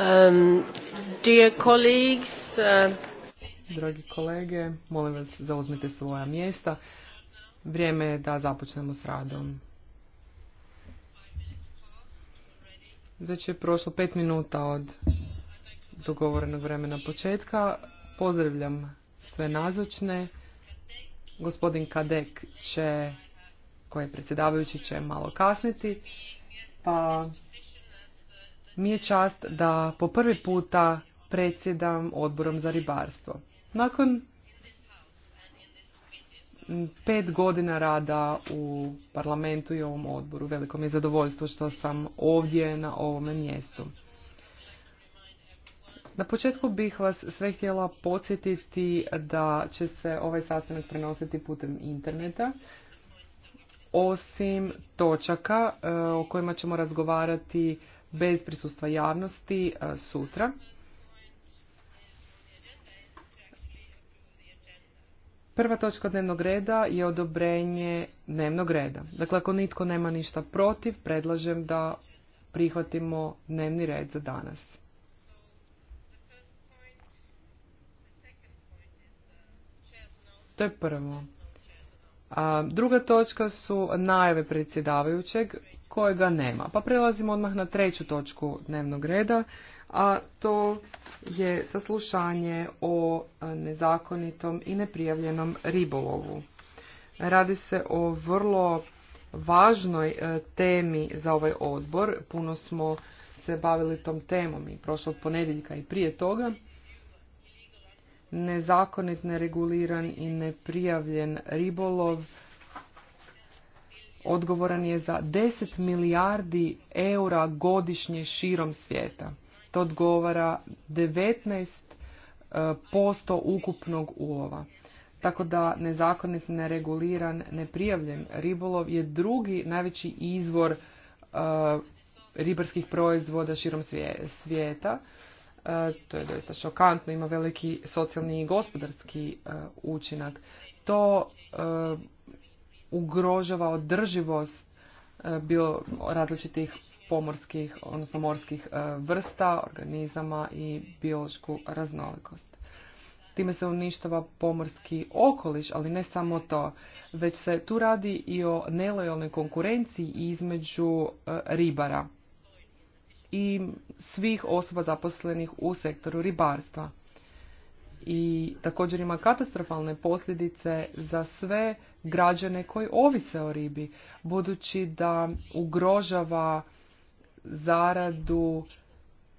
Um, uh, Dragi kolege, molim vas zauzmite svoja mjesta. Vrijeme je da započnemo s radom. Već je prošlo pet minuta od dogovorenog vremena početka. Pozdravljam sve nazočne. Gospodin Kadek će, koji je predsjedavajući, će malo kasniti. Pa mi je čast da po prvi puta predsjedam odborom za ribarstvo. Nakon pet godina rada u parlamentu i ovom odboru, veliko mi je zadovoljstvo što sam ovdje na ovome mjestu. Na početku bih vas sve htjela podsjetiti da će se ovaj sastanak prenositi putem interneta, osim točaka e, o kojima ćemo razgovarati bez prisustva javnosti e, sutra. Prva točka dnevnog reda je odobrenje dnevnog reda. Dakle, ako nitko nema ništa protiv, predlažem da prihvatimo dnevni red za danas. To je prvo. druga točka su najave predsjedavajućeg kojega nema. Pa prelazimo odmah na treću točku dnevnog reda, a to je saslušanje o e, nezakonitom i neprijavljenom ribolovu. Radi se o vrlo važnoj e, temi za ovaj odbor. Puno smo se bavili tom temom i prošlog ponedjeljka i prije toga. Nezakonit, nereguliran i neprijavljen ribolov odgovoran je za 10 milijardi eura godišnje širom svijeta. To odgovara 19% e, ukupnog ulova. Tako da nezakonit, nereguliran, neprijavljen ribolov je drugi najveći izvor e, ribarskih proizvoda širom svijeta. E, to je doista šokantno, ima veliki socijalni i gospodarski učinak. To ugrožava održivost e, bio različitih pomorskih, odnosno morskih e, vrsta, organizama i biološku raznolikost. Time se uništava pomorski okoliš, ali ne samo to, već se tu radi i o nelojalnoj konkurenciji između e, ribara i svih osoba zaposlenih u sektoru ribarstva i također ima katastrofalne posljedice za sve građane koji ovise o ribi, budući da ugrožava zaradu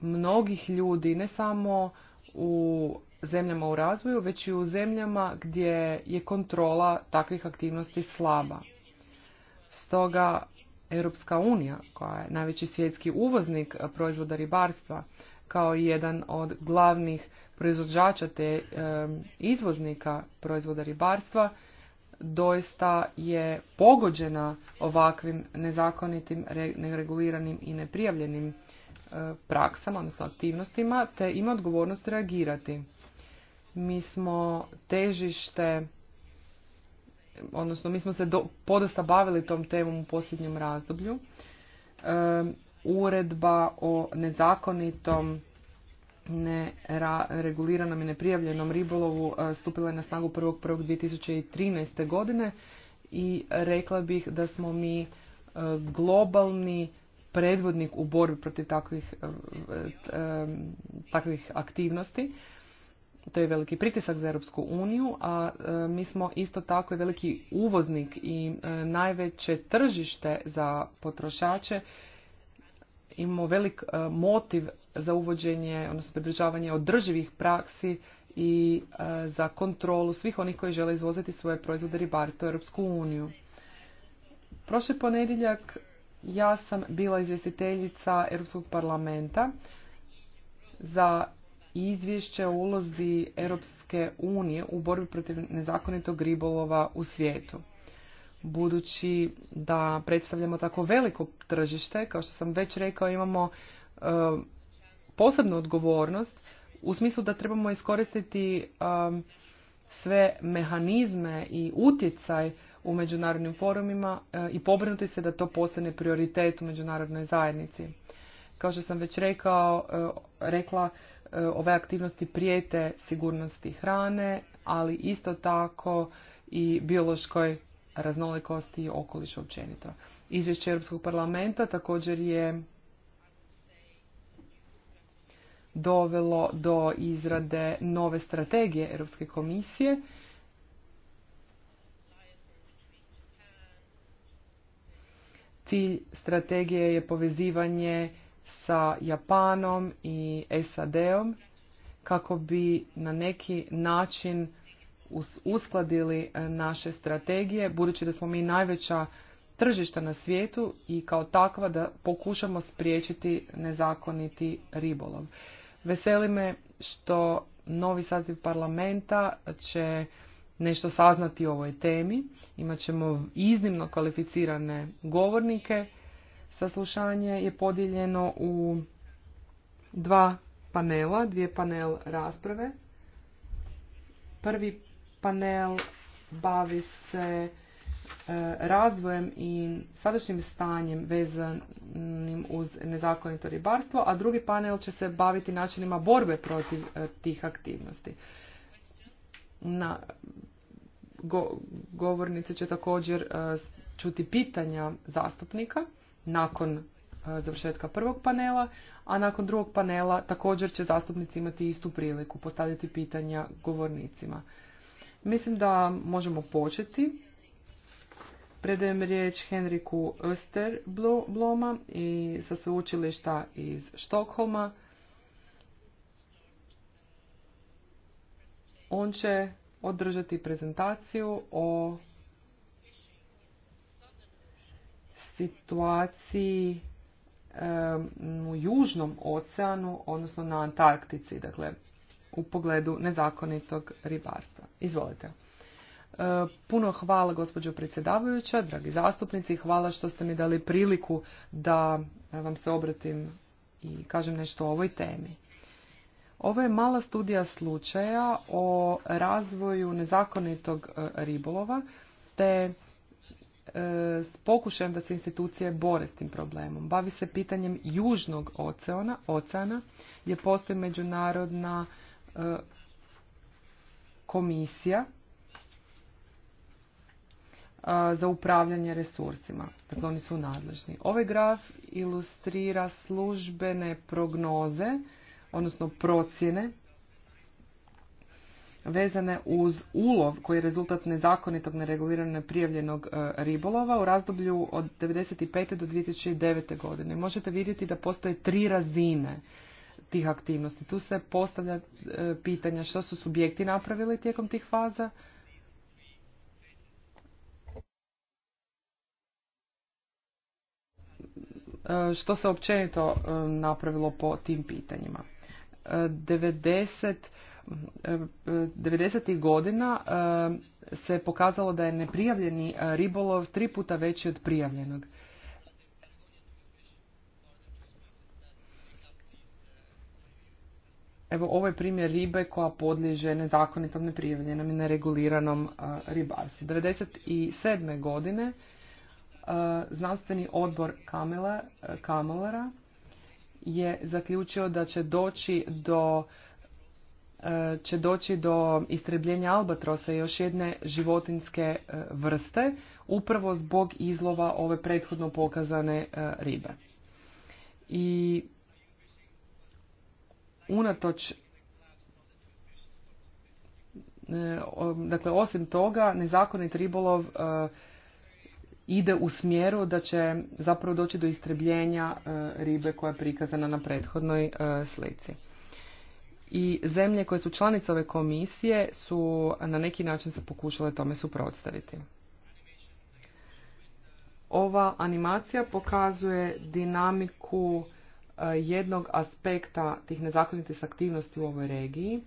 mnogih ljudi, ne samo u zemljama u razvoju, već i u zemljama gdje je kontrola takvih aktivnosti slaba. Stoga Europska unija, koja je najveći svjetski uvoznik proizvoda ribarstva, kao jedan od glavnih proizvođača te izvoznika proizvoda ribarstva doista je pogođena ovakvim nezakonitim, nereguliranim i neprijavljenim e, praksama, odnosno aktivnostima, te ima odgovornost reagirati. Mi smo težište, odnosno mi smo se podosta bavili tom temom u posljednjem razdoblju. uredba o nezakonitom nereguliranom i neprijavljenom ribolovu e, stupila je na snagu 1.1.2013. godine i rekla bih da smo mi e, globalni predvodnik u borbi protiv takvih, e, takvih aktivnosti. To je veliki pritisak za Europsku uniju, a mi smo isto tako i veliki uvoznik i najveće tržište za potrošače imamo velik motiv za uvođenje, odnosno približavanje održivih praksi i e, za kontrolu svih onih koji žele izvoziti svoje proizvode ribarstva u Europsku uniju. Prošli ponedjeljak ja sam bila izvjestiteljica Europskog parlamenta za izvješće o ulozi Europske unije u borbi protiv nezakonitog ribolova u svijetu. Budući da predstavljamo tako veliko tržište, kao što sam već rekao, imamo e, posebnu odgovornost u smislu da trebamo iskoristiti um, sve mehanizme i utjecaj u međunarodnim forumima uh, i pobrinuti se da to postane prioritet u međunarodnoj zajednici. Kao što sam već rekao, uh, rekla, uh, ove aktivnosti prijete sigurnosti hrane, ali isto tako i biološkoj raznolikosti i okolišu općenito. Izvješće Europskog parlamenta također je dovelo do izrade nove strategije Europske komisije Cilj strategije je povezivanje sa Japanom i SAD-om kako bi na neki način uskladili e, naše strategije, budući da smo mi najveća tržišta na svijetu i kao takva da pokušamo spriječiti nezakoniti ribolov. Veseli me što novi saziv parlamenta će nešto saznati o ovoj temi. Imaćemo ćemo iznimno kvalificirane govornike. Saslušanje je podijeljeno u dva panela, dvije panel rasprave. Prvi panel bavi se E, razvojem i sadašnjim stanjem vezanim uz nezakonito ribarstvo, a drugi panel će se baviti načinima borbe protiv e, tih aktivnosti. Na, go, govornici će također e, čuti pitanja zastupnika nakon završetka prvog panela, a nakon drugog panela također će zastupnici imati istu priliku postavljati pitanja govornicima. Mislim da možemo početi Predajem riječ Henriku bloma i sa sveučilišta iz Štokholma. On će održati prezentaciju o situaciji u Južnom oceanu, odnosno na Antarktici, dakle, u pogledu nezakonitog ribarstva. Izvolite. E, puno hvala gospođo predsjedavajuća, dragi zastupnici, hvala što ste mi dali priliku da e, vam se obratim i kažem nešto o ovoj temi. Ovo je mala studija slučaja o razvoju nezakonitog e, ribolova te s pokušajem da se institucije bore s tim problemom. Bavi se pitanjem južnog oceana, oceana gdje postoji međunarodna komisija za upravljanje resursima. Dakle, oni su nadležni. Ovaj graf ilustrira službene prognoze, odnosno procjene, vezane uz ulov koji je rezultat nezakonitog, nereguliranog, prijavljenog e, ribolova u razdoblju od 1995. do 2009. godine. Možete vidjeti da postoje tri razine tih aktivnosti. Tu se postavlja e, pitanja što su subjekti napravili tijekom tih faza, E, što se općenito e, napravilo po tim pitanjima. 90 e, 90. godina se pokazalo da je neprijavljeni ribolov tri puta veći od prijavljenog. Evo, ovo je primjer ribe koja podliježe nezakonitom, neprijavljenom i nereguliranom ribarstvu. 1997. godine E, znanstveni odbor Kamela, e, Kamelera je zaključio da će doći do e, će doći do istrebljenja albatrosa još jedne životinske vrste upravo zbog izlova ove prethodno pokazane ribe. I unatoč dakle osim toga nezakonit ribolov ide u smjeru da će zapravo doći do istrebljenja e, ribe koja je prikazana na prethodnoj e, slici. I zemlje koje su članice ove komisije su na neki način se pokušale tome suprotstaviti. Ova animacija pokazuje dinamiku e, jednog aspekta tih nezakonitih aktivnosti u ovoj regiji.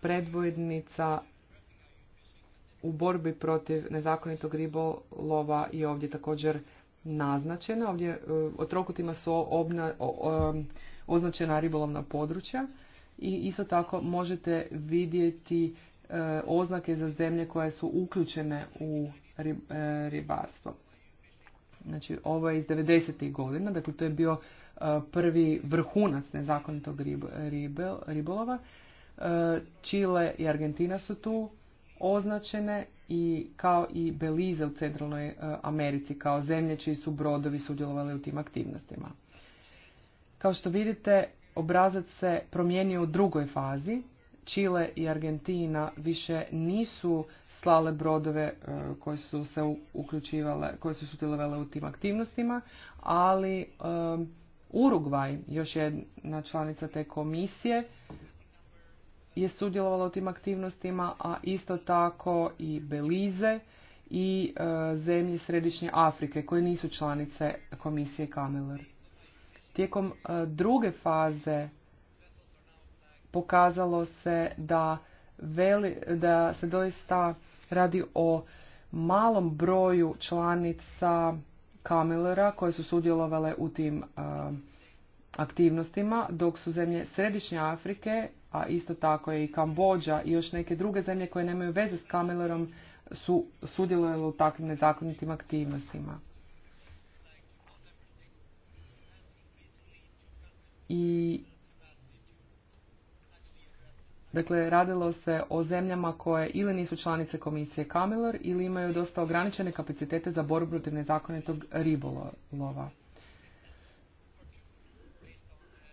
Predvojednica u borbi protiv nezakonitog ribolova je ovdje također naznačena. Ovdje e, o trokutima su obna, označena ribolovna područja i isto tako možete vidjeti e, oznake za zemlje koje su uključene u e, ribarstvo. Znači, ovo je iz 90. godina, dakle to je bio prvi vrhunac nezakonitog ribolova. Čile i Argentina su tu, označene i kao i Belize u Centralnoj e, Americi kao zemlje čiji su brodovi sudjelovali u tim aktivnostima. Kao što vidite, obrazac se promijenio u drugoj fazi. Chile i Argentina više nisu slale brodove e, koje su se uključivale, koje su sudjelovale u tim aktivnostima, ali e, Urugvaj, još jedna članica te komisije, je sudjelovala u tim aktivnostima, a isto tako i Belize i e, zemlje Središnje Afrike koje nisu članice komisije Kameler. Tijekom e, druge faze pokazalo se da, da se doista radi o malom broju članica Kamelera koje su sudjelovale u tim e, aktivnostima, dok su zemlje Središnje Afrike a isto tako je i Kambođa i još neke druge zemlje koje nemaju veze s Kamelerom su sudjelovali u takvim nezakonitim aktivnostima. I Dakle, radilo se o zemljama koje ili nisu članice komisije Kamelor ili imaju dosta ograničene kapacitete za borbu protiv nezakonitog ribolova.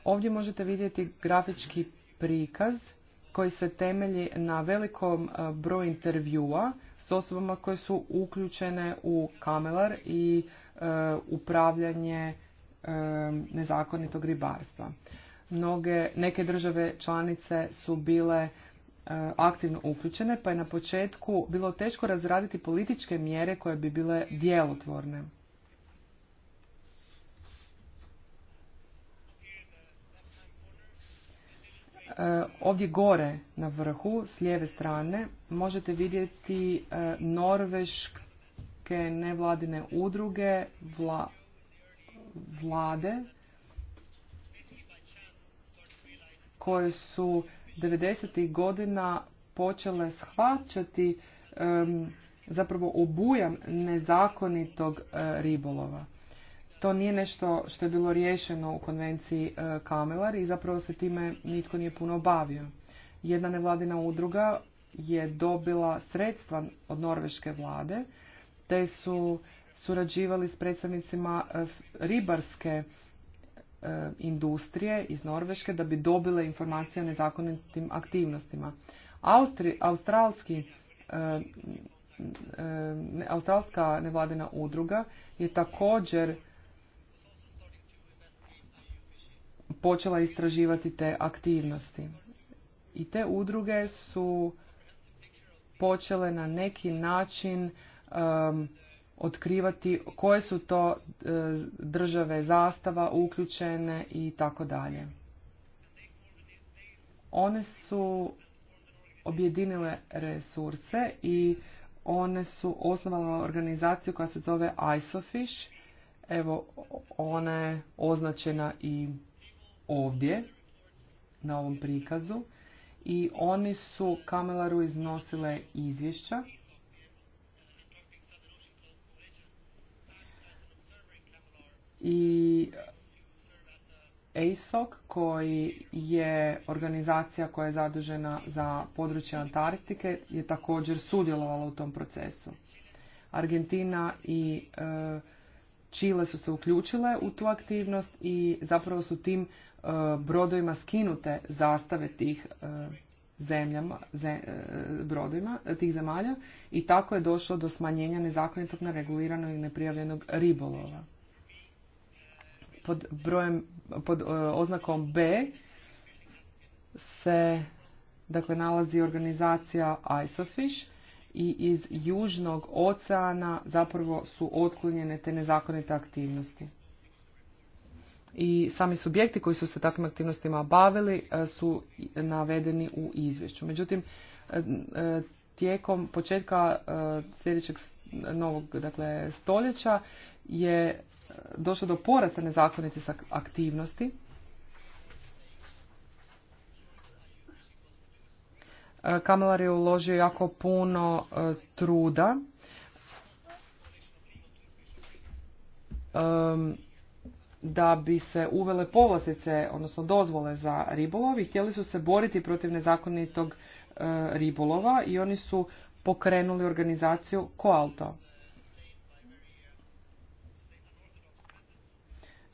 Ovdje možete vidjeti grafički prikaz koji se temelji na velikom e, broju intervjua s osobama koje su uključene u kamelar i e, upravljanje e, nezakonitog ribarstva. Mnoge, neke države članice su bile e, aktivno uključene, pa je na početku bilo teško razraditi političke mjere koje bi bile djelotvorne. E, ovdje gore na vrhu, s lijeve strane, možete vidjeti e, norveške nevladine udruge, vlade, koje su 90. godina počele shvaćati zapravo obujam nezakonitog e, ribolova. To nije nešto što je bilo riješeno u konvenciji e, Kamelar i zapravo se time nitko nije puno bavio. Jedna nevladina udruga je dobila sredstva od norveške vlade, te su surađivali s predstavnicima e, ribarske e, industrije iz Norveške da bi dobile informacije o nezakonitim aktivnostima. australski, australska nevladina udruga je također počela istraživati te aktivnosti. I te udruge su počele na neki način um, otkrivati koje su to uh, države zastava uključene i tako dalje. One su objedinile resurse i one su osnovale organizaciju koja se zove ISOFISH. Evo, ona je označena i ovdje na ovom prikazu i oni su Kamelaru iznosile izvješća i ASOC koji je organizacija koja je zadužena za područje Antarktike je također sudjelovala u tom procesu. Argentina i e, Čile su se uključile u tu aktivnost i zapravo su tim E, brodovima skinute zastave tih e, zemljama, e, brodovima tih zemalja i tako je došlo do smanjenja nezakonitog, nereguliranog i neprijavljenog ribolova. Pod, brojem, pod oznakom B se dakle, nalazi organizacija ISOFISH i iz Južnog oceana zapravo su otklonjene te nezakonite aktivnosti i sami subjekti koji su se takvim aktivnostima bavili e, su navedeni u izvješću. Međutim, e, e, tijekom početka sljedećeg novog dakle, stoljeća je došlo do porasta nezakonitih aktivnosti. Kamelar je uložio jako puno truda da bi se uvele povlastice, odnosno dozvole za ribolov i htjeli su se boriti protiv nezakonitog e, ribolova i oni su pokrenuli organizaciju Koalto.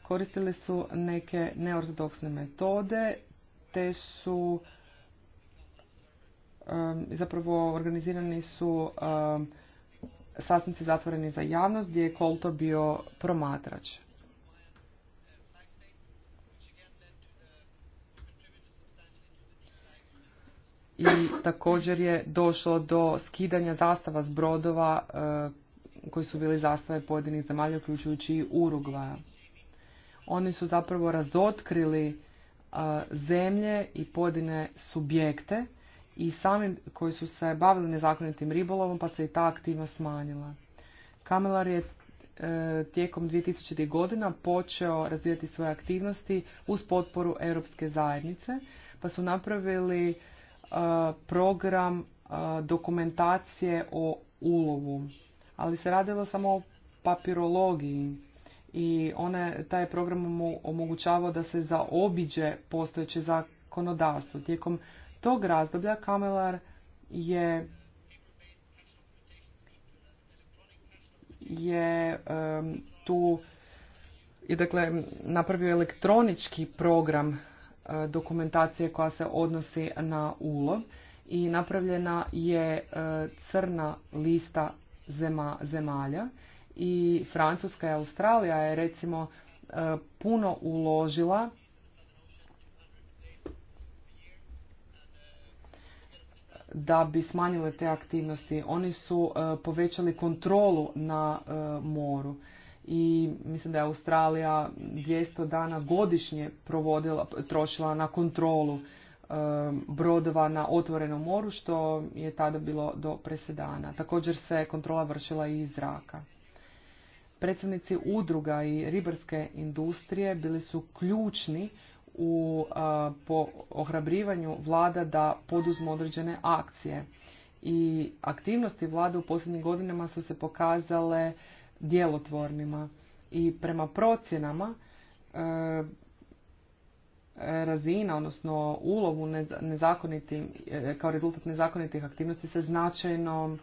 Koristili su neke neortodoksne metode, te su e, zapravo organizirani su e, sasnici zatvoreni za javnost gdje je Kolto bio promatrač. i također je došlo do skidanja zastava s brodova e, koji su bili zastave pojedinih zemalja, uključujući i Urugvaja. Oni su zapravo razotkrili e, zemlje i pojedine subjekte i sami koji su se bavili nezakonitim ribolovom, pa se i ta aktivnost smanjila. Kamelar je e, tijekom 2000. godina počeo razvijati svoje aktivnosti uz potporu Europske zajednice, pa su napravili program dokumentacije o ulovu, ali se radilo samo o papirologiji i one, taj program mu omogućavao da se zaobiđe postojeće zakonodavstvo. Tijekom tog razdoblja Kamelar je je tu i dakle napravio elektronički program E, dokumentacije koja se odnosi na ulov i napravljena je e, crna lista zemalja i Francuska i Australija je recimo e, puno uložila da bi smanjile te aktivnosti. Oni su povećali kontrolu na moru i mislim da je Australija 200 dana godišnje provodila, trošila na kontrolu um, brodova na otvorenom moru, što je tada bilo do presedana. Također se kontrola vršila i iz zraka. Predstavnici udruga i ribarske industrije bili su ključni u uh, po ohrabrivanju vlada da poduzmu određene akcije. I aktivnosti vlade u posljednjim godinama su se pokazale djelotvornima i prema procjenama e, razina, odnosno ulovu e, kao rezultat nezakonitih aktivnosti se značajno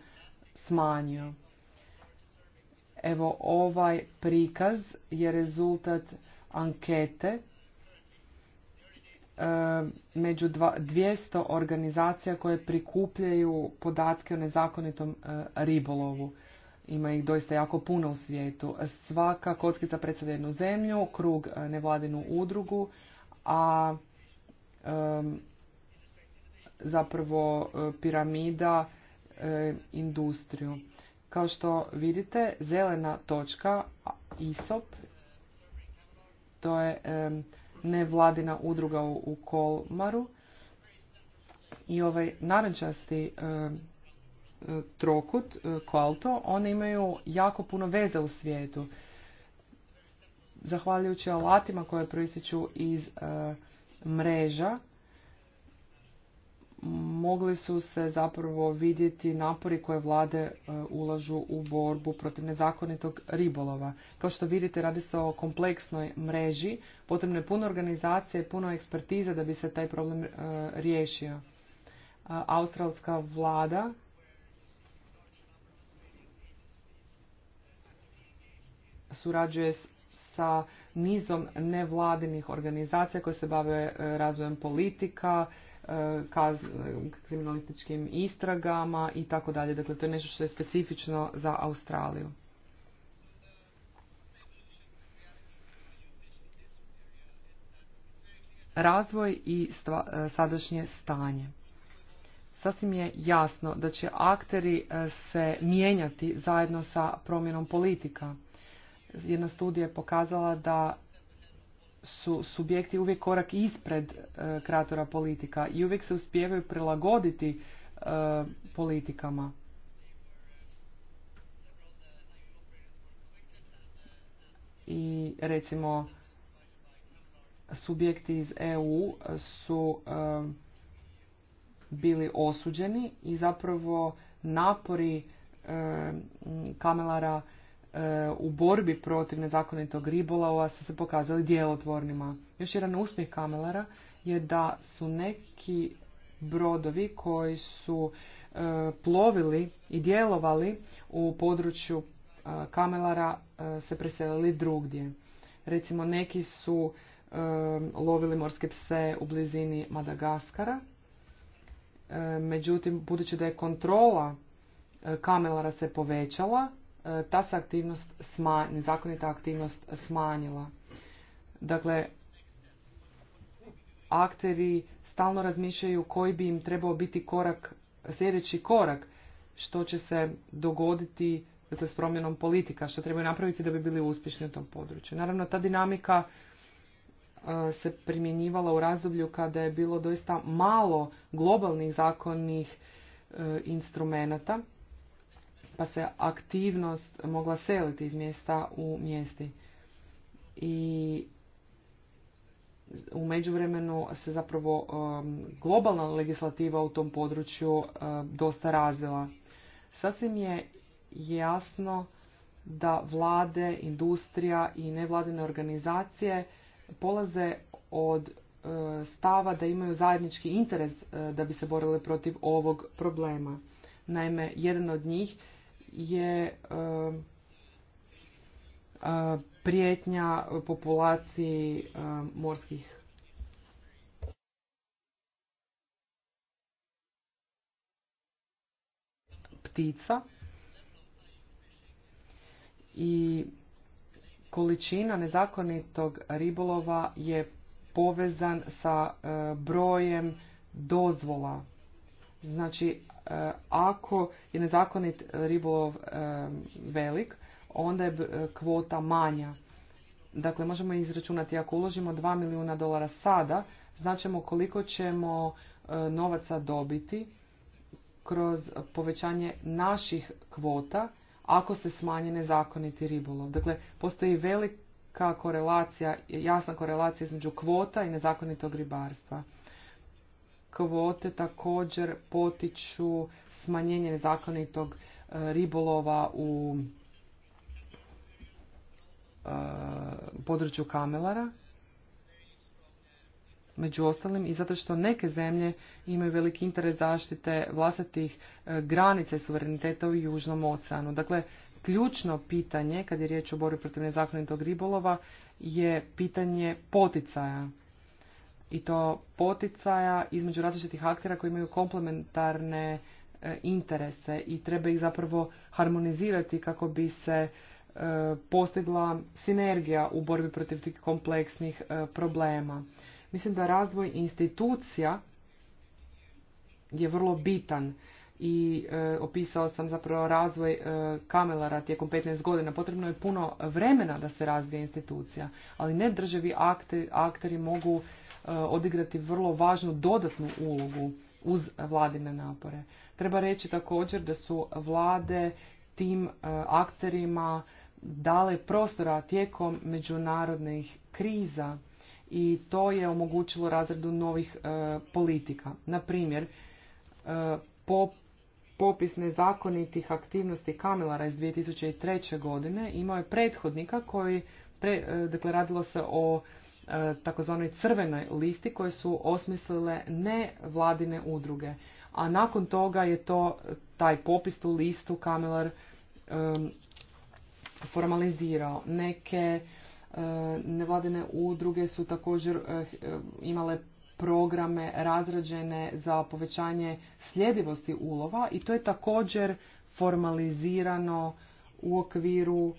smanjio. Evo ovaj prikaz je rezultat ankete e, među 200 organizacija koje prikupljaju podatke o nezakonitom ribolovu ima ih doista jako puno u svijetu. Svaka kockica predstavlja jednu zemlju, krug e, nevladinu udrugu, a zapravo e, piramida e, industriju. Kao što vidite, zelena točka ISOP, to je nevladina udruga u, Kolmaru i ovaj narančasti trokut, e, koalto, one imaju jako puno veze u svijetu. Zahvaljujući alatima koje proističu iz e, mreža, mogli su se zapravo vidjeti napori koje vlade e, ulažu u borbu protiv nezakonitog ribolova. Kao što vidite, radi se o kompleksnoj mreži, potrebno je puno organizacije, puno ekspertize da bi se taj problem riješio. Australska vlada surađuje sa nizom nevladinih organizacija koje se bave e, razvojem politika, e, kriminalističkim istragama i tako dalje. Dakle, to je nešto što je specifično za Australiju. Razvoj i e, sadašnje stanje. Sasvim je jasno da će akteri se mijenjati zajedno sa promjenom politika jedna studija je pokazala da su subjekti uvijek korak ispred e, kreatora politika i uvijek se uspijevaju prilagoditi e, politikama. I recimo subjekti iz EU su e, bili osuđeni i zapravo napori Kamelara E, u borbi protiv nezakonitog ribolova su se pokazali djelotvornima. Još jedan uspjeh kamelara je da su neki brodovi koji su e, plovili i djelovali u području e, kamelara se preselili drugdje. Recimo neki su lovili morske pse u blizini Madagaskara, međutim budući da je kontrola kamelara se povećala, E, ta se aktivnost smanj, nezakonita aktivnost smanjila. Dakle, akteri stalno razmišljaju koji bi im trebao biti korak, sljedeći korak, što će se dogoditi dakle, s promjenom politika, što trebaju napraviti da bi bili uspješni u tom području. Naravno, ta dinamika e, se primjenjivala u razdoblju kada je bilo doista malo globalnih zakonnih e, instrumenata pa se aktivnost mogla seliti iz mjesta u mjesti. I u međuvremenu se zapravo um, globalna legislativa u tom području um, dosta razvila. Sasvim je jasno da vlade, industrija i nevladine organizacije polaze od uh, stava da imaju zajednički interes uh, da bi se borile protiv ovog problema. Naime, jedan od njih je um, uh, prijetnja populaciji um, morskih ptica i količina nezakonitog ribolova je povezan sa uh, brojem dozvola. Znači, E, ako je nezakonit ribolov e, velik, onda je e, kvota manja. Dakle, možemo izračunati ako uložimo 2 milijuna dolara sada, značemo koliko ćemo novaca dobiti kroz povećanje naših kvota ako se smanji nezakoniti ribolov. Dakle, postoji velika korelacija, jasna korelacija između kvota i nezakonitog ribarstva kvote također potiču smanjenje nezakonitog e, ribolova u e, području kamelara među ostalim i zato što neke zemlje imaju veliki interes zaštite vlastitih e, granica suvereniteta u Južnom oceanu. Dakle, ključno pitanje, kad je riječ o borbi protiv nezakonitog ribolova, je pitanje poticaja i to poticaja između različitih aktera koji imaju komplementarne e, interese i treba ih zapravo harmonizirati kako bi se e, postigla sinergija u borbi protiv tih kompleksnih e, problema. Mislim da razvoj institucija je vrlo bitan i e, opisao sam zapravo razvoj e, kamelara tijekom 15 godina. Potrebno je puno vremena da se razvije institucija, ali ne državi akteri mogu E, odigrati vrlo važnu dodatnu ulogu uz vladine napore. Treba reći također da su vlade tim e, akterima dale prostora tijekom međunarodnih kriza i to je omogućilo razredu novih e, politika. Na primjer, e, popis nezakonitih aktivnosti Kamilara iz 2003. godine imao je prethodnika koji, pre, dakle radilo se o takozvanoj crvenoj listi koje su osmislile ne vladine udruge. A nakon toga je to taj popis, tu listu Kamelar formalizirao. Neke e, nevladine udruge su također e, imale programe razrađene za povećanje sljedivosti ulova i to je također formalizirano u okviru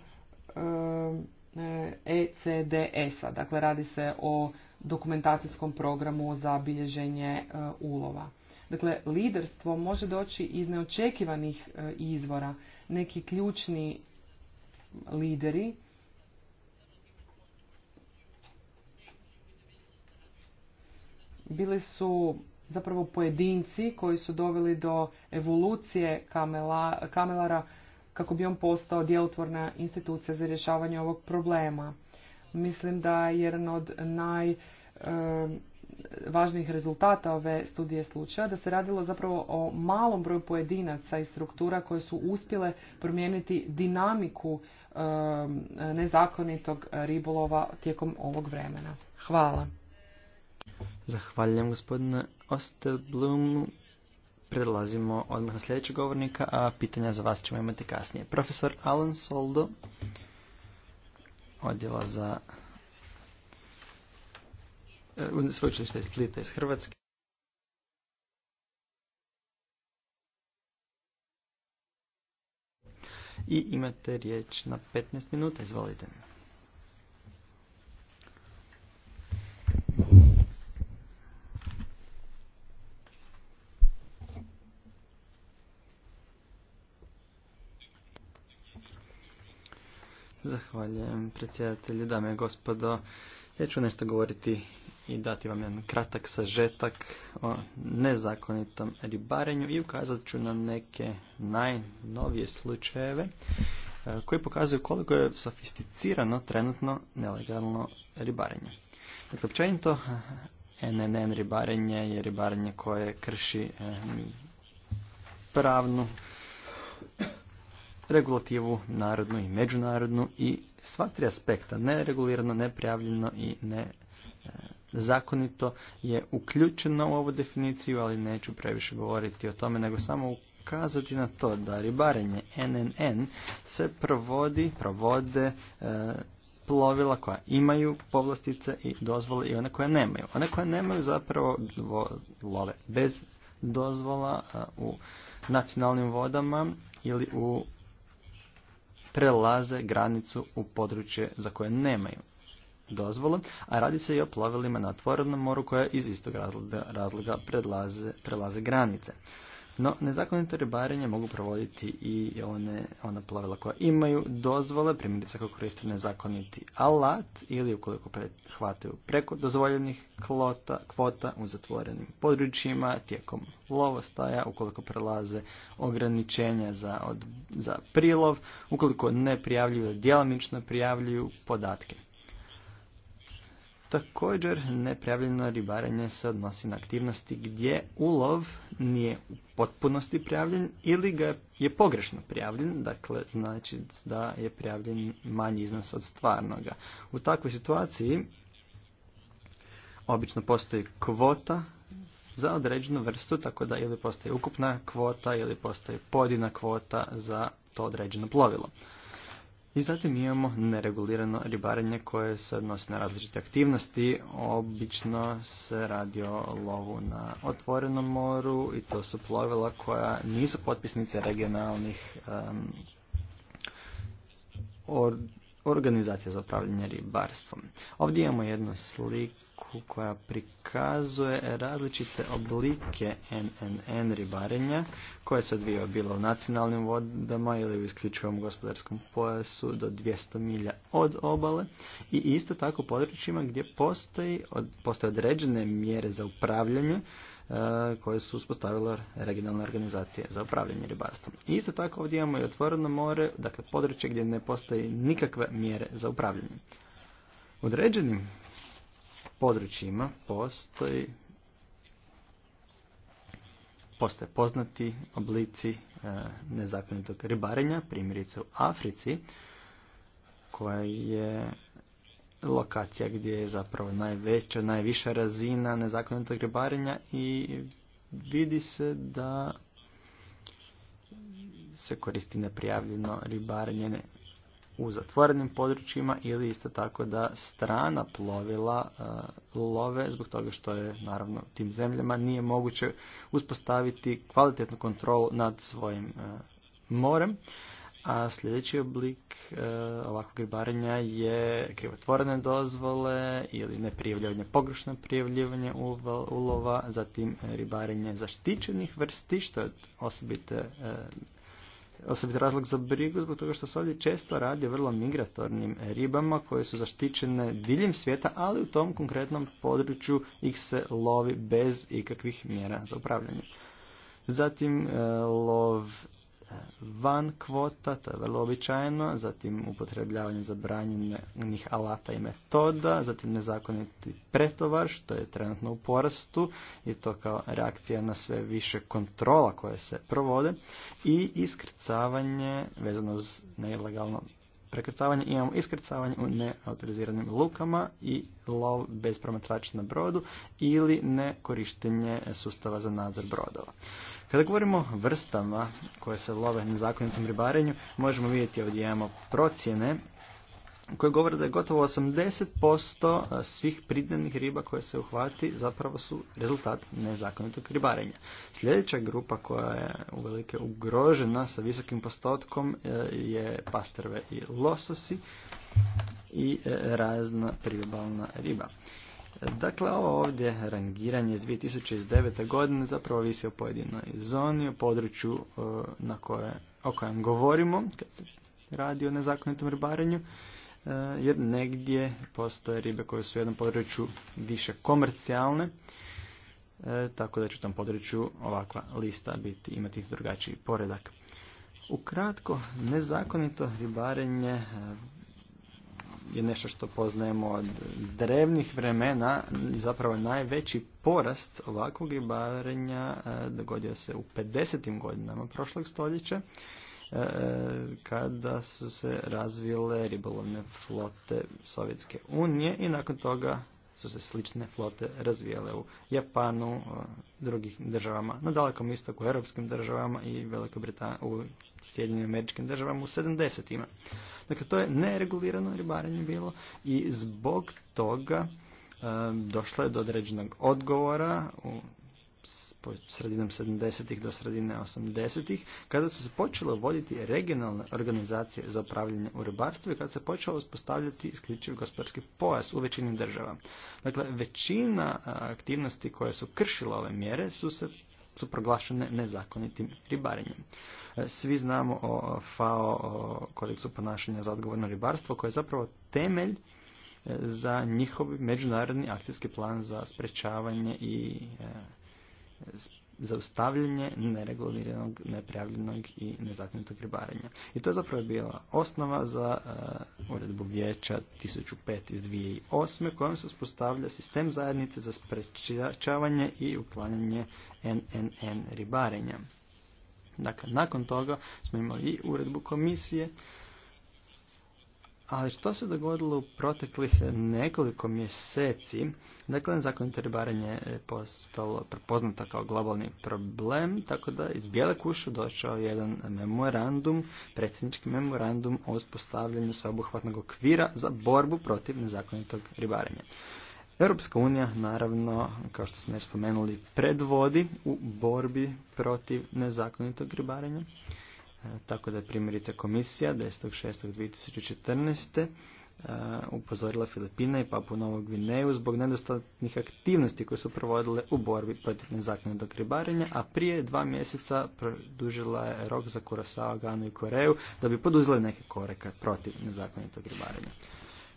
ECDS-a. E e dakle, radi se o dokumentacijskom programu za bilježenje e, ulova. Dakle, liderstvo može doći iz neočekivanih izvora. Neki ključni lideri bili su zapravo pojedinci koji su doveli do evolucije kamelara kako bi on postao djelotvorna institucija za rješavanje ovog problema. Mislim da je jedan od najvažnijih e, rezultata ove studije slučaja da se radilo zapravo o malom broju pojedinaca i struktura koje su uspjele promijeniti dinamiku e, nezakonitog ribolova tijekom ovog vremena. Hvala. Zahvaljujem gospodine prelazimo odmah na sljedećeg govornika, a pitanja za vas ćemo imati kasnije. Profesor Alan Soldo, odjela za e, sveučilište iz Splita iz Hrvatske. I imate riječ na 15 minuta, izvolite. Zahvaljujem predsjedatelji, dame i gospodo. Ja ću nešto govoriti i dati vam jedan kratak sažetak o nezakonitom ribarenju i ukazat ću na neke najnovije slučajeve e, koji pokazuju koliko je sofisticirano trenutno nelegalno ribarenje. Dakle, općenito NNN ribarenje je ribarenje koje krši e, pravnu regulativu narodnu i međunarodnu i sva tri aspekta neregulirano, neprijavljeno i ne e, zakonito je uključeno u ovu definiciju, ali neću previše govoriti o tome, nego samo ukazati na to da ribarenje NNN se provodi, provode e, plovila koja imaju povlastice i dozvole i one koje nemaju. One koja nemaju zapravo love bez dozvola e, u nacionalnim vodama ili u prelaze granicu u područje za koje nemaju dozvolu, a radi se i o plovilima na otvorenom moru koja iz istog razloga, razloga prelaze granice. No, nezakonito ribarenje mogu provoditi i one, ona plovila koja imaju dozvole, primjerice ako koriste nezakoniti alat ili ukoliko hvataju preko dozvoljenih klota, kvota u zatvorenim područjima tijekom lovostaja, ukoliko prelaze ograničenja za, za prilov, ukoliko ne prijavljuju djelomično prijavljuju podatke. Također, neprijavljeno ribarenje se odnosi na aktivnosti gdje ulov nije u potpunosti prijavljen ili ga je pogrešno prijavljen, dakle znači da je prijavljen manji iznos od stvarnoga. U takvoj situaciji obično postoji kvota za određenu vrstu, tako da ili postoji ukupna kvota ili postoji podina kvota za to određeno plovilo. I zatim imamo neregulirano ribarenje koje se odnosi na različite aktivnosti. Obično se radi o lovu na otvorenom moru i to su plovila koja nisu potpisnice regionalnih organizacija za upravljanje ribarstvom. Ovdje imamo jednu sliku koja prikazuje različite oblike NNN ribarenja koje se odvijaju bilo u nacionalnim vodama ili u isključivom gospodarskom pojasu do 200 milja od obale i isto tako u područjima gdje postoji, postoje određene mjere za upravljanje e, koje su uspostavile regionalne organizacije za upravljanje ribarstvom. isto tako ovdje imamo i otvoreno more, dakle područje gdje ne postoji nikakve mjere za upravljanje. U određenim područjima postoji postoje poznati oblici e, nezakonitog ribarenja, primjerice u Africi, koja je lokacija gdje je zapravo najveća, najviša razina nezakonitog ribarenja i vidi se da se koristi neprijavljeno ribarenje u zatvorenim područjima ili isto tako da strana plovila e, love zbog toga što je naravno tim zemljama nije moguće uspostaviti kvalitetnu kontrolu nad svojim e, morem. A sljedeći oblik e, ovakvog ribarenja je krivotvorene dozvole ili neprijavljivanje, pogrešno prijavljivanje ulova, zatim ribarenje zaštićenih vrsti, što je osobite osobit razlog za brigu zbog toga što se ovdje često radi o vrlo migratornim ribama koje su zaštićene diljem svijeta, ali u tom konkretnom području ih se lovi bez ikakvih mjera za upravljanje. Zatim e, lov van kvota, to je vrlo običajeno, zatim upotrebljavanje zabranjenih alata i metoda, zatim nezakoniti pretovar, što je trenutno u porastu i to kao reakcija na sve više kontrola koje se provode i iskrcavanje vezano uz nelegalno prekrcavanje, imamo iskrcavanje u neautoriziranim lukama i lov bez promatrača na brodu ili nekorištenje sustava za nadzor brodova. Kada govorimo o vrstama koje se love nezakonitom ribarenju, možemo vidjeti ovdje imamo procjene koje govore da je gotovo 80% svih pridanih riba koje se uhvati zapravo su rezultat nezakonitog ribarenja. Sljedeća grupa koja je uvelike ugrožena sa visokim postotkom e, je pastrve i lososi i e, razna priobalna riba. Dakle, ovo ovdje rangiranje iz 2009. godine zapravo visi o pojedinoj zoni, o području e, na koje, o kojem govorimo kad se radi o nezakonitom ribarenju, e, jer negdje postoje ribe koje su u jednom području više komercijalne, e, tako da će u tom području ovakva lista biti, imati drugačiji poredak. Ukratko, nezakonito ribarenje je nešto što poznajemo od drevnih vremena. Zapravo najveći porast ovakvog ribarenja e, dogodio se u 50. godinama prošlog stoljeća e, kada su se razvile ribolovne flote Sovjetske unije i nakon toga su se slične flote razvijale u Japanu, e, drugih državama, na dalekom istoku, europskim državama i Velikoj Britaniji, u Sjedinim američkim državama u 70-ima. Dakle, to je neregulirano ribarenje bilo i zbog toga došlo je do određenog odgovora u sredinom 70 do sredine 80 kada su se počele voditi regionalne organizacije za upravljanje u ribarstvu i kada se počelo uspostavljati isključiv gospodarski pojas u većini država. Dakle, većina aktivnosti koje su kršile ove mjere su se su proglašene nezakonitim ribarenjem. E, svi znamo o FAO, o kodeksu ponašanja za odgovorno ribarstvo, koje je zapravo temelj e, za njihov međunarodni akcijski plan za sprečavanje i e, zaustavljanje nereguliranog, neprijavljenog i nezakonitog ribarenja. I to je zapravo bila osnova za uredbu vijeća 1005 iz 2008. kojom se uspostavlja sistem zajednice za sprečavanje i uklanjanje NNN ribarenja. Dakle, nakon toga smo imali i uredbu komisije, ali što se dogodilo u proteklih nekoliko mjeseci? Dakle, nezakonito ribarenje je postalo prepoznato kao globalni problem, tako da iz Bijele kuše došao jedan memorandum, predsjednički memorandum o uspostavljanju sveobuhvatnog okvira za borbu protiv nezakonitog ribarenja. Europska unija, naravno, kao što smo već spomenuli, predvodi u borbi protiv nezakonitog ribarenja. E, tako da je primjerice komisija 10.6.2014. E, upozorila Filipina i Papu Novog Gvineju zbog nedostatnih aktivnosti koje su provodile u borbi protiv nezakonitog ribarenja, a prije dva mjeseca produžila je rok za Kurosao, Ganu i Koreju da bi poduzela neke koreka protiv nezakonitog ribarenja.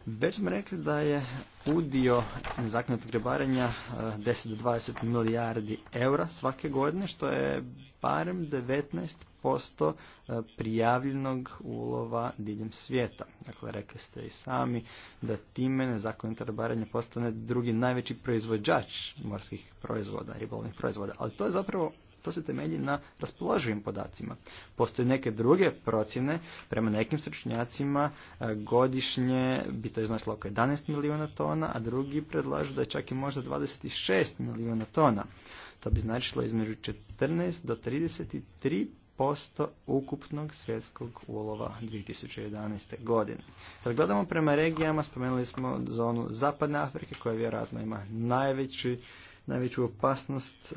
Već smo rekli da je udio nezakonitog ribarenja 10 e, do 20 milijardi eura svake godine, što je barem 19% e, prijavljenog ulova diljem svijeta. Dakle, rekli ste i sami da time nezakonito ribarenje postane drugi najveći proizvođač morskih proizvoda, ribolovnih proizvoda. Ali to je zapravo to se temelji na raspoloživim podacima. Postoje neke druge procjene, prema nekim stručnjacima e, godišnje bi to iznosilo oko 11 milijuna tona, a drugi predlažu da je čak i možda 26 milijuna tona. To bi značilo između 14 do 33 posto ukupnog svjetskog ulova 2011. godine. Kad gledamo prema regijama, spomenuli smo zonu Zapadne Afrike koja vjerojatno ima najveći, najveću opasnost e,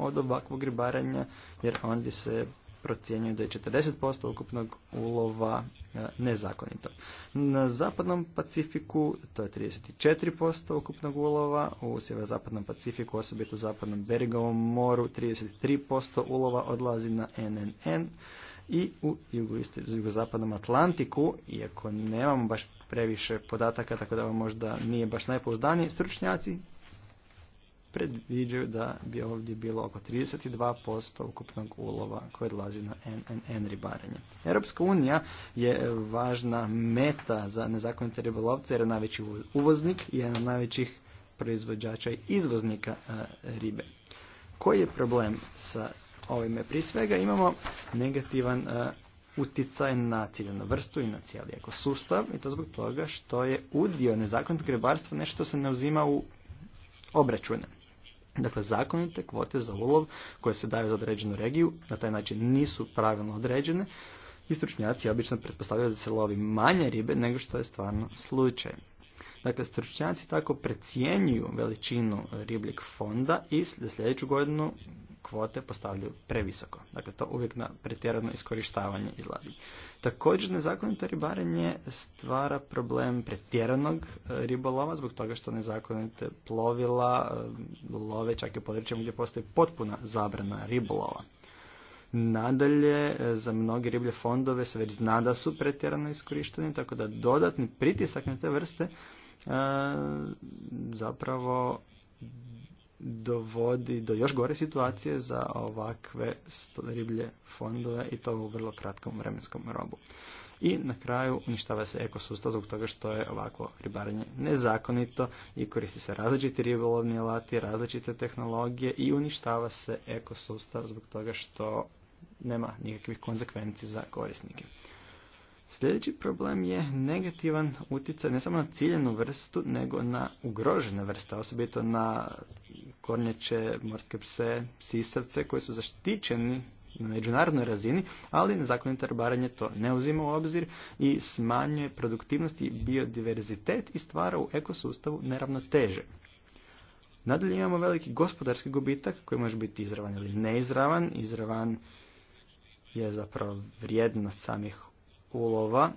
od ovakvog ribaranja jer ondje se procjenjuje da je 40% ukupnog ulova e, nezakonito. Na zapadnom Pacifiku to je 34% ukupnog ulova, u sjeverozapadnom Pacifiku, osobito u zapadnom Berigovom moru, 33% ulova odlazi na NNN i u jugozapadnom Atlantiku, iako nemamo baš previše podataka, tako da vam možda nije baš najpouzdaniji, stručnjaci predviđaju da bi ovdje bilo oko 32% ukupnog ulova koji odlazi na NNN ribarenje. Europska unija je važna meta za nezakonite ribolovce jer je najveći uvoznik i jedan od najvećih proizvođača i izvoznika e, ribe. Koji je problem sa ovime? Prije svega imamo negativan e, utjecaj na ciljenu vrstu i na cijeli ekosustav i to zbog toga što je udio nezakonitog ribarstva nešto se ne uzima u obračune. Dakle, zakonite kvote za ulov koje se daju za određenu regiju, na taj način nisu pravilno određene i stručnjaci obično pretpostavljaju da se lovi manje ribe nego što je stvarno slučaj. Dakle, stručnjaci tako precijenjuju veličinu ribljeg fonda i za sljedeću godinu kvote postavljaju previsoko. Dakle, to uvijek na pretjerano iskorištavanje izlazi. Također, nezakonito ribarenje stvara problem pretjeranog e, ribolova zbog toga što nezakonite plovila e, love čak i u područjima gdje postoji potpuna zabrana ribolova. Nadalje, e, za mnoge riblje fondove se već zna da su pretjerano iskorišteni, tako da dodatni pritisak na te vrste zapravo dovodi do još gore situacije za ovakve riblje fondove i to u vrlo kratkom vremenskom robu. I na kraju uništava se ekosustav zbog toga što je ovako ribaranje nezakonito i koristi se različiti ribolovni alati, različite tehnologije i uništava se ekosustav zbog toga što nema nikakvih konsekvenci za korisnike. Sljedeći problem je negativan utjecaj ne samo na ciljenu vrstu, nego na ugrožene vrste, osobito na kornječe, morske pse, sisavce koji su zaštićeni na međunarodnoj razini, ali nezakonito ribaranje to ne uzima u obzir i smanjuje produktivnost i biodiverzitet i stvara u ekosustavu neravnoteže. Nadalje imamo veliki gospodarski gubitak koji može biti izravan ili neizravan. Izravan je zapravo vrijednost samih ulova.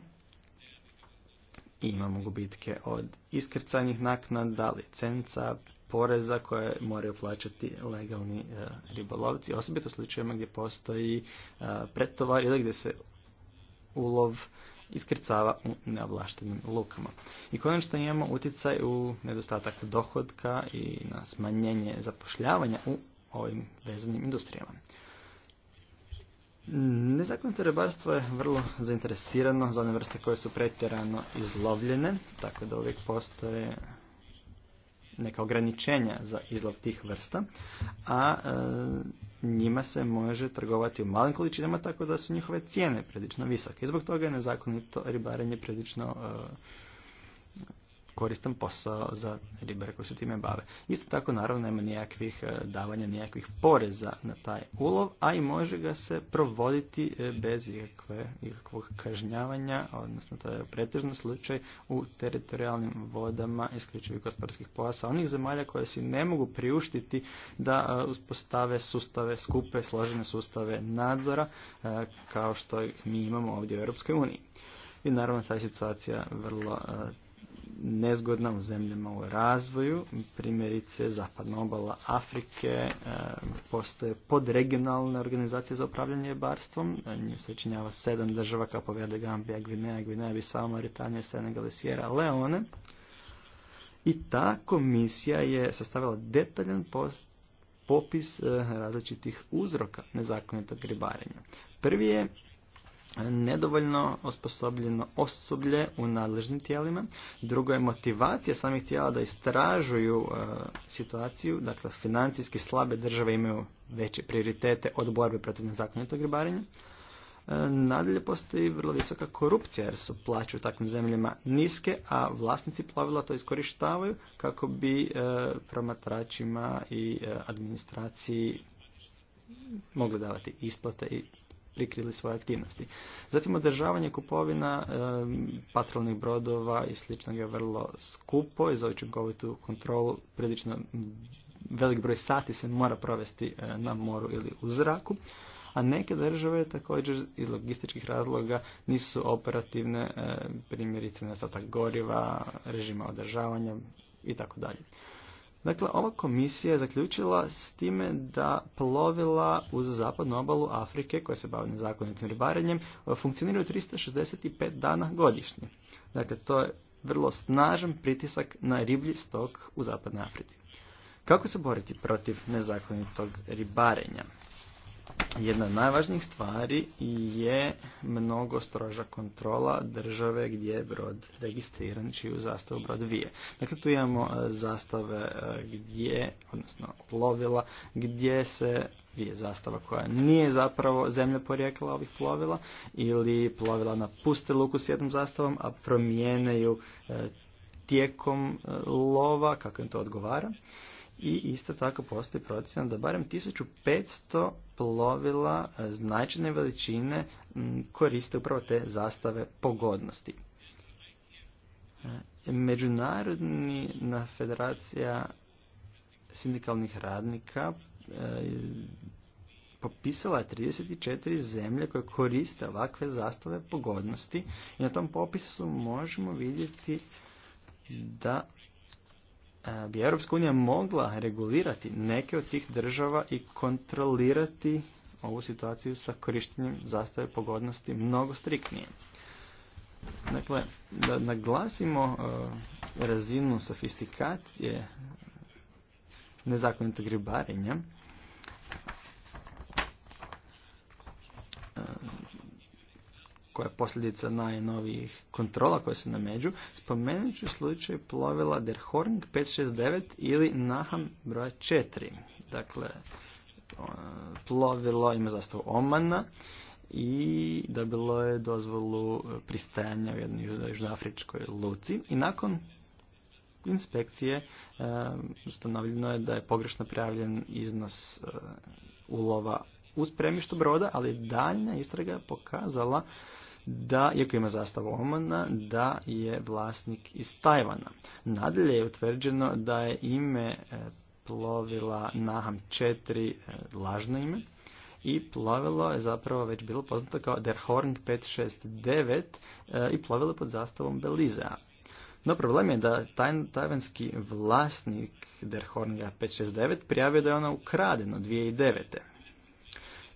imamo gubitke od iskrcajnih naknada, licenca, poreza koje moraju plaćati legalni e, ribolovci, osobito u slučajevima gdje postoji e, pretovar ili gdje se ulov iskrcava u neovlaštenim lukama. I konačno imamo utjecaj u nedostatak dohodka i na smanjenje zapošljavanja u ovim vezanim industrijama. Nezakonito ribarstvo je vrlo zainteresirano za one vrste koje su pretjerano izlovljene, tako da uvijek postoje neka ograničenja za izlov tih vrsta, a e, njima se može trgovati u malim količinama tako da su njihove cijene prilično visoke. I zbog toga je nezakonito ribarenje prilično e, koristan posao za ribare koji se time bave. Isto tako naravno nema nijakvih e, davanja, nijakvih poreza na taj ulov, a i može ga se provoditi e, bez ikakvog kažnjavanja, odnosno to je pretežno slučaj u teritorijalnim vodama isključivih gospodarskih pojasa onih zemalja koje si ne mogu priuštiti da e, uspostave sustave, skupe, složene sustave nadzora kao što mi imamo ovdje u Europskoj uniji. I naravno ta je situacija vrlo nezgodna u zemljama u razvoju, primjerice zapadna obala Afrike, e, postoje podregionalne organizacije za upravljanje barstvom. nju činjava sedam država kao Poverde, Gambija, Gvineja, Gvineja, Bisao, Mauritanija, Senegal i Sierra Leone. I ta komisija je sastavila detaljan popis e, različitih uzroka nezakonitog ribarenja. Prvi je nedovoljno osposobljeno osoblje u nadležnim tijelima. Drugo je motivacija samih tijela da istražuju e, situaciju, dakle financijski slabe države imaju veće prioritete od borbe protiv nezakonitog ribarenja. E, nadalje postoji vrlo visoka korupcija jer su plaće u takvim zemljama niske, a vlasnici plavila to iskorištavaju kako bi e, promatračima i e, administraciji mogli davati isplate i prikrili svoje aktivnosti. Zatim održavanje kupovina e, patrolnih brodova i sličnog je vrlo skupo i za učinkovitu kontrolu prilično velik broj sati se mora provesti e, na moru ili u zraku. A neke države također iz logističkih razloga nisu operativne, e, primjerice nastatak goriva, režima održavanja i tako dalje. Dakle, ova komisija je zaključila s time da plovila uz zapadnu obalu Afrike, koja se bavlja nezakonitim ribarenjem, e, funkcioniraju 365 dana godišnje. Dakle, to je vrlo snažan pritisak na riblji stok u zapadnoj Africi. Kako se boriti protiv nezakonitog ribarenja? Jedna od najvažnijih stvari je mnogo stroža kontrola države gdje je brod registriran, čiju zastavu brod vije. Dakle, tu imamo e, zastave e, gdje, odnosno plovila, gdje se vije zastava koja nije zapravo zemlja porijekla ovih plovila ili plovila napuste luku s jednom zastavom, a promijene ju e, tijekom lova, kako im to odgovara. I isto tako postoji procjena da barem 1500 plovila e, značajne veličine koriste upravo te zastave pogodnosti. E, Međunarodna federacija sindikalnih radnika e, popisala je 34 zemlje koje koriste ovakve zastave pogodnosti i na tom popisu možemo vidjeti da E, bi Europska unija mogla regulirati neke od tih država i kontrolirati ovu situaciju sa korištenjem zastave pogodnosti mnogo striktnije. Dakle, da naglasimo e, razinu sofistikacije nezakonitog ribarenja, koja je posljedica najnovijih kontrola koje se nameđu, spomenut ću slučaj plovila Der Horing 569 ili Naham broja 4. Dakle, plovilo ima zastavu Omana i dobilo je dozvolu pristajanja u jednoj južnoafričkoj luci i nakon inspekcije e, ustanovljeno je da je pogrešno prijavljen iznos e, ulova uz spremištu broda, ali daljnja istraga pokazala da, iako ima zastavu Omana, da je vlasnik iz Tajvana. Nadalje je utvrđeno da je ime e, plovila Naham 4 e, lažno ime i plovilo je zapravo već bilo poznato kao Der Horng 569 e, i plovilo pod zastavom Belizea. No problem je da taj, tajvanski vlasnik Der Hornga 569 prijavio da je ona ukradena 2009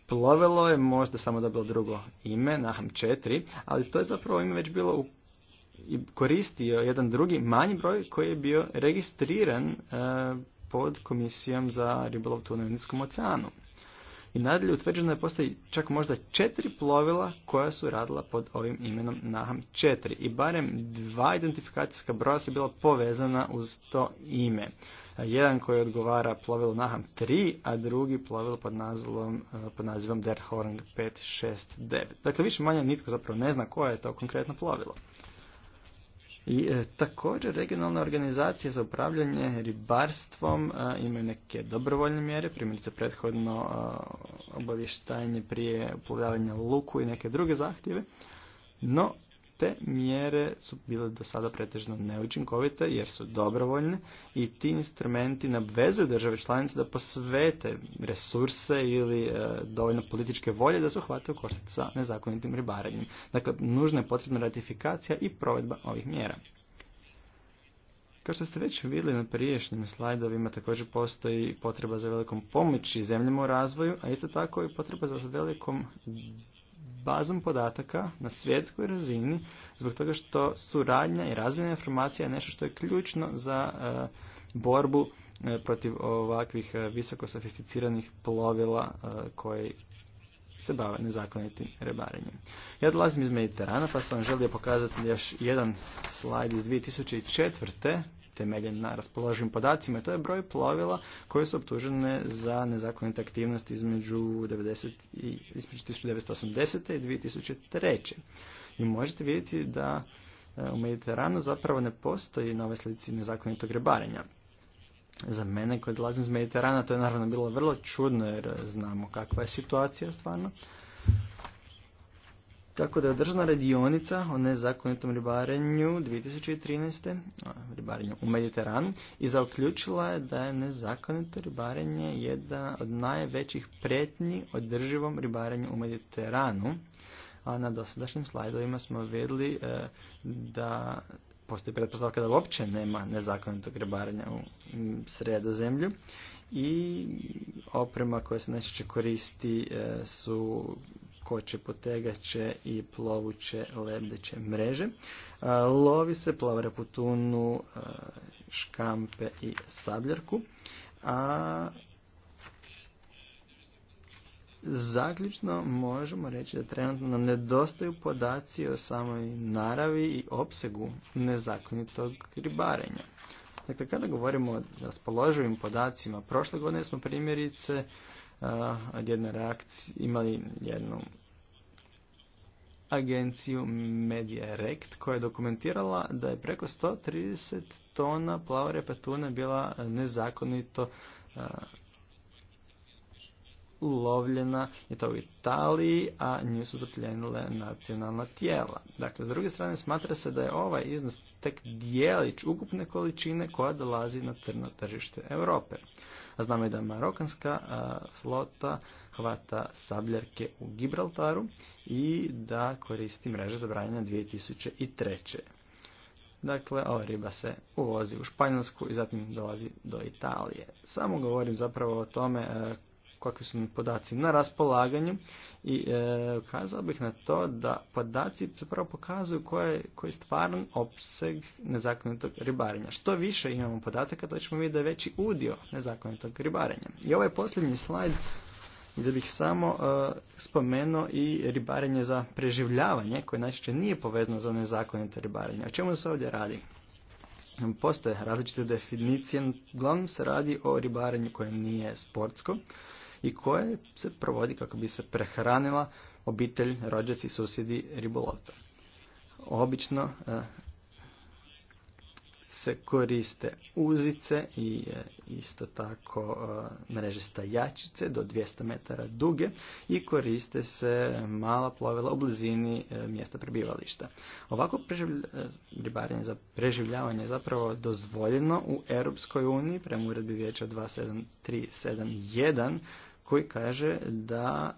plovilo je možda samo dobilo drugo ime, Naham 4, ali to je zapravo ime već bilo u koristio jedan drugi manji broj koji je bio registriran e, pod komisijom za ribolov tu na Indijskom oceanu. I nadalje utvrđeno je postoji čak možda četiri plovila koja su radila pod ovim imenom Naham 4 i barem dva identifikacijska broja su bila povezana uz to ime jedan koji odgovara plovilu Naham 3, a drugi plovilo pod, nazivom, e, pod nazivom Der Horng 569. Dakle, više manje nitko zapravo ne zna koje je to konkretno plovilo. I e, također regionalne organizacije za upravljanje ribarstvom e, imaju neke dobrovoljne mjere, primjerice prethodno e, obavještajanje prije uplovljavanja luku i neke druge zahtjeve. No, te mjere su bile do sada pretežno neučinkovite jer su dobrovoljne i ti instrumenti nabvezuju države članice da posvete resurse ili e, dovoljno političke volje da se uhvate u koštac sa nezakonitim ribarenjem. Dakle, nužna je potrebna ratifikacija i provedba ovih mjera. Kao što ste već vidjeli na priješnjim slajdovima, također postoji potreba za velikom pomoći zemljama u razvoju, a isto tako i potreba za velikom bazom podataka na svjetskoj razini zbog toga što suradnja i razmjena informacija je nešto što je ključno za e, borbu e, protiv ovakvih e, visoko sofisticiranih plovila koji se bave nezakonitim rebarenjem. Ja dolazim iz Mediterana pa sam vam želio pokazati još jedan slajd iz 2004 temeljen na raspoloživim podacima. I to je broj plovila koje su optužene za nezakonite aktivnosti između, 90 i, 1980. i 2003. I možete vidjeti da e, u Mediteranu zapravo ne postoji na ovoj slici nezakonitog ribarenja. Za mene koji dolazim iz Mediterana to je naravno bilo vrlo čudno jer e, znamo kakva je situacija stvarno. Tako da je održana radionica o nezakonitom ribarenju 2013. ribarenju u Mediteranu i zaključila je da je nezakonito ribarenje jedna od najvećih prijetnji održivom ribarenju u Mediteranu. A na dosadašnjim slajdovima smo vidjeli e, da postoji pretpostavka da uopće nema nezakonitog ribarenja u sredozemlju i oprema koja se najčešće koristi e, su hoće, potegaće i plovuće lebdeće mreže. Lovi se plavara putunu, škampe i sabljarku. A Zaključno možemo reći da trenutno nam nedostaju podaci o samoj naravi i opsegu nezakonitog ribarenja. Dakle, kada govorimo o raspoloživim podacima, prošle godine smo primjerice od jedne reakcije, imali jednu agenciju MediaRect koja je dokumentirala da je preko 130 tona plavore petune bila nezakonito ulovljena i to u Italiji, a nju su zapljenile nacionalna tijela. Dakle, s druge strane smatra se da je ovaj iznos tek dijelić ukupne količine koja dolazi na crno tržište Europe a znamo i da marokanska flota hvata sabljarke u Gibraltaru i da koristi mreže zabranjena 2003. Dakle, ova riba se uvozi u Španjolsku i zatim dolazi do Italije. Samo govorim zapravo o tome kakvi su mi podaci na raspolaganju i e, ukazao bih na to da podaci zapravo pokazuju koji je stvaran opseg nezakonitog ribarenja. Što više imamo podataka, to ćemo vidjeti da je veći udio nezakonitog ribarenja. I ovaj posljednji slajd gdje bih samo e, spomenuo i ribarenje za preživljavanje, koje najčešće nije povezano za nezakonito ribarenje. O čemu se ovdje radi? Postoje različite definicije, uglavnom se radi o ribarenju koje nije sportsko, i koje se provodi kako bi se prehranila obitelj, rođaci, susjedi, ribolovca. Obično e, se koriste uzice i e, isto tako e, mrežista jačice do 200 metara duge i koriste se mala plovila u blizini mjesta prebivališta. Ovako ribarenje za preživljavanje je zapravo dozvoljeno u Europskoj uniji prema uredbi vijeća 27371, koji kaže da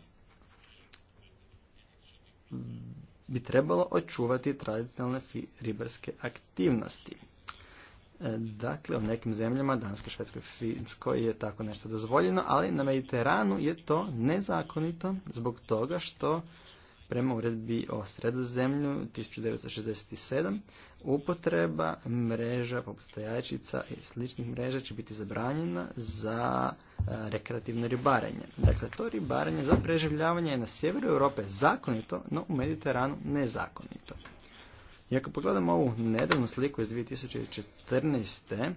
bi trebalo očuvati tradicionalne ribarske aktivnosti. E, dakle, u nekim zemljama, Danskoj, Švedskoj, Finskoj je tako nešto dozvoljeno, ali na Mediteranu je to nezakonito zbog toga što prema uredbi o sredozemlju 1967 upotreba mreža, postojačica i sličnih mreža će biti zabranjena za e, rekreativno ribarenje. Dakle, to ribarenje za preživljavanje je na sjeveru Europe zakonito, no u Mediteranu nezakonito. I ako pogledamo ovu nedavnu sliku iz 2014.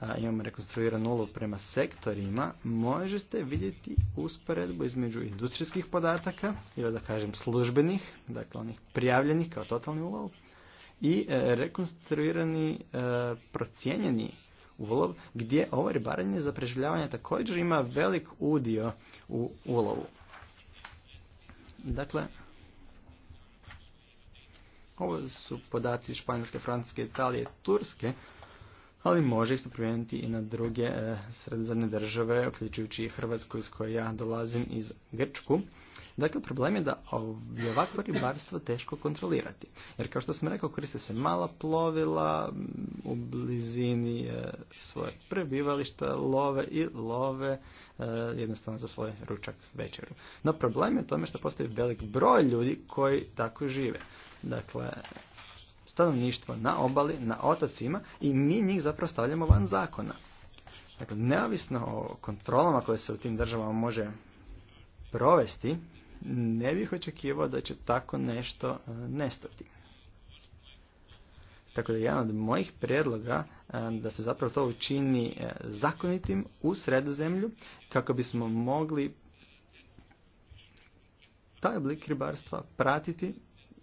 A, e, imamo rekonstruiran ulov prema sektorima, možete vidjeti usporedbu između industrijskih podataka, ili da kažem službenih, dakle onih prijavljenih kao totalni ulov, i e, rekonstruirani e, procijenjeni ulov gdje ovo ribaranje za preživljavanje također ima velik udio u ulovu. Dakle, ovo su podaci Španjolske, Francuske, Italije, Turske, ali može ih se primijeniti i na druge e, sredozemne države, uključujući i Hrvatsku iz koje ja dolazim iz Grčku. Dakle, problem je da je ovakvo ribarstvo teško kontrolirati. Jer kao što sam rekao, koriste se mala plovila mm, u blizini e, svoje prebivališta, love i love e, jednostavno za svoj ručak večeru. No problem je u tome što postoji velik broj ljudi koji tako žive. Dakle, stanovništvo na obali, na otocima i mi njih zapravo stavljamo van zakona. Dakle, neovisno o kontrolama koje se u tim državama može provesti, ne bih očekivao da će tako nešto e, nestati. Tako da jedan od mojih prijedloga e, da se zapravo to učini e, zakonitim u sredozemlju kako bismo mogli taj oblik ribarstva pratiti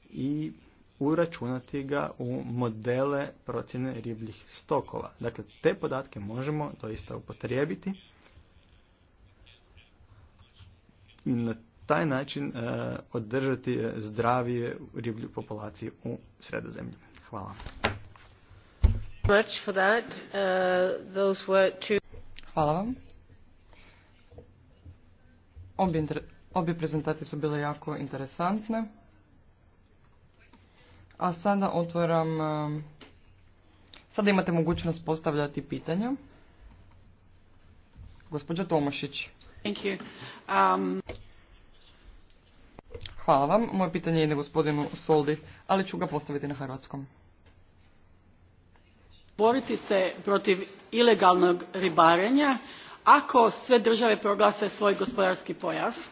i uračunati ga u modele procjene ribljih stokova. Dakle, te podatke možemo doista upotrijebiti i na taj način e, održati e, zdravije riblju populaciju u sredozemlju. Hvala. Uh, Hvala vam. Obje, obje prezentacije su bile jako interesantne. A sada otvaram... E, sada imate mogućnost postavljati pitanja. Gospođa Tomašić. Thank you. Um, Hvala vam. Moje pitanje na gospodinu Soldi, ali ću ga postaviti na hrvatskom. Boriti se protiv ilegalnog ribarenja ako sve države proglase svoj gospodarski pojas.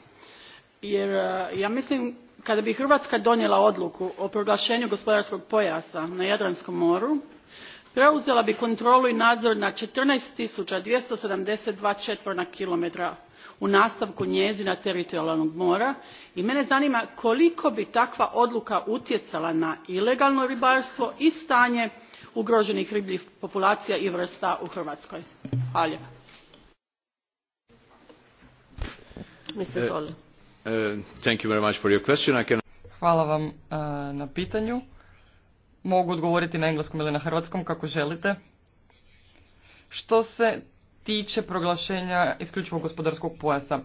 Jer eh, ja mislim kada bi Hrvatska donijela odluku o proglašenju gospodarskog pojasa na Jadranskom moru, preuzela bi kontrolu i nadzor na četrnaest tisuća četvorna kilometra u nastavku njezina teritorijalnog mora i mene zanima koliko bi takva odluka utjecala na ilegalno ribarstvo i stanje ugroženih ribljih populacija i vrsta u hrvatskoj. Hvala Hvala vam eh, na pitanju. Mogu odgovoriti na engleskom ili na hrvatskom kako želite. Što se tiče proglašenja isključivog gospodarskog pojasa.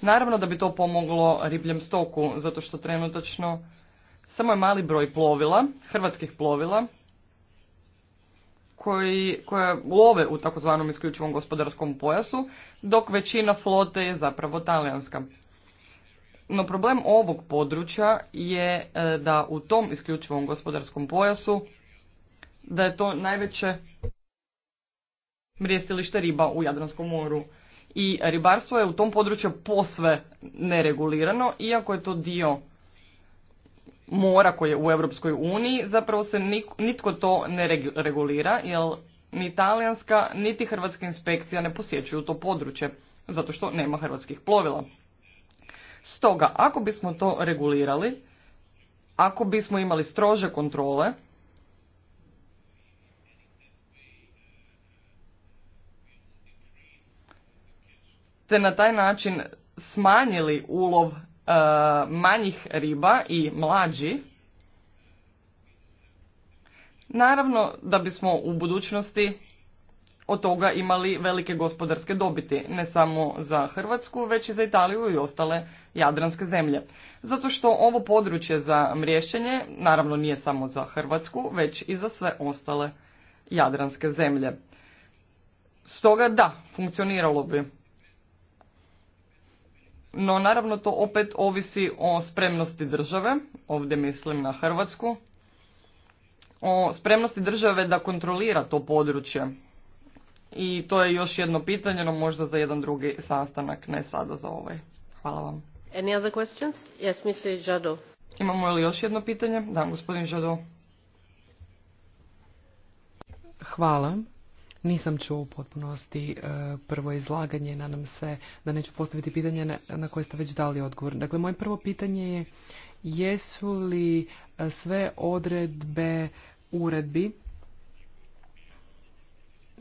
Naravno da bi to pomoglo ribljem stoku, zato što trenutačno samo je mali broj plovila, hrvatskih plovila, koji, koje love u takozvanom isključivom gospodarskom pojasu, dok većina flote je zapravo talijanska. No problem ovog područja je e, da u tom isključivom gospodarskom pojasu da je to najveće mrijestilište riba u Jadranskom moru. I ribarstvo je u tom području posve neregulirano, iako je to dio mora koji je u Europskoj uniji, zapravo se nitko to ne regulira, jer ni talijanska, niti hrvatska inspekcija ne posjećuju to područje, zato što nema hrvatskih plovila. Stoga, ako bismo to regulirali, ako bismo imali strože kontrole, te na taj način smanjili ulov e, manjih riba i mlađi naravno da bismo u budućnosti od toga imali velike gospodarske dobiti ne samo za Hrvatsku već i za Italiju i ostale jadranske zemlje zato što ovo područje za mriješćenje naravno nije samo za Hrvatsku već i za sve ostale jadranske zemlje stoga da funkcioniralo bi no naravno to opet ovisi o spremnosti države, ovdje mislim na Hrvatsku, o spremnosti države da kontrolira to područje. I to je još jedno pitanje, no možda za jedan drugi sastanak, ne sada za ovaj. Hvala vam. Any other questions? Yes, Mr. Jado. Imamo li još jedno pitanje? Da, gospodin Žado. Hvala. Nisam čuo u potpunosti e, prvo izlaganje, nadam se da neću postaviti pitanje na koje ste već dali odgovor. Dakle, moje prvo pitanje je jesu li e, sve odredbe uredbi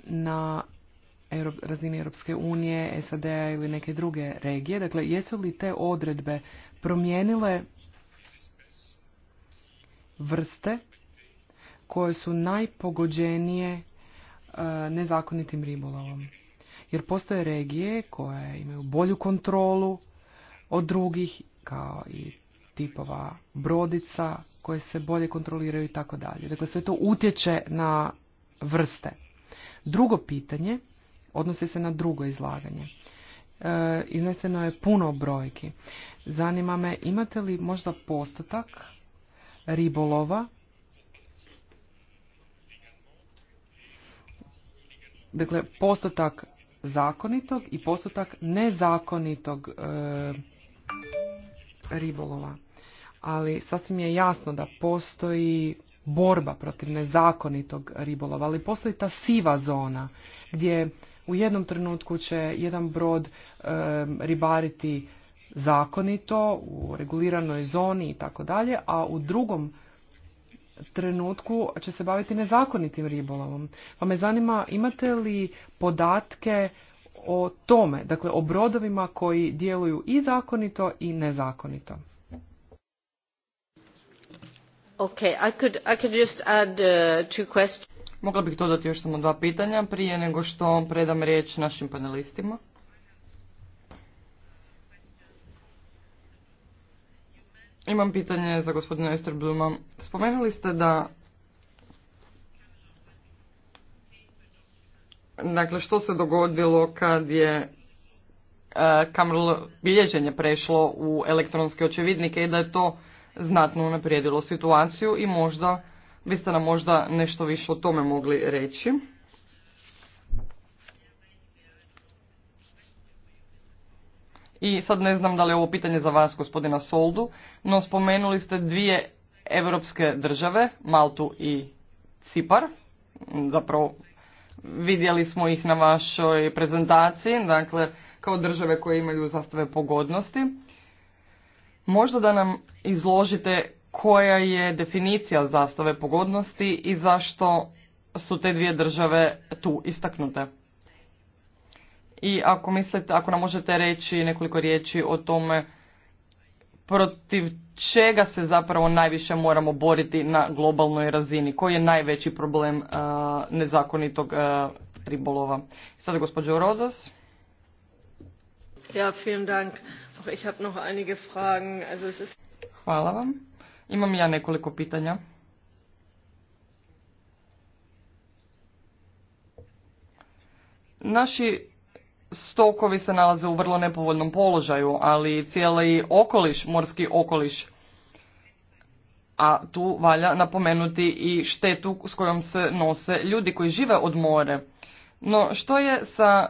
na razini Europske unije, SAD-a ili neke druge regije. Dakle, jesu li te odredbe promijenile vrste koje su najpogođenije E, nezakonitim ribolovom. Jer postoje regije koje imaju bolju kontrolu od drugih, kao i tipova brodica koje se bolje kontroliraju i tako dalje. Dakle, sve to utječe na vrste. Drugo pitanje odnosi se na drugo izlaganje. E, izneseno je puno brojki. Zanima me, imate li možda postotak ribolova Dakle, postotak zakonitog i postotak nezakonitog e, ribolova. Ali sasvim je jasno da postoji borba protiv nezakonitog ribolova, ali postoji ta siva zona gdje u jednom trenutku će jedan brod e, ribariti zakonito u reguliranoj zoni i tako dalje, a u drugom trenutku će se baviti nezakonitim ribolovom. Pa me zanima imate li podatke o tome, dakle o brodovima koji djeluju i zakonito i nezakonito. Okay, I could, I could just add uh, two Mogla bih dodati još samo dva pitanja prije nego što predam riječ našim panelistima. Imam pitanje za gospodina Esterbluma. Spomenuli ste da Dakle, što se dogodilo kad je e, kamerl bilježenje prešlo u elektronske očevidnike i da je to znatno unaprijedilo situaciju i možda biste nam možda nešto više o tome mogli reći. i sad ne znam da li je ovo pitanje za vas gospodina Soldu, no spomenuli ste dvije europske države, Maltu i Cipar, zapravo vidjeli smo ih na vašoj prezentaciji, dakle kao države koje imaju zastave pogodnosti. Možda da nam izložite koja je definicija zastave pogodnosti i zašto su te dvije države tu istaknute i ako mislite, ako nam možete reći nekoliko riječi o tome protiv čega se zapravo najviše moramo boriti na globalnoj razini, koji je najveći problem uh, nezakonitog uh, ribolova. Sada gospođo Rodos. Ja, vielen dank. Ich habe noch einige Fragen. Also es ist... Hvala vam. Imam ja nekoliko pitanja. Naši stokovi se nalaze u vrlo nepovoljnom položaju, ali cijeli okoliš, morski okoliš, a tu valja napomenuti i štetu s kojom se nose ljudi koji žive od more. No što je sa,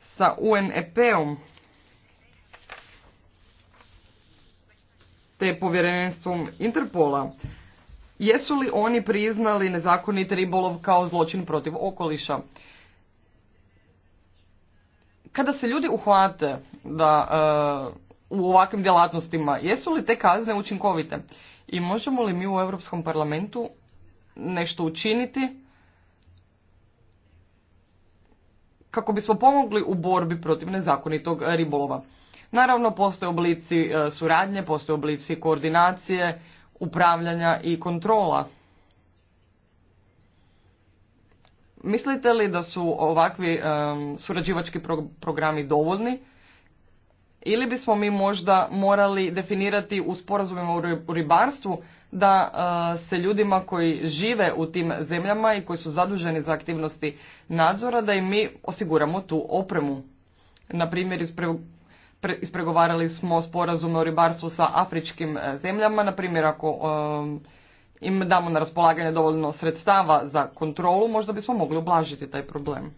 sa UNEP-om, te povjerenstvom Interpola? Jesu li oni priznali nezakonit ribolov kao zločin protiv okoliša? kada se ljudi uhvate da e, u ovakvim djelatnostima, jesu li te kazne učinkovite? I možemo li mi u Europskom parlamentu nešto učiniti kako bismo pomogli u borbi protiv nezakonitog ribolova? Naravno, postoje oblici e, suradnje, postoje oblici koordinacije, upravljanja i kontrola Mislite li da su ovakvi um, surađivački programi dovoljni ili bismo mi možda morali definirati u sporazumima u ribarstvu da eh, se ljudima koji žive u tim zemljama i koji su zaduženi za aktivnosti nadzora da im mi osiguramo tu opremu. Na primjer ispregovarali smo sporazume o ribarstvu sa afričkim eh, zemljama, na primjer ako im damo na raspolaganje dovoljno sredstava za kontrolu, možda bismo mogli ublažiti taj problem.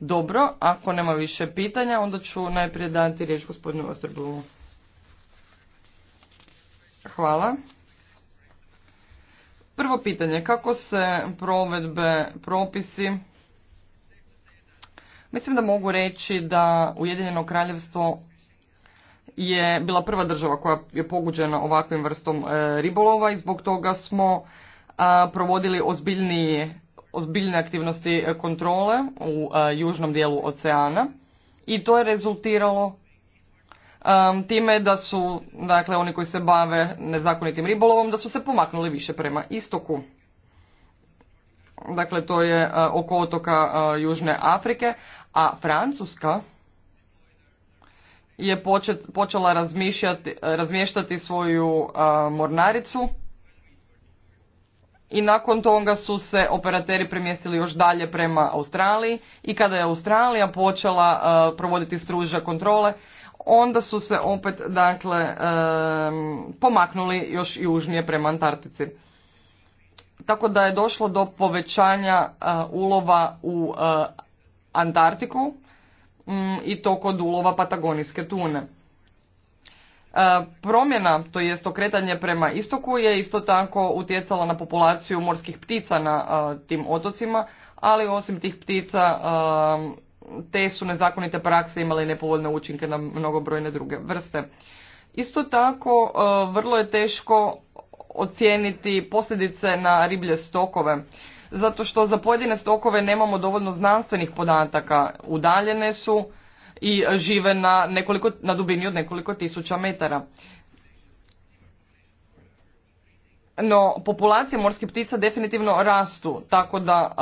Dobro, ako nema više pitanja, onda ću najprije dati riječ gospodinu Ostrbovu. Hvala. Prvo pitanje, kako se provedbe propisi... Mislim da mogu reći da Ujedinjeno kraljevstvo je bila prva država koja je poguđena ovakvim vrstom e, ribolova i zbog toga smo e, provodili ozbiljne aktivnosti e, kontrole u južnom dijelu oceana i to je rezultiralo time da su dakle oni koji se bave nezakonitim ribolovom da su se pomaknuli više prema istoku. Dakle, to je oko otoka Južne Afrike, a Francuska je počet, počela razmišljati, razmještati svoju mornaricu i nakon toga su se operateri premjestili još dalje prema Australiji i kada je Australija počela provoditi struže kontrole, onda su se opet dakle pomaknuli još južnije prema Antartici. Tako da je došlo do povećanja ulova u Antartiku Mm, i to kod ulova patagonijske tune. E, promjena, to jest okretanje prema istoku, je isto tako utjecala na populaciju morskih ptica na e, tim otocima, ali osim tih ptica e, te su nezakonite prakse imale nepovoljne učinke na mnogobrojne druge vrste. Isto tako, vrlo je teško ocijeniti posljedice na riblje stokove zato što za pojedine stokove nemamo dovoljno znanstvenih podataka. Udaljene su i žive na, nekoliko, na dubini od nekoliko tisuća metara. No, populacije morskih ptica definitivno rastu, tako da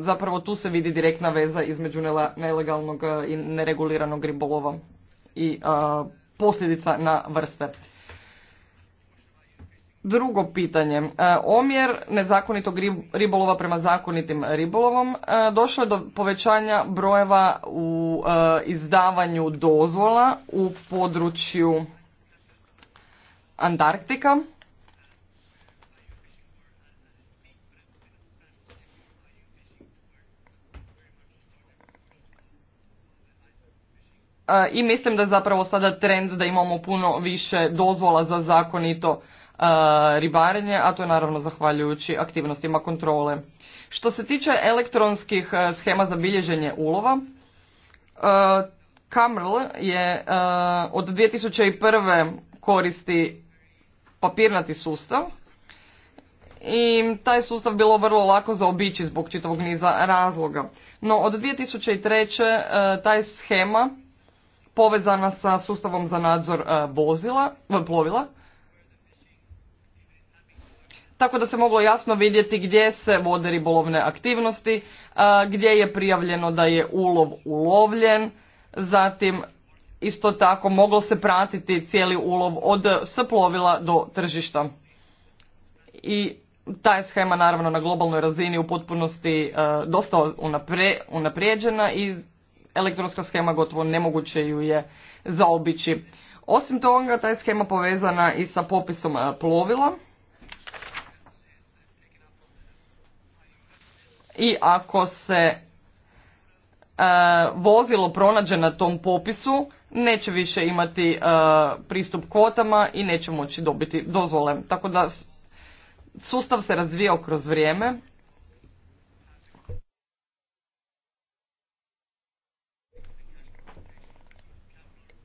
zapravo tu se vidi direktna veza između nelegalnog i nereguliranog ribolova i posljedica na vrste. Drugo pitanje. E, omjer nezakonitog ribolova prema zakonitim ribolovom e, došlo je do povećanja brojeva u e, izdavanju dozvola u području Antarktika. I mislim da je zapravo sada trend da imamo puno više dozvola za zakonito ribarenje, a to je naravno zahvaljujući aktivnostima kontrole. Što se tiče elektronskih e, schema za bilježenje ulova, e, Kamrl je e, od 2001. koristi papirnati sustav i taj sustav bilo vrlo lako zaobići zbog čitavog niza razloga. No od 2003. taj schema povezana sa sustavom za nadzor vozila, plovila, tako da se moglo jasno vidjeti gdje se vode ribolovne aktivnosti, e, gdje je prijavljeno da je ulov ulovljen, zatim isto tako moglo se pratiti cijeli ulov od s plovila do tržišta. I ta je schema naravno na globalnoj razini u potpunosti e, dosta unaprijeđena i elektronska schema gotovo nemoguće ju je zaobići. Osim toga, ta je schema povezana i sa popisom e, plovila i ako se e, vozilo pronađe na tom popisu neće više imati e, pristup kvotama i neće moći dobiti dozvole. Tako da sustav se razvijao kroz vrijeme.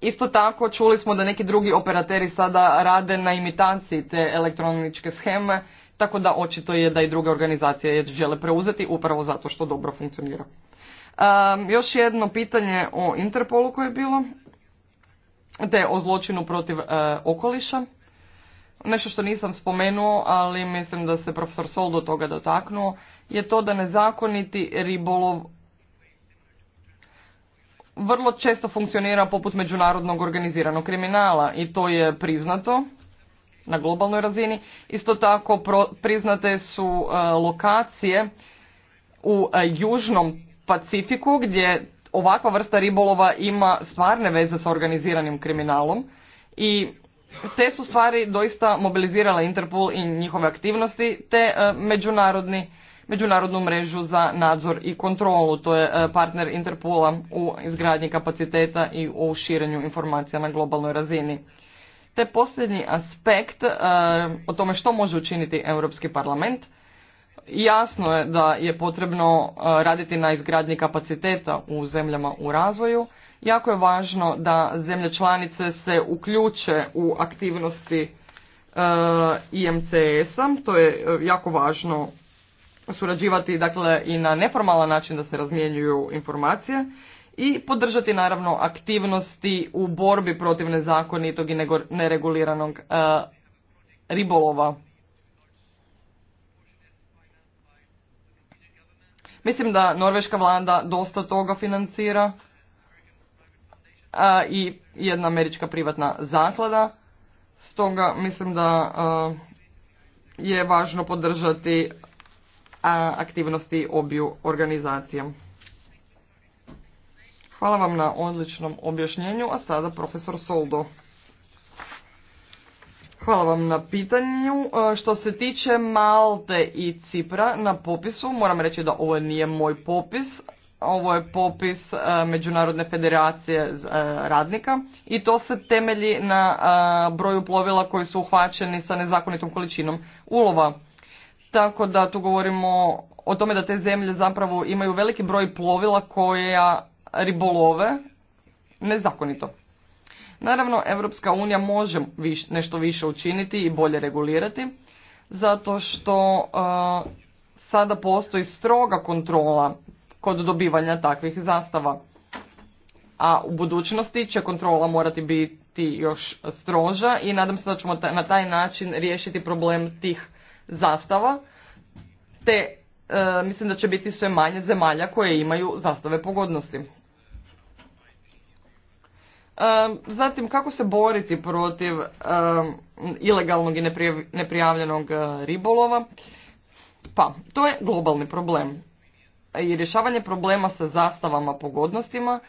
Isto tako čuli smo da neki drugi operateri sada rade na imitaciji te elektroničke scheme tako da očito je da i druge organizacije je žele preuzeti upravo zato što dobro funkcionira. još jedno pitanje o Interpolu koje je bilo, te o zločinu protiv e, okoliša. Nešto što nisam spomenuo, ali mislim da se profesor Sol do toga dotaknuo, je to da nezakoniti ribolov vrlo često funkcionira poput međunarodnog organiziranog kriminala i to je priznato na globalnoj razini. Isto tako priznate su e, lokacije u e, južnom Pacifiku gdje ovakva vrsta ribolova ima stvarne veze sa organiziranim kriminalom i te su stvari doista mobilizirala Interpol i njihove aktivnosti te e, međunarodni međunarodnu mrežu za nadzor i kontrolu. To je partner Interpola u izgradnji kapaciteta i u širenju informacija na globalnoj razini. Te posljednji aspekt e, o tome što može učiniti Europski parlament, jasno je da je potrebno e, raditi na izgradnji kapaciteta u zemljama u razvoju. Jako je važno da zemlje članice se uključe u aktivnosti e, IMCS-a, to je jako važno surađivati dakle i na neformalan način da se razmjenjuju informacije i podržati naravno aktivnosti u borbi protiv nezakonitog i nereguliranog e, ribolova. Mislim da norveška vlada dosta toga financira i jedna američka privatna zaklada. Stoga mislim da e, je važno podržati aktivnosti obiju organizacijama. Hvala vam na odličnom objašnjenju, a sada profesor Soldo. Hvala vam na pitanju. E, što se tiče Malte i Cipra na popisu, moram reći da ovo nije moj popis, ovo je popis e, Međunarodne federacije e, radnika i to se temelji na broju plovila koji su uhvaćeni sa nezakonitom količinom ulova. Tako da tu govorimo o tome da te zemlje zapravo imaju veliki broj plovila koja ribolove nezakonito. Naravno, Europska unija može nešto više učiniti i bolje regulirati, zato što e, sada postoji stroga kontrola kod dobivanja takvih zastava. A u budućnosti će kontrola morati biti još stroža i nadam se da ćemo na taj način riješiti problem tih zastava, te e, mislim da će biti sve manje zemalja koje imaju zastave pogodnosti. Zatim kako se boriti protiv ilegalnog i neprijavljenog e, ribolova. Pa, to je globalni problem. I rješavanje problema sa zastavama pogodnostima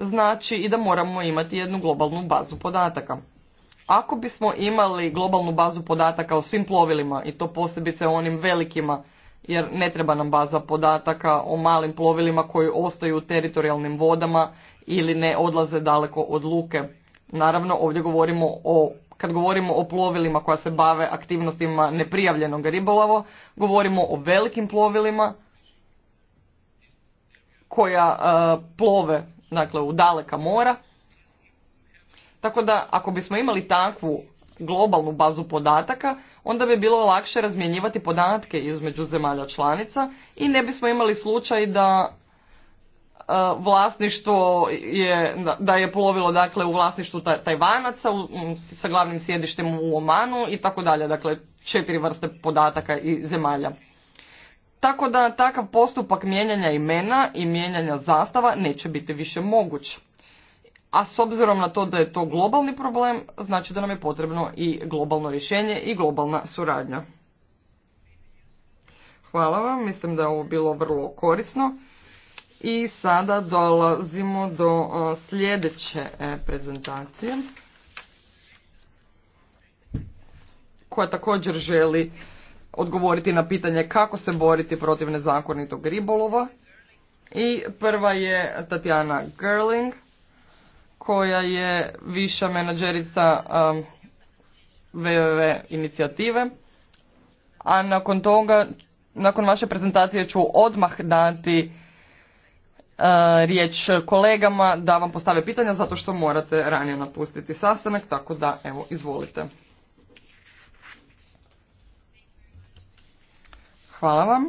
znači i da moramo imati jednu globalnu bazu podataka. Ako bismo imali globalnu bazu podataka o svim plovilima i to posebice o onim velikima, jer ne treba nam baza podataka o malim plovilima koji ostaju u teritorijalnim vodama ili ne odlaze daleko od luke. Naravno, ovdje govorimo o kad govorimo o plovilima koja se bave aktivnostima neprijavljenog ribolova, govorimo o velikim plovilima koja e, plove dakle, u daleka mora. Tako da ako bismo imali takvu globalnu bazu podataka, onda bi bilo lakše razmjenjivati podatke između zemalja članica i ne bismo imali slučaj da E, vlasništvo je, da je plovilo dakle u vlasništvu Tajvanaca sa glavnim sjedištem u Omanu i tako dalje, dakle četiri vrste podataka i zemalja. Tako da takav postupak mijenjanja imena i mijenjanja zastava neće biti više moguć. A s obzirom na to da je to globalni problem, znači da nam je potrebno i globalno rješenje i globalna suradnja. Hvala vam, mislim da je ovo bilo vrlo korisno. I sada dolazimo do e, sljedeće e, prezentacije koja također želi odgovoriti na pitanje kako se boriti protiv nezakonitog ribolova. I prva je Tatjana Gerling koja je viša menadžerica www e, inicijative. A nakon toga, nakon vaše prezentacije ću odmah dati E, riječ kolegama da vam postave pitanja zato što morate ranije napustiti sastanak, tako da evo izvolite. Hvala vam.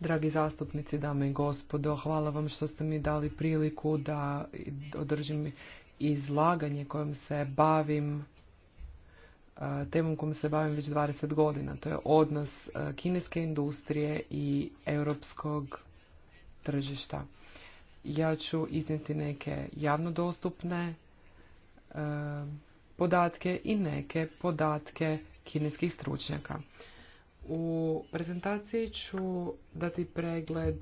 Dragi zastupnici, dame i gospodo, hvala vam što ste mi dali priliku da održim izlaganje kojom se bavim temom kojom se bavim već 20 godina. To je odnos kineske industrije i europskog tržišta. Ja ću iznijeti neke javno dostupne podatke i neke podatke kineskih stručnjaka. U prezentaciji ću dati pregled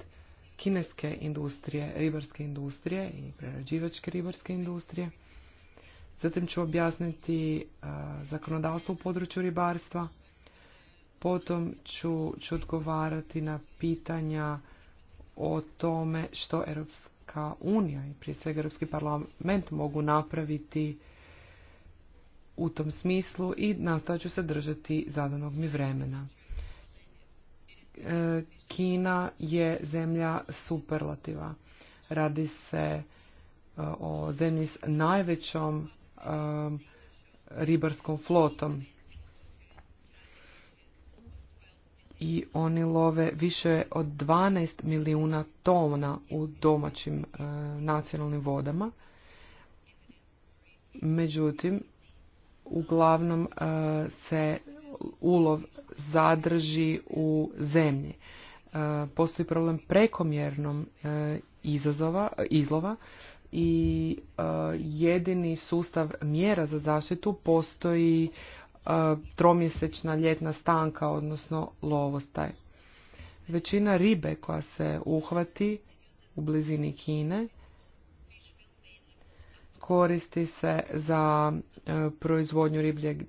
kineske industrije, ribarske industrije i prerađivačke ribarske industrije Zatim ću objasniti zakonodavstvo u području ribarstva. Potom ću, ću odgovarati na pitanja o tome što Europska unija i prije svega Europski parlament mogu napraviti u tom smislu i nastavit ću se držati zadanog mi vremena. E, Kina je zemlja superlativa. Radi se e, o zemlji s najvećom Um, ribarskom flotom. I oni love više od 12 milijuna tona u domaćim uh, nacionalnim vodama. Međutim, uglavnom uh, se ulov zadrži u zemlji. Uh, postoji problem prekomjernom izazova, izlova i e, jedini sustav mjera za zaštitu postoji e, tromjesečna ljetna stanka, odnosno lovostaj. Većina ribe koja se uhvati u blizini Kine koristi se za e, proizvodnju ribljeg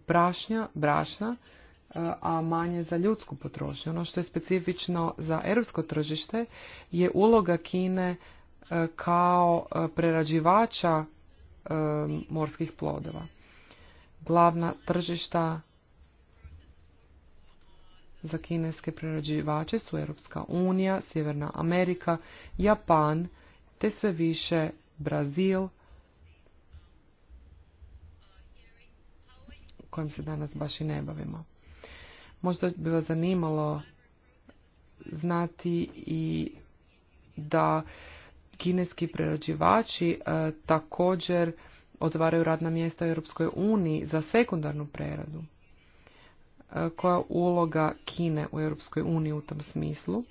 brašna, a manje za ljudsku potrošnju. Ono što je specifično za europsko tržište je uloga Kine E, kao e, prerađivača e, morskih plodova. Glavna tržišta za kineske prerađivače su Europska unija, Sjeverna Amerika, Japan, te sve više Brazil, kojim se danas baš i ne bavimo. Možda bi vas zanimalo znati i da kineski prerađivači e, također otvaraju radna mjesta u Europskoj uniji za sekundarnu preradu. E, koja uloga Kine u Europskoj uniji u tom smislu?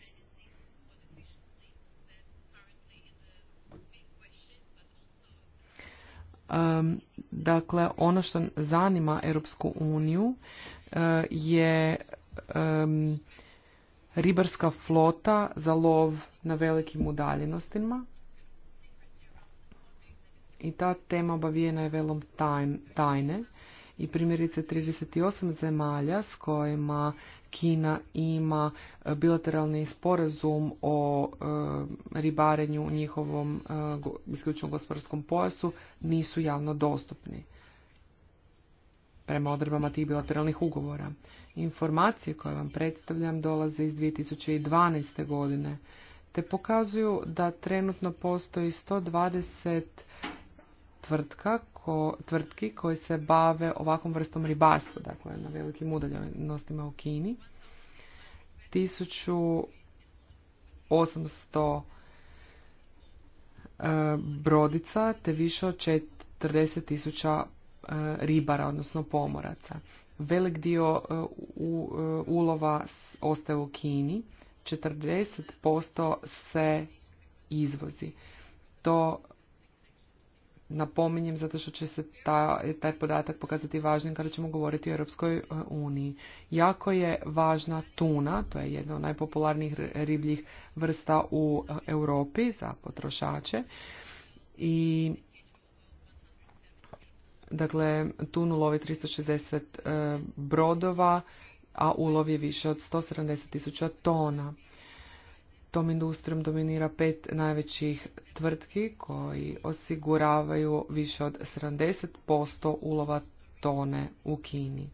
Dakle, ono što zanima Europsku uniju e, je ribarska flota za lov na velikim udaljenostima i ta tema obavijena je velom tajne i primjerice 38 zemalja s kojima Kina ima e, bilateralni sporazum o e, ribarenju u njihovom e, gospodarskom pojasu nisu javno dostupni prema odredbama tih bilateralnih ugovora. Informacije koje vam predstavljam dolaze iz 2012. godine te pokazuju da trenutno postoji 120 tvrtka ko, tvrtki koji se bave ovakvom vrstom ribarstva, dakle na velikim udaljenostima u Kini. 1800 e, brodica te više od 40.000 e, ribara, odnosno pomoraca. Velik dio e, ulova ostaje u Kini, 40% se izvozi. To napominjem zato što će se ta, taj podatak pokazati važnim kada ćemo govoriti o Europskoj e, uniji. Jako je važna tuna, to je jedna od najpopularnijih ribljih vrsta u e, Europi za potrošače i dakle tunu lovi 360 e, brodova, a ulov je više od 170 tisuća tona tom industrijom dominira pet najvećih tvrtki koji osiguravaju više od 70% ulova tone u Kini.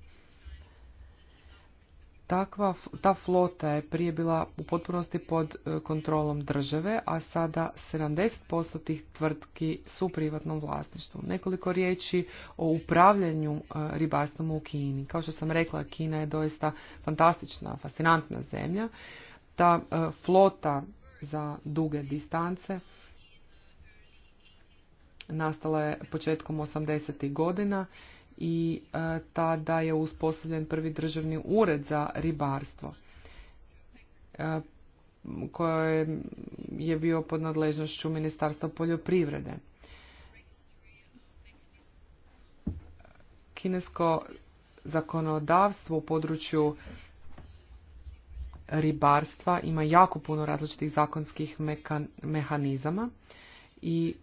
Takva, ta flota je prije bila u potpunosti pod e, kontrolom države, a sada 70% tih tvrtki su u privatnom vlasništvu. Nekoliko riječi o upravljanju e, ribarstvom u Kini. Kao što sam rekla, Kina je doista fantastična, fascinantna zemlja ta e, flota za duge distance nastala je početkom 80. godina i e, tada je uspostavljen prvi državni ured za ribarstvo e, koje je bio pod nadležnošću Ministarstva poljoprivrede. Kinesko zakonodavstvo u području ribarstva ima jako puno različitih zakonskih mehanizama i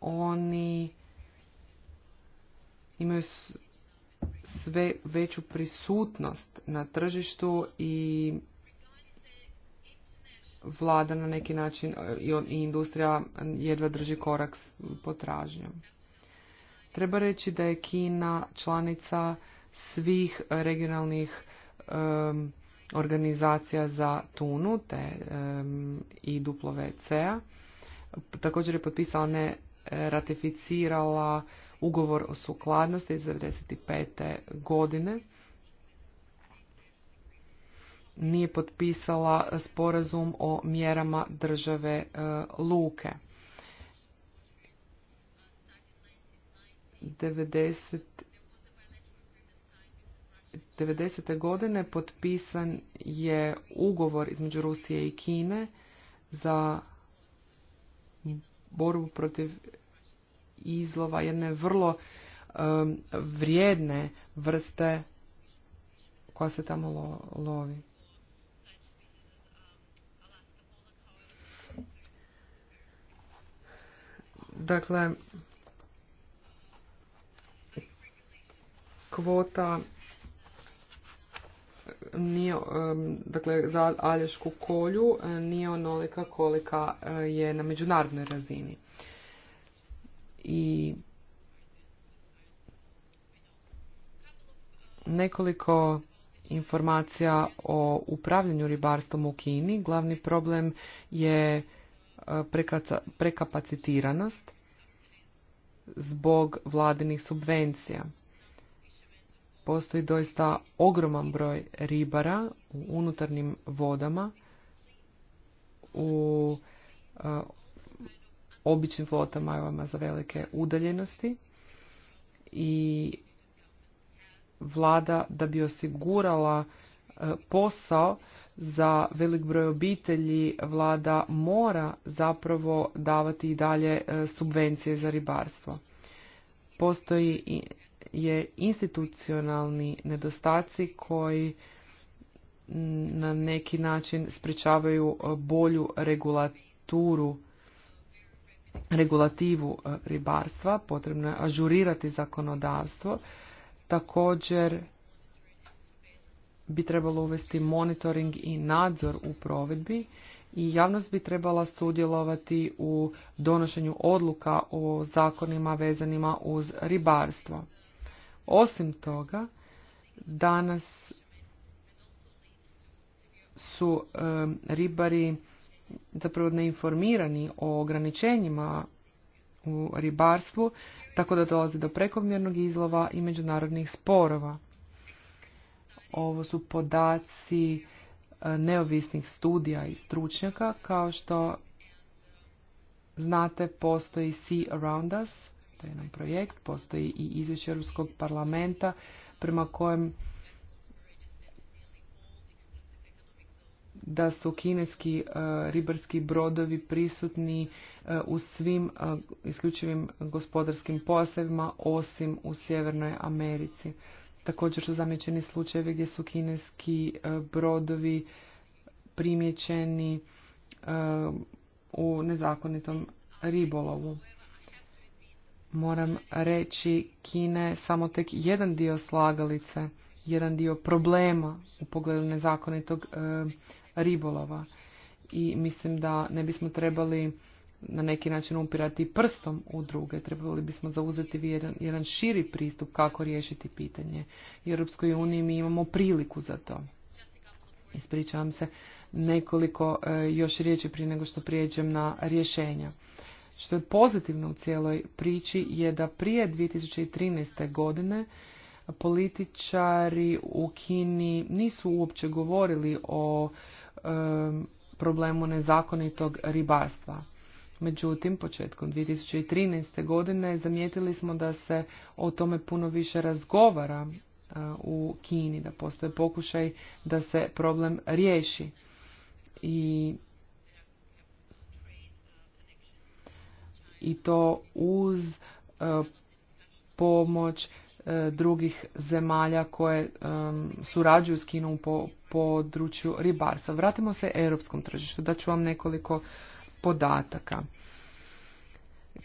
oni imaju sve veću prisutnost na tržištu i vlada na neki način i industrija jedva drži korak s potražnjom. Treba reći da je Kina članica svih regionalnih organizacija za tunu te i WC-a. Također je potpisala ne ratificirala ugovor o sukladnosti iz 1995. godine. Nije potpisala sporazum o mjerama države e, Luke. 1990. godine potpisan je ugovor između Rusije i Kine za borbu protiv izlova jedne vrlo vrijedne vrste koja se tamo lovi. Dakle, kvota nije, dakle, za Alješku kolju e, nije onolika kolika e, je na međunarodnoj razini. I nekoliko informacija o upravljanju ribarstvom u Kini. Glavni problem je e, prekapacitiranost zbog vladinih subvencija postoji doista ogroman broj ribara u unutarnjim vodama, u e, običnim flotama za velike udaljenosti i vlada da bi osigurala e, posao za velik broj obitelji vlada mora zapravo davati i dalje e, subvencije za ribarstvo. Postoji je institucionalni nedostaci koji na neki način sprječavaju e, bolju regulaturu regulativu e, ribarstva, potrebno je ažurirati zakonodavstvo. Također bi trebalo uvesti monitoring i nadzor u provedbi i javnost bi trebala sudjelovati u donošenju odluka o zakonima vezanima uz ribarstvo. Osim toga, danas su ribari zapravo neinformirani o ograničenjima u ribarstvu, tako da dolazi do prekomjernog izlova i međunarodnih sporova. Ovo su podaci e, neovisnih studija i stručnjaka, kao što znate postoji Sea Around Us, taj jedan projekt, postoji i izvješće Europskog parlamenta prema kojem da su kineski e, ribarski brodovi prisutni e, u svim e, isključivim gospodarskim posebima osim u Sjevernoj Americi. Također su zamjećeni slučajevi gdje su kineski brodovi primjećeni u nezakonitom ribolovu moram reći Kine, samo tek jedan dio slagalice, jedan dio problema u pogledu nezakonitog e, ribolova. I mislim da ne bismo trebali na neki način upirati prstom u druge. Trebali bismo zauzeti jedan, jedan širi pristup kako riješiti pitanje. U Europskoj uniji mi imamo priliku za to. Ispričavam se nekoliko e, još riječi prije nego što prijeđem na rješenja. Što je pozitivno u cijeloj priči je da prije 2013. godine političari u Kini nisu uopće govorili o problemu nezakonitog ribarstva. Međutim, početkom 2013. godine zamijetili smo da se o tome puno više razgovara u Kini, da postoje pokušaj da se problem riješi. I i to uz e, pomoć e, drugih zemalja koje e, surađuju s Kinom po području ribarstva. Vratimo se europskom tržištu. ću vam nekoliko podataka.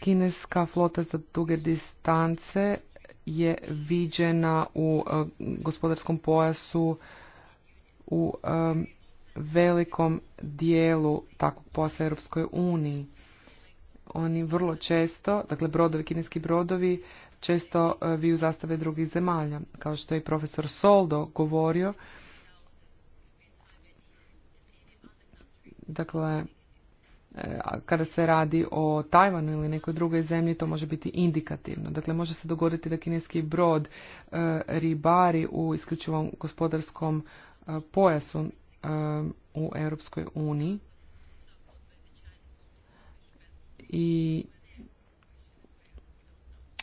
Kineska flota za duge distance je viđena u gospodarskom pojasu u velikom dijelu takvog pojasa Europskoj uniji oni vrlo često, dakle brodovi, kineski brodovi, često e, viju zastave drugih zemalja. Kao što je i profesor Soldo govorio, dakle, e, kada se radi o Tajvanu ili nekoj drugoj zemlji, to može biti indikativno. Dakle, može se dogoditi da kineski brod e, ribari u isključivom gospodarskom pojasu u Europskoj uniji, i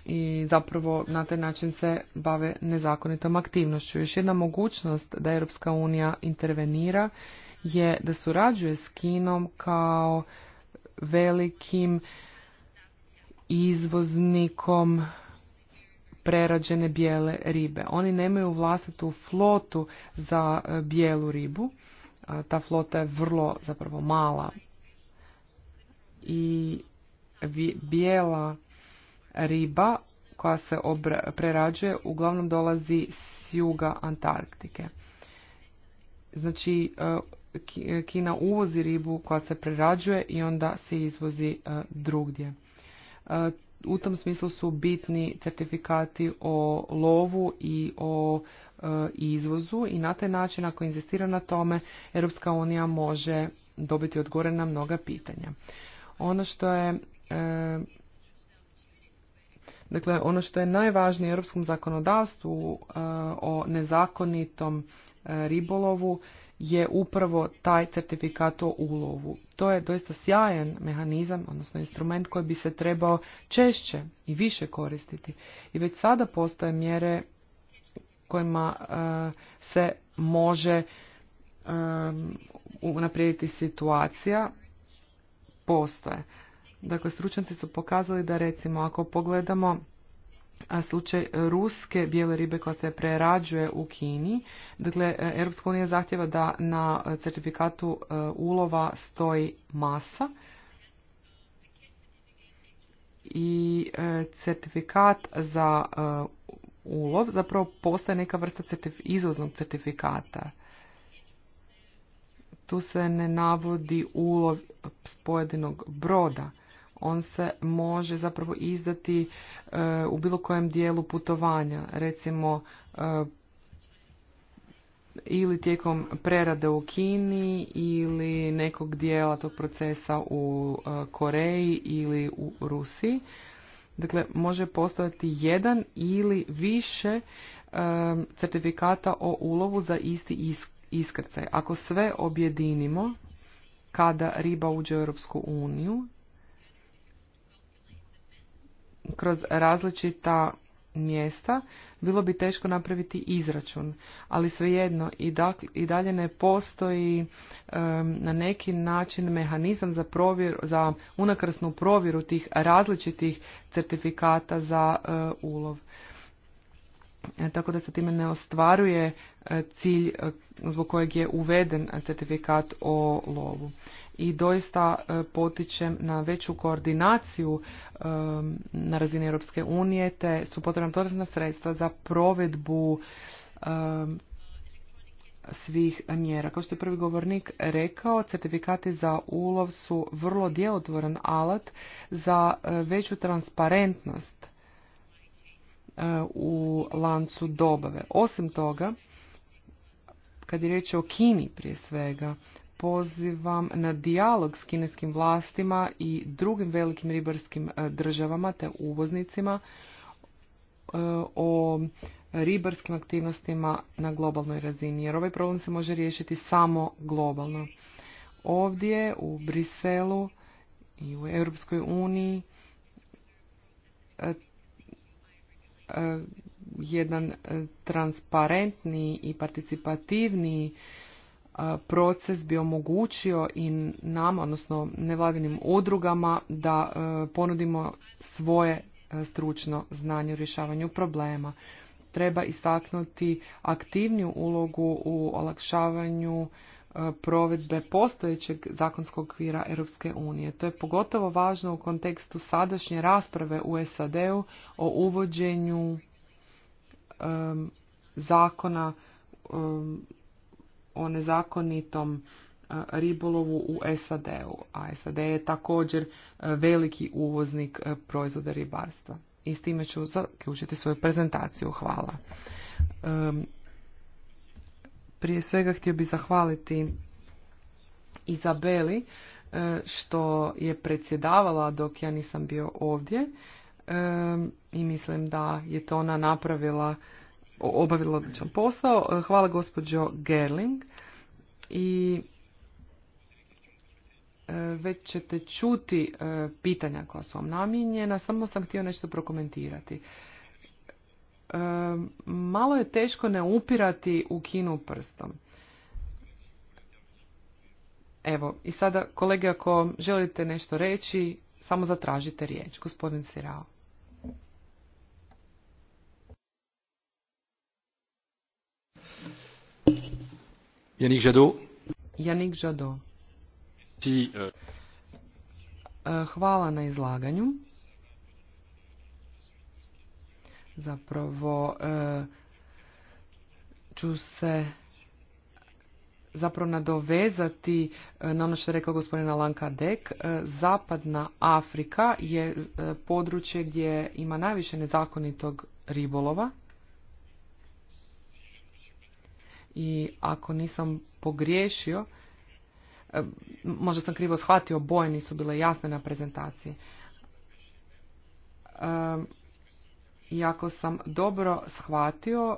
i zapravo na taj način se bave nezakonitom aktivnošću. Još jedna mogućnost da Europska unija intervenira je da surađuje s Kinom kao velikim izvoznikom prerađene bijele ribe. Oni nemaju vlastitu flotu za e, bijelu ribu. E, ta flota je vrlo zapravo mala i bijela riba koja se prerađuje uglavnom dolazi s juga Antarktike. Znači, e, e, Kina uvozi ribu koja se prerađuje i onda se izvozi e, drugdje. U tom smislu su bitni certifikati o lovu i o izvozu i na taj način ako inzistira na tome Europska unija može dobiti odgovore na mnoga pitanja. Ono što je E, dakle, ono što je najvažnije u europskom zakonodavstvu e, o nezakonitom e, ribolovu je upravo taj certifikat o ulovu. To je doista sjajan mehanizam, odnosno instrument koji bi se trebao češće i više koristiti. I već sada postoje mjere kojima se može unaprijediti situacija, postoje. Dakle, stručnjaci su pokazali da recimo ako pogledamo slučaj ruske bijele ribe koja se prerađuje u Kini, dakle, e, Europska unija zahtjeva da na certifikatu e, ulova stoji masa i e, certifikat za ulov zapravo postaje neka vrsta izvoznog certifikata. Tu se ne navodi ulov s pojedinog broda on se može zapravo izdati e, u bilo kojem dijelu putovanja, recimo e, ili tijekom prerade u Kini ili nekog dijela tog procesa u e, Koreji ili u Rusiji. Dakle, može postojati jedan ili više certifikata o ulovu za isti iskrcaj. Ako sve objedinimo, kada riba uđe u Europsku uniju, kroz različita mjesta, bilo bi teško napraviti izračun, ali svejedno i, i dalje ne postoji na neki način mehanizam za, provjer, za unakrsnu provjeru tih različitih certifikata za e, ulov. E, tako da se time ne ostvaruje e, cilj e, zbog kojeg je uveden certifikat o lovu. I doista potičem na veću koordinaciju na razini Europske unije, te su potrebna dodatna sredstva za provedbu svih mjera. Kao što je prvi govornik rekao, certifikati za ulov su vrlo djelotvoran alat za veću transparentnost E, u lancu dobave. Osim toga, kad je reč o Kini prije svega, pozivam na dijalog s kineskim vlastima i drugim velikim ribarskim e, državama te uvoznicima e, o ribarskim aktivnostima na globalnoj razini, jer ovaj problem se može riješiti samo globalno. Ovdje u Briselu i u Europskoj uniji jedan e, transparentni i participativni e, proces bi omogućio i nama, odnosno nevladinim udrugama, da e, ponudimo svoje stručno znanje u rješavanju problema. Treba istaknuti aktivniju ulogu u olakšavanju E, provedbe postojećeg zakonskog okvira Europske unije. To je pogotovo važno u kontekstu sadašnje rasprave u SAD-u o uvođenju zakona o nezakonitom e, ribolovu u SAD-u, a SAD je također e, veliki uvoznik proizvoda ribarstva. I s time ću zaključiti svoju prezentaciju. Hvala. Prije svega htio bih zahvaliti Izabeli e, što je predsjedavala dok ja nisam bio ovdje e, i mislim da je to ona napravila, obavila odličan posao. E, hvala gospođo Gerling i već ćete čuti pitanja koja su vam namijenjena, samo sam htio nešto prokomentirati. E, malo je teško ne upirati u Kinu prstom. Evo, i sada, kolege, ako želite nešto reći, samo zatražite riječ. Gospodin Sirao. Janik Žado. Janik Žado. E, e, hvala na izlaganju zapravo e, ću se zapravo nadovezati e, na ono što je rekao gospodin Alanka Dek. E, Zapadna Afrika je područje gdje ima najviše nezakonitog ribolova. I ako nisam pogriješio, možda sam krivo shvatio, boje nisu bile jasne na prezentaciji. I ako sam dobro shvatio, e,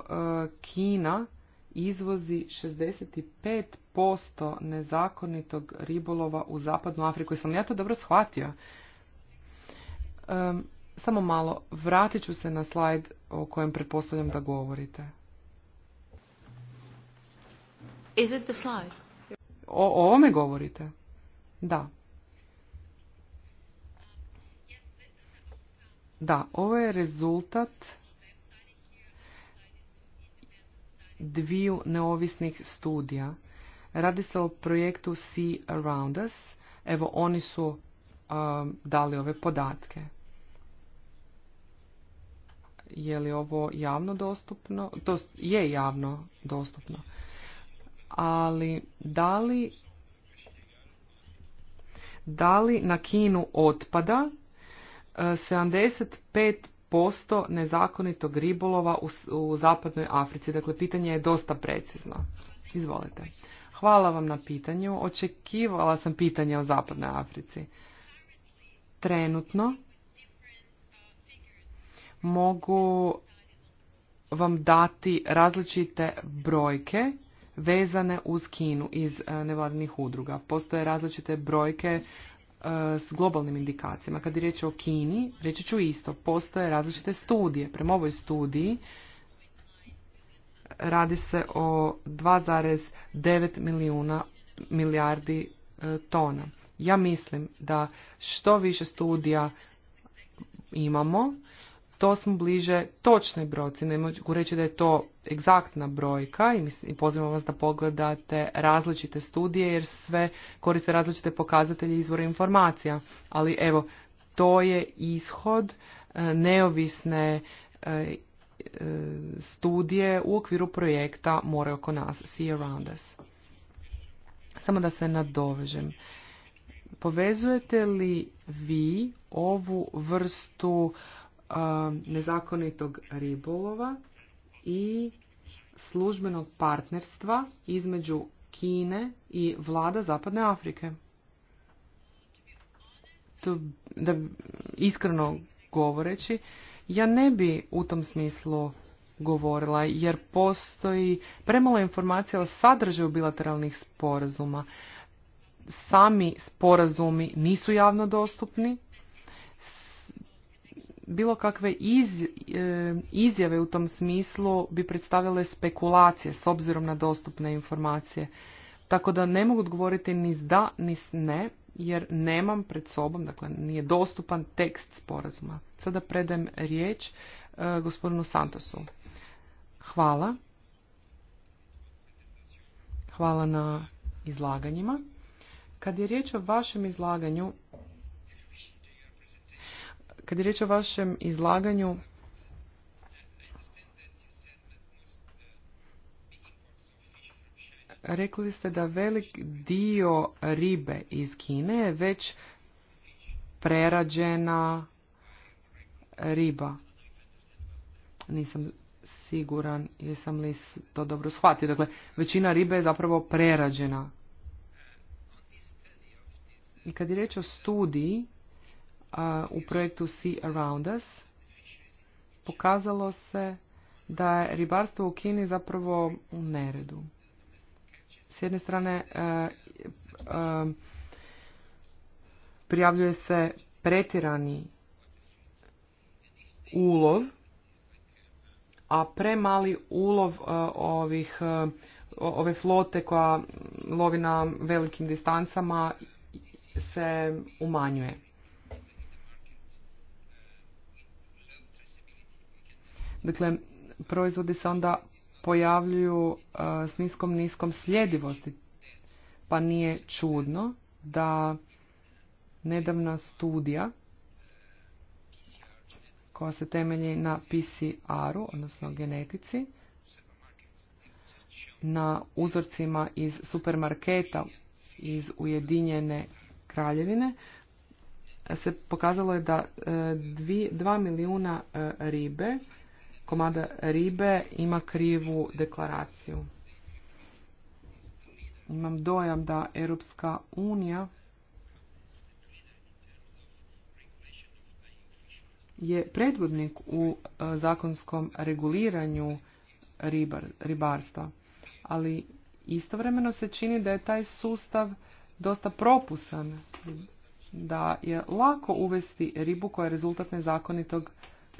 Kina izvozi 65% nezakonitog ribolova u zapadnu Afriku. Sam ja to dobro shvatio? E, samo malo, vratit ću se na slajd o kojem pretpostavljam da govorite. O ovome govorite? Da. Da, ovo je rezultat dviju neovisnih studija. Radi se o projektu See Around Us. Evo, oni su um, dali ove podatke. Je li ovo javno dostupno? To je javno dostupno. Ali da li, da li na kinu otpada 75% nezakonitog ribolova u, u zapadnoj Africi. Dakle, pitanje je dosta precizno. Izvolite. Hvala vam na pitanju. Očekivala sam pitanje o zapadnoj Africi. Trenutno mogu vam dati različite brojke vezane uz Kinu iz e, nevladinih udruga. Postoje različite brojke E, s globalnim indikacijama. Kad je riječ o Kini, reći ću isto, postoje različite studije. Prema ovoj studiji radi se o 2,9 milijuna milijardi e, tona. Ja mislim da što više studija imamo, to smo bliže točnoj brojci. Ne mogu reći da je to egzaktna brojka i pozivam vas da pogledate različite studije jer sve koriste različite pokazatelje izvora informacija. Ali evo, to je ishod e, neovisne e, e, studije u okviru projekta More oko nas, See Around Us. Samo da se nadovežem. Povezujete li vi ovu vrstu nezakonitog ribolova i službenog partnerstva između Kine i vlada Zapadne Afrike. To, da iskreno govoreći, ja ne bi u tom smislu govorila, jer postoji premalo informacija o sadržaju bilateralnih sporazuma. Sami sporazumi nisu javno dostupni, bilo kakve iz, e, izjave u tom smislu bi predstavile spekulacije s obzirom na dostupne informacije. Tako da ne mogu odgovoriti ni da ni ne, jer nemam pred sobom, dakle nije dostupan tekst sporazuma. Sada predajem riječ e, gospodinu Santosu. Hvala. Hvala na izlaganjima. Kad je riječ o vašem izlaganju, kad je riječ o vašem izlaganju, rekli ste da velik dio ribe iz Kine je već prerađena riba. Nisam siguran jesam li to dobro shvatio. Dakle, većina ribe je zapravo prerađena. I kad je riječ o studiji u projektu Sea Around Us pokazalo se da je ribarstvo u Kini zapravo u neredu. S jedne strane e, e, e, prijavljuje se pretirani ulov, a premali ulov ovih ove flote koja lovi na velikim distancama se umanjuje. Dakle, proizvodi se onda pojavljuju e, s niskom niskom sljedivosti. Pa nije čudno da nedavna studija koja se temelji na PCR-u, odnosno genetici, na uzorcima iz supermarketa iz Ujedinjene kraljevine, se pokazalo je da 2 e, milijuna e, ribe komada ribe ima krivu deklaraciju. Imam dojam da Europska unija je predvodnik u e, zakonskom reguliranju ribarstva, ali istovremeno se čini da je taj sustav dosta propusan, da je lako uvesti ribu koja je rezultat nezakonitog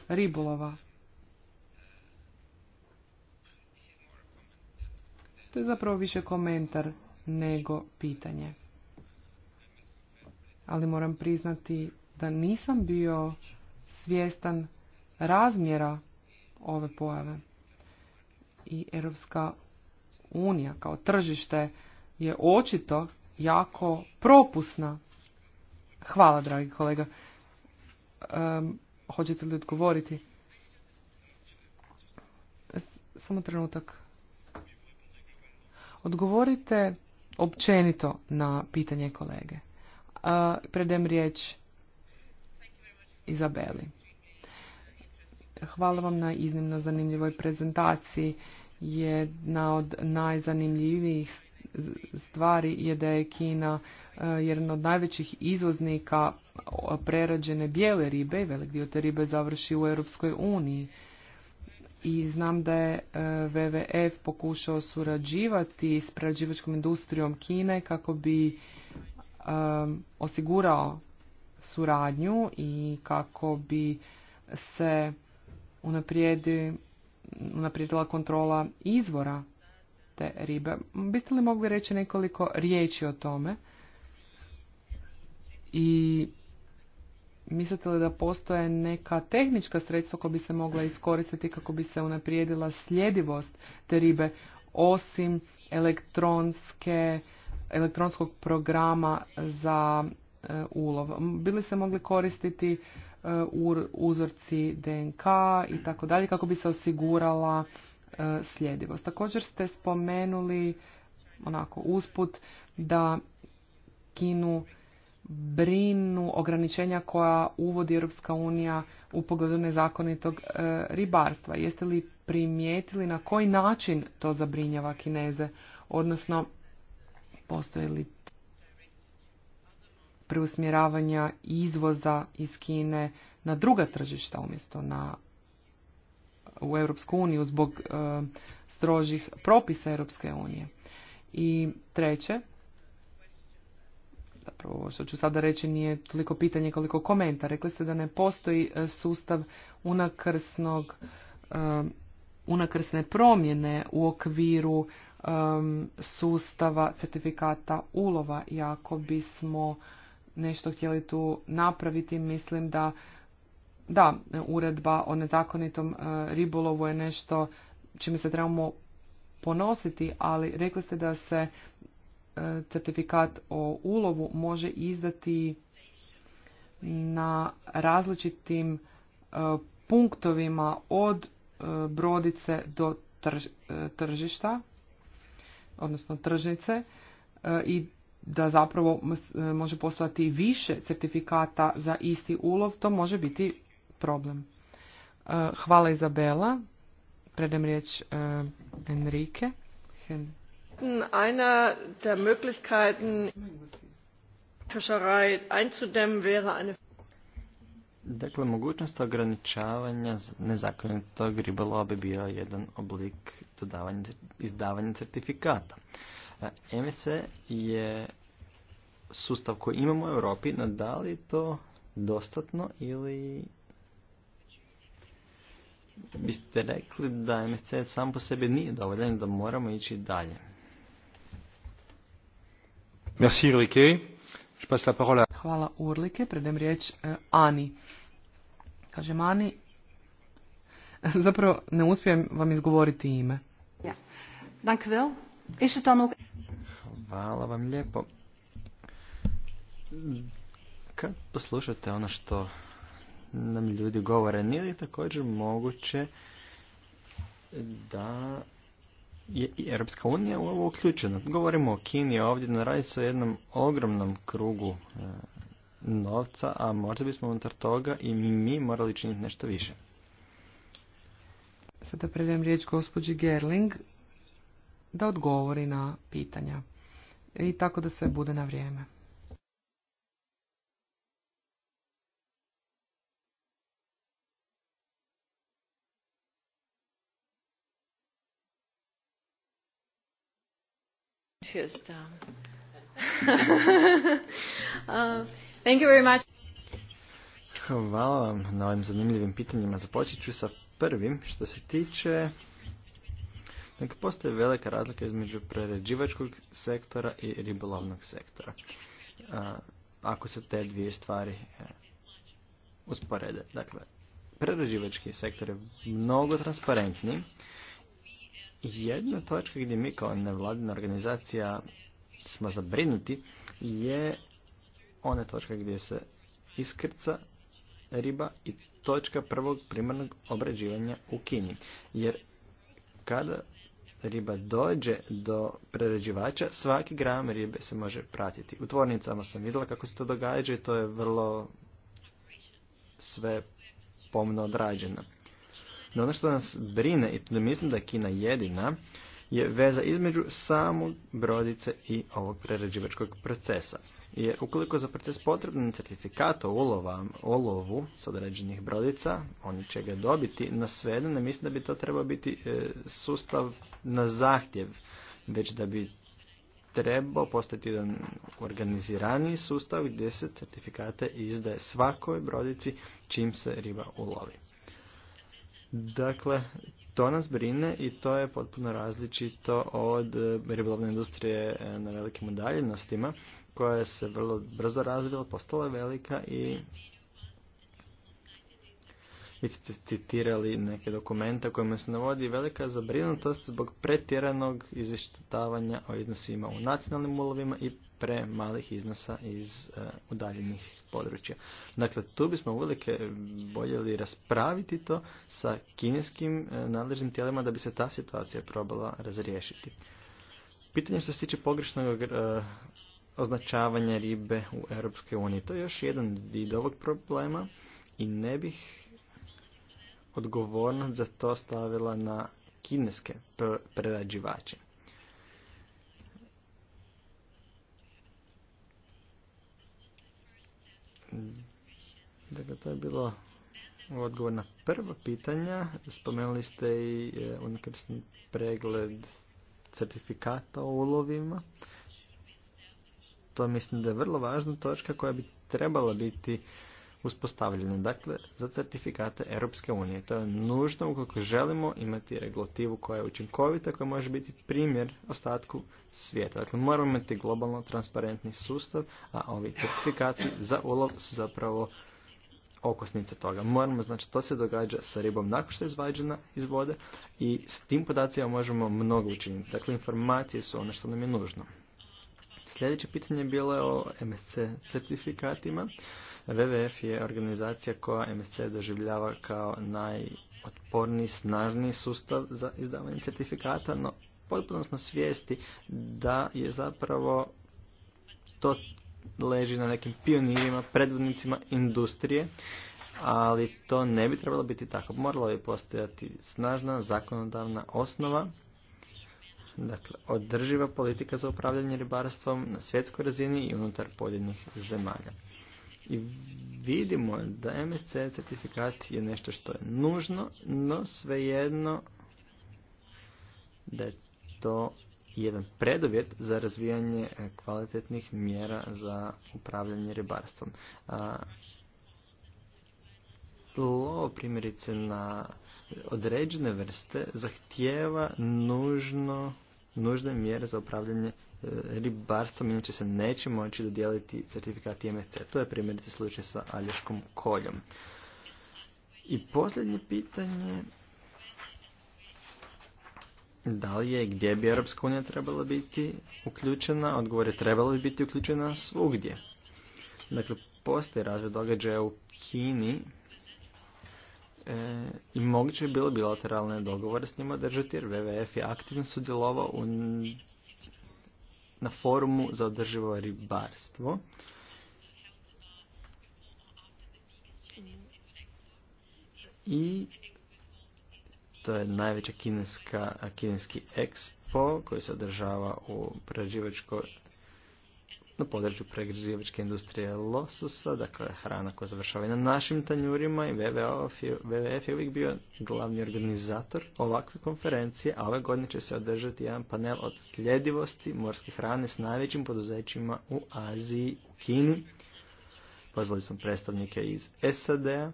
ribolova To je zapravo više komentar nego pitanje. Ali moram priznati da nisam bio svjestan razmjera ove pojave. I Europska unija kao tržište je očito jako propusna. Hvala, dragi kolega. hoćete li odgovoriti? Samo trenutak. Odgovorite općenito na pitanje kolege. Uh, predem riječ Izabeli. Hvala vam na iznimno zanimljivoj prezentaciji. Jedna od najzanimljivijih stvari je da je Kina e, jedan od najvećih izvoznika prerađene bijele ribe i velik dio te ribe završi u Europskoj uniji i znam da je e, WWF pokušao surađivati s prerađivačkom industrijom Kine kako bi e, osigurao suradnju i kako bi se unaprijedila kontrola izvora te ribe. Biste li mogli reći nekoliko riječi o tome? I Mislite li da postoje neka tehnička sredstva koja bi se mogla iskoristiti kako bi se unaprijedila sljedivost te ribe osim elektronske, elektronskog programa za e, ulov? Bili se mogli koristiti e, uzorci DNK i tako dalje kako bi se osigurala e, sljedivost. Također ste spomenuli onako usput da Kinu brinu ograničenja koja uvodi Europska unija u pogledu nezakonitog e, ribarstva. Jeste li primijetili na koji način to zabrinjava Kineze, odnosno postoje li preusmjeravanja izvoza iz Kine na druga tržišta umjesto na u Europsku uniju zbog e, strožih propisa Europske unije. I treće, zapravo ovo što ću sada reći nije toliko pitanje koliko komenta. Rekli ste da ne postoji e, sustav unakrsnog, e, unakrsne promjene u okviru e, sustava certifikata ulova i ako bismo nešto htjeli tu napraviti, mislim da da, uredba o nezakonitom ribolovu je nešto čime se trebamo ponositi, ali rekli ste da se certifikat o ulovu može izdati na različitim e, punktovima od e, brodice do e, tržišta, odnosno tržnice i da zapravo može postojati više certifikata za isti ulov, to može biti problem. Hvala Izabela. Predem riječ Enrique. Einer der Möglichkeiten, Fischerei einzudämmen, wäre eine Dakle, mogućnost ograničavanja nezakonitog ribolova bi bio jedan oblik dodavanja, izdavanja certifikata. E, MSC je sustav koji imamo u Europi, no da li je to dostatno ili biste rekli da MSC sam po sebi nije dovoljan da moramo ići dalje? Merci Ulrike. Je passe la parole Hvala Urlike, predem riječ e, Ani. Kažem Ani, zapravo ne uspijem vam izgovoriti ime. Ja. Dank Is Hvala vam lijepo. Kad poslušate ono što nam ljudi govore, nije li također moguće da je i Europska unija u ovo uključena. Govorimo o Kini ovdje, no radi se o jednom ogromnom krugu e, novca, a možda bismo unutar toga i mi morali činiti nešto više. Sada predajem riječ gospođi Gerling da odgovori na pitanja i tako da se bude na vrijeme. confused. uh, thank you very much. Hvala vam na ovim zanimljivim pitanjima. Započet ću sa prvim što se tiče Dakle, postoji velika razlika između preređivačkog sektora i ribolovnog sektora. A, uh, ako se te dvije stvari e, usporede. Dakle, prerađivački sektor je mnogo transparentniji, jedna točka gdje mi kao nevladina organizacija smo zabrinuti je ona točka gdje se iskrca riba i točka prvog primarnog obrađivanja u Kini. Jer kada riba dođe do prerađivača, svaki gram ribe se može pratiti. U tvornicama sam vidjela kako se to događa i to je vrlo sve pomno odrađeno. No ono što nas brine, i mislim da je Kina jedina, je veza između samog brodice i ovog prerađivačkog procesa. Jer ukoliko za proces potrebni certifikat o ulova, olovu s određenih brodica, oni će ga dobiti na ne mislim da bi to trebao biti e, sustav na zahtjev, već da bi trebao postati jedan organizirani sustav gdje se certifikate izdaje svakoj brodici čim se riba ulovi. Dakle, to nas brine i to je potpuno različito od e, ribolovne industrije e, na velikim udaljenostima koja se vrlo brzo razvila, postala je velika i vi ste citirali neke dokumente kojima se navodi velika zabrinutost zbog pretjeranog izvještavanja o iznosima u nacionalnim ulovima i malih iznosa iz e, udaljenih područja. Dakle, tu bismo uvijek boljeli raspraviti to sa kineskim e, nadležnim tijelima da bi se ta situacija probala razriješiti. Pitanje što se tiče pogrešnog e, označavanja ribe u Europskoj uniji. To je još jedan vid ovog problema i ne bih odgovornost za to stavila na kineske prerađivače. Dakle, to je bilo odgovor na prvo pitanja. Spomenuli ste i e, unikapsni pregled certifikata o ulovima. To mislim da je vrlo važna točka koja bi trebala biti uspostavljene, dakle, za certifikate Europske unije. To je nužno ukoliko želimo imati regulativu koja je učinkovita, koja može biti primjer ostatku svijeta. Dakle, moramo imati globalno transparentni sustav, a ovi certifikati za ulov su zapravo okosnica toga. Moramo znači to se događa sa ribom nakon što je izvađena iz vode i s tim podacima možemo mnogo učiniti. Dakle, informacije su ono što nam je nužno. Sljedeće pitanje bilo je o MSC certifikatima. WWF je organizacija koja MSC doživljava kao najotporniji, snažniji sustav za izdavanje certifikata, no potpuno smo svijesti da je zapravo to leži na nekim pionirima, predvodnicima industrije, ali to ne bi trebalo biti tako. Moralo bi postojati snažna zakonodavna osnova, dakle, održiva politika za upravljanje ribarstvom na svjetskoj razini i unutar pojedinih zemalja. I vidimo da MSC certifikat je nešto što je nužno, no svejedno da je to jedan preduvjet za razvijanje kvalitetnih mjera za upravljanje ribarstvom. Tlo, primjerice na određene vrste, zahtijeva nužne mjere za upravljanje E, ribarstvom, inače se neće moći dodijeliti certifikat IMC. To je primjerice slučaj sa alješkom koljom. I posljednje pitanje, da li je gdje bi Europska unija trebala biti uključena? Odgovor je trebala bi biti uključena svugdje. Dakle, postoji razvoj događaja u Kini e, i moguće je bilo bilateralne dogovore s njima držati jer WWF je aktivno sudjelovao u na forumu za održivo ribarstvo. I to je najveća kineska, kineski ekspo koji se održava u prerađivačko na području pregrijevačke industrije lososa, dakle hrana koja završava i na našim tanjurima i WWF je uvijek bio glavni organizator ovakve konferencije, a ove godine će se održati jedan panel od sljedivosti morske hrane s najvećim poduzećima u Aziji, u Kini. Pozvali smo predstavnike iz SAD-a,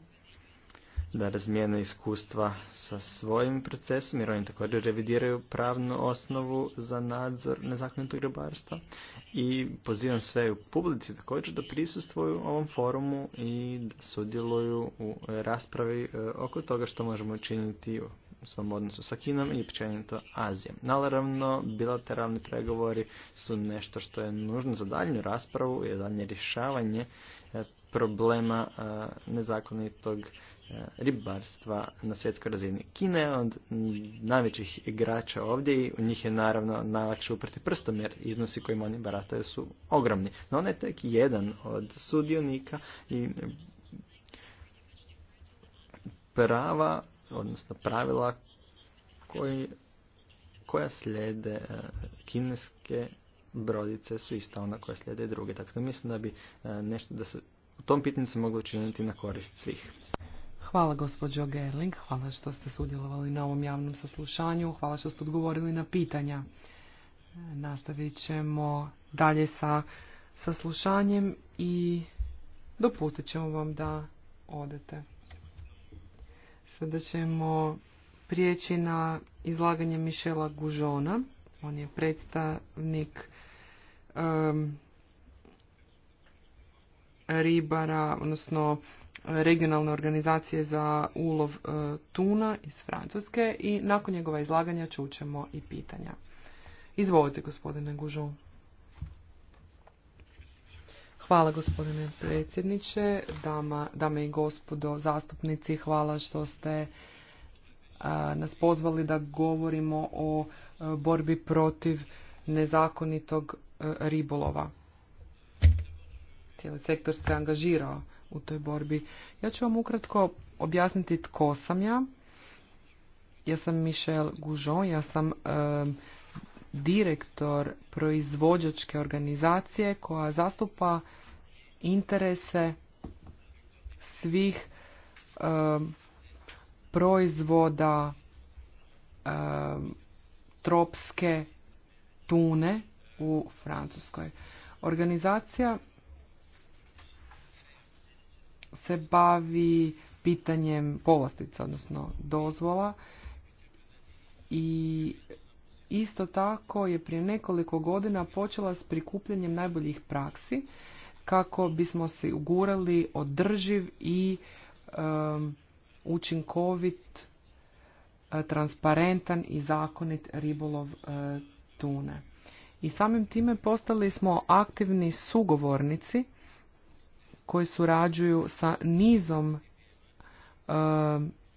da razmijene iskustva sa svojim procesom, jer oni također revidiraju pravnu osnovu za nadzor nezakonitog ribarstva. I pozivam sve u publici također da prisustvuju ovom forumu i da sudjeluju u raspravi e, oko toga što možemo učiniti u svom odnosu sa Kinom i općenito Azijom. Naravno, bilateralni pregovori su nešto što je nužno za daljnju raspravu i daljnje rješavanje e, problema e, nezakonitog Eh, ribarstva na svjetskoj razini. Kina je od najvećih igrača ovdje i u njih je naravno najlakše uprti prstom jer iznosi kojima oni barataju su ogromni. No on je tek jedan od sudionika i prava, odnosno pravila koja slijede eh, kineske brodice su ista ona koja slijede druge. Tako dakle, mislim da bi eh, nešto da se u tom pitanju se moglo učiniti na korist svih. Hvala gospođo Gerling, hvala što ste sudjelovali na ovom javnom saslušanju, hvala što ste odgovorili na pitanja. Nastavit ćemo dalje sa saslušanjem i dopustit ćemo vam da odete. Sada ćemo prijeći na izlaganje Mišela Gužona. On je predstavnik ribara, odnosno regionalne organizacije za ulov e, tuna iz Francuske i nakon njegova izlaganja čućemo i pitanja. Izvolite, gospodine Gužu. Hvala gospodine predsjedniče, dama, dame i gospodo zastupnici, hvala što ste e, nas pozvali da govorimo o e, borbi protiv nezakonitog ribolova. Cijeli sektor se angažirao u toj borbi. Ja ću vam ukratko objasniti tko sam ja. Ja sam Michel Goujon, ja sam direktor proizvođačke organizacije koja zastupa interese svih proizvoda tropske tune u Francuskoj. Organizacija se bavi pitanjem povlastica, odnosno dozvola i isto tako je prije nekoliko godina počela s prikupljanjem najboljih praksi kako bismo se ugurali održiv i um, učinkovit, uh, transparentan i zakonit ribolov uh, tune. I samim time postali smo aktivni sugovornici koji surađuju sa nizom e,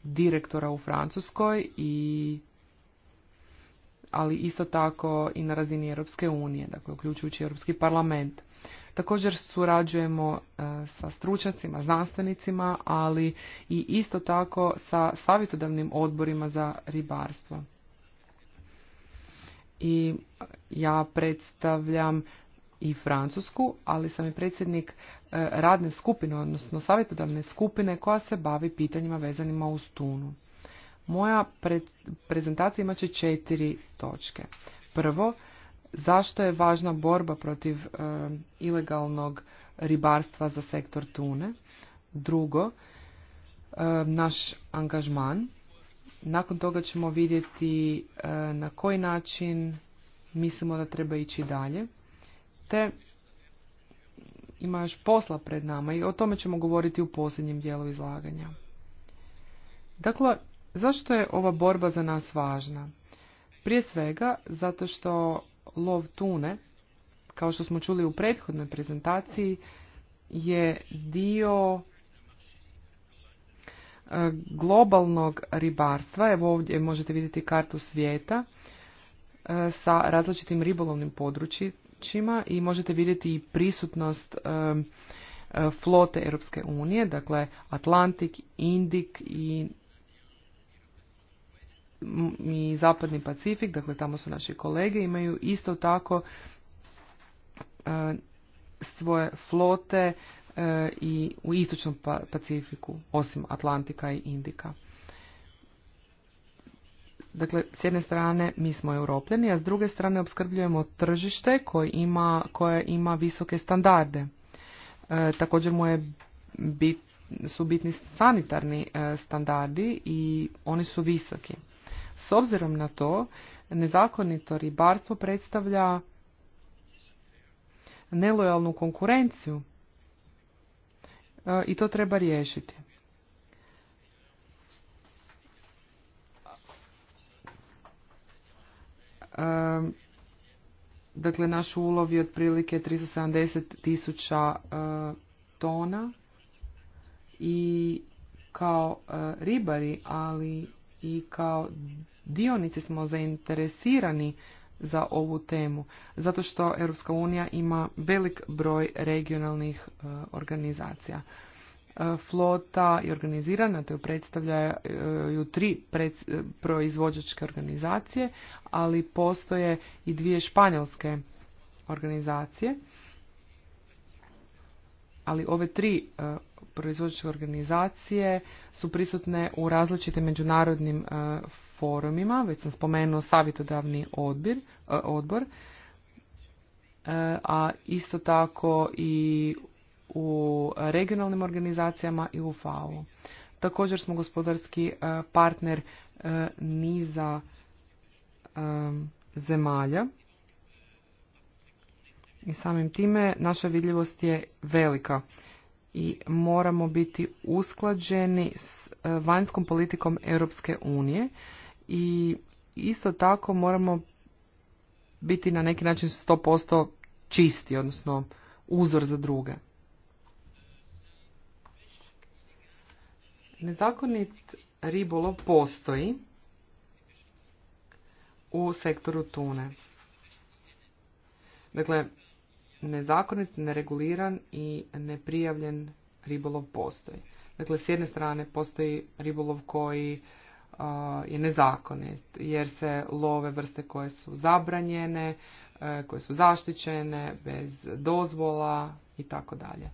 direktora u Francuskoj i ali isto tako i na razini Europske unije, dakle uključujući Europski parlament. Također surađujemo e, sa stručnjacima, znanstvenicima, ali i isto tako sa savjetodavnim odborima za ribarstvo. I ja predstavljam i Francusku, ali sam i predsjednik e, radne skupine, odnosno savjetodavne skupine koja se bavi pitanjima vezanima uz tunu. Moja prezentacija imat četiri točke. Prvo, zašto je važna borba protiv e, ilegalnog ribarstva za sektor tune. Drugo, e, naš angažman. Nakon toga ćemo vidjeti na koji način mislimo da treba ići dalje imaš ima još posla pred nama i o tome ćemo govoriti u posljednjem dijelu izlaganja. Dakle, zašto je ova borba za nas važna? Prije svega, zato što lov tune, kao što smo čuli u prethodnoj prezentaciji, je dio e, globalnog ribarstva. Evo ovdje možete vidjeti kartu svijeta e, sa različitim ribolovnim područjima riječima i možete vidjeti i prisutnost e, flote Europske unije, dakle Atlantik, Indik i i Zapadni Pacifik, dakle tamo su naši kolege, imaju isto tako e, svoje flote e, i u istočnom pa-, Pacifiku, osim Atlantika i Indika. Dakle, s jedne strane mi smo europljeni, a s druge strane opskrbljujemo tržište koje ima, koje ima visoke standarde. E, također mu je bit, su bitni sanitarni e, standardi i oni su visoki. S obzirom na to, nezakonito ribarstvo predstavlja nelojalnu konkurenciju e, i to treba riješiti. Dakle, naš ulov je otprilike 370 tisuća eh, tona i kao eh, ribari, ali i kao dionici smo zainteresirani za ovu temu, zato što Europska unija ima velik broj regionalnih eh, organizacija. E, flota je organizirana, to ju predstavljaju tri e, proizvođačke organizacije, ali postoje i dvije španjolske organizacije. Ali ove tri e, proizvođačke organizacije su prisutne u različitim međunarodnim forumima, već sam spomenuo savjetodavni odbir, odbor, a isto tako i u regionalnim organizacijama i u FAO. Također smo gospodarski e, partner e, niza e, zemalja i samim time naša vidljivost je velika i moramo biti usklađeni s vanjskom politikom Europske unije i isto tako moramo biti na neki način 100% čisti, odnosno uzor za druge. Nezakonit ribolov postoji u sektoru tune. Dakle, nezakonit, nereguliran i neprijavljen ribolov postoji. Dakle, s jedne strane postoji ribolov koji je nezakonit, jer se love vrste koje su zabranjene, e, koje su zaštićene, bez dozvola i tako dalje.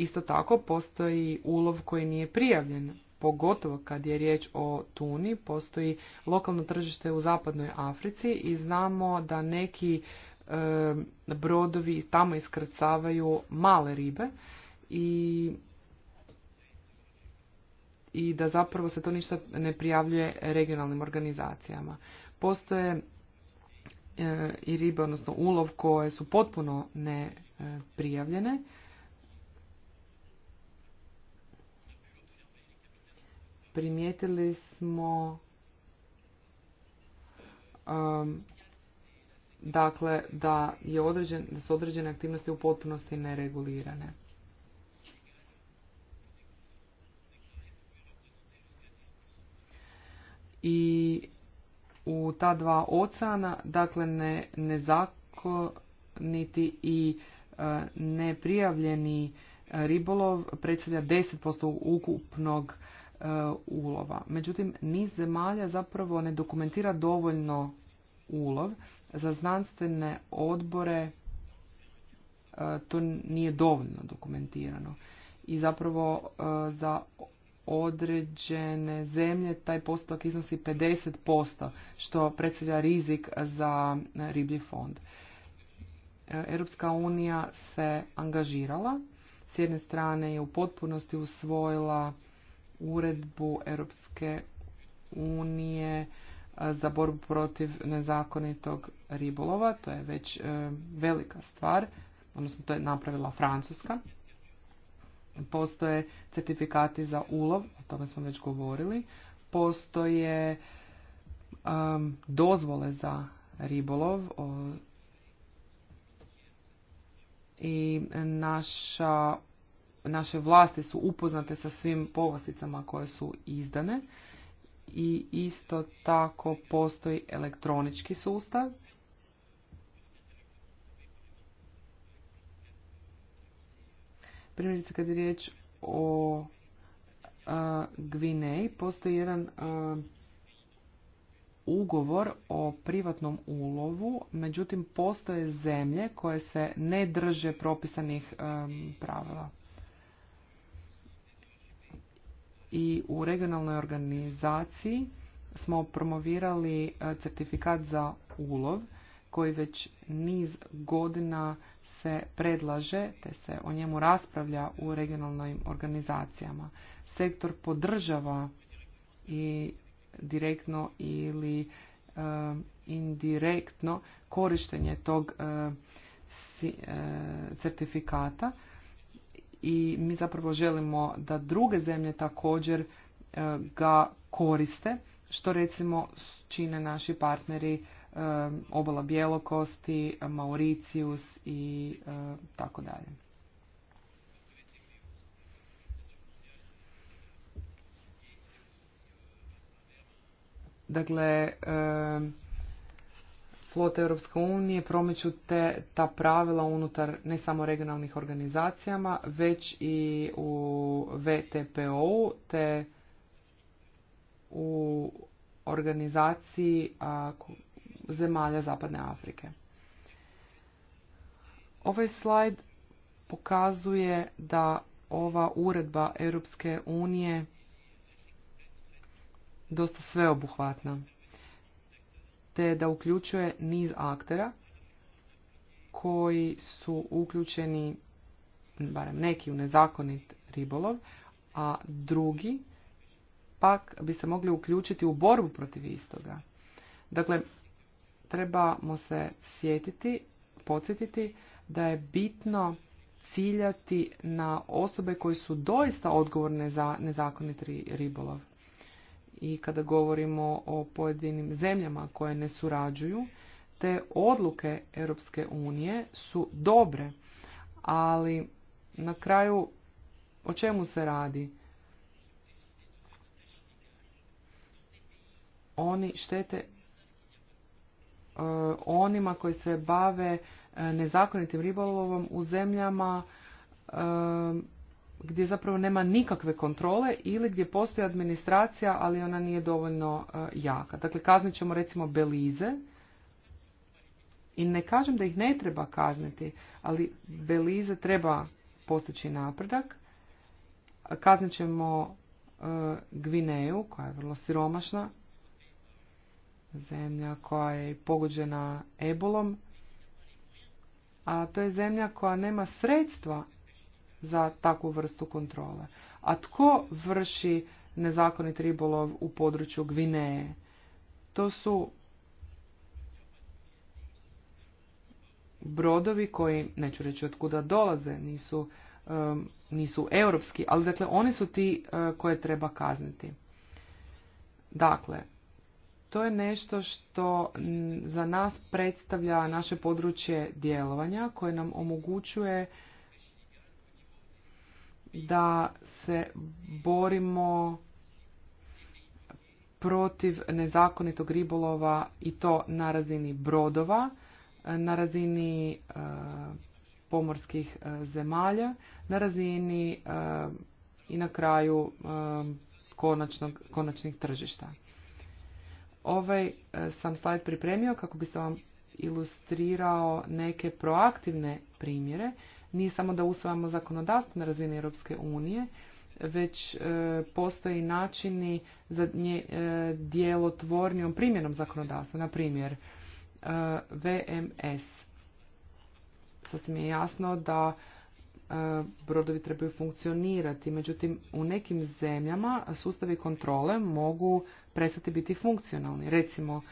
Isto tako postoji ulov koji nije prijavljen, pogotovo kad je riječ o tuni, postoji lokalno tržište u zapadnoj Africi i znamo da neki eh, brodovi tamo iskrcavaju male ribe i i da zapravo se to ništa ne prijavljuje regionalnim organizacijama. Postoje eh, i ribe, odnosno ulov koje su potpuno neprijavljene. Eh, prijavljene, primijetili smo um, dakle da, je određen, da su određene aktivnosti u potpunosti neregulirane. I u ta dva oceana, dakle ne, nezakoniti i uh, neprijavljeni ribolov predstavlja 10% ukupnog E, ulova. Međutim, niz zemalja zapravo ne dokumentira dovoljno ulov. Za znanstvene odbore e, to nije dovoljno dokumentirano. I zapravo e, za određene zemlje taj postotak iznosi 50%, što predstavlja rizik za riblji fond. Europska unija se angažirala. S jedne strane je u potpunosti usvojila uredbu Europske unije e, za borbu protiv nezakonitog ribolova. To je već e, velika stvar, odnosno to je napravila Francuska. Postoje certifikati za ulov, o tome smo već govorili. Postoje e, dozvole za ribolov i naša naše vlasti su upoznate sa svim povlasticama koje su izdane i isto tako postoji elektronički sustav primjerice kad je riječ o Gvineji, postoji jedan ugovor o privatnom ulovu, međutim postoje zemlje koje se ne drže propisanih pravila. i u regionalnoj organizaciji smo promovirali e, certifikat za ulov koji već niz godina se predlaže te se o njemu raspravlja u regionalnim organizacijama. Sektor podržava i direktno ili e, indirektno korištenje tog e, certifikata i mi zapravo želimo da druge zemlje također e, ga koriste, što recimo čine naši partneri e, obala Bjelokosti, Mauricius i e, tako dalje. Dakle, flote Europske unije promiču te, ta pravila unutar ne samo regionalnih organizacijama, već i u VTPO-u te u organizaciji a, zemalja Zapadne Afrike. Ovaj slajd pokazuje da ova uredba Europske unije dosta sveobuhvatna te da uključuje niz aktera koji su uključeni, barem neki u nezakonit ribolov, a drugi pak bi se mogli uključiti u borbu protiv istoga. Dakle, trebamo se sjetiti, podsjetiti da je bitno ciljati na osobe koje su doista odgovorne za nezakonit ribolov i kada govorimo o pojedinim zemljama koje ne surađuju, te odluke Europske unije su dobre, ali na kraju o čemu se radi? Oni štete e, onima koji se bave e, nezakonitim ribolovom u zemljama e, gdje zapravo nema nikakve kontrole ili gdje postoji administracija, ali ona nije dovoljno e, jaka. Dakle, kaznit ćemo recimo Belize i ne kažem da ih ne treba kazniti, ali Belize treba postići napredak. Kaznit ćemo e, Gvineju, koja je vrlo siromašna, zemlja koja je pogođena ebolom, a to je zemlja koja nema sredstva za takvu vrstu kontrole. A tko vrši nezakonit ribolov u području Gvineje? To su brodovi koji, neću reći od kuda dolaze, nisu, nisu europski, ali dakle oni su ti e, koje treba kazniti. Dakle, to je nešto što za nas predstavlja naše područje djelovanja koje nam omogućuje da se borimo protiv nezakonitog ribolova i to na razini brodova, na razini e, pomorskih e, zemalja, na razini e, i na kraju konačnih tržišta. Ovaj sam slajd pripremio kako bi se vam ilustrirao neke proaktivne primjere nije samo da usvajamo zakonodavstvo na razini Europske unije, već e, postoje postoji načini za e, djelotvornijom primjenom zakonodavstva. Na primjer, e, VMS. Sasvim je jasno da brodovi trebaju funkcionirati, međutim u nekim zemljama sustavi kontrole mogu prestati biti funkcionalni. Recimo,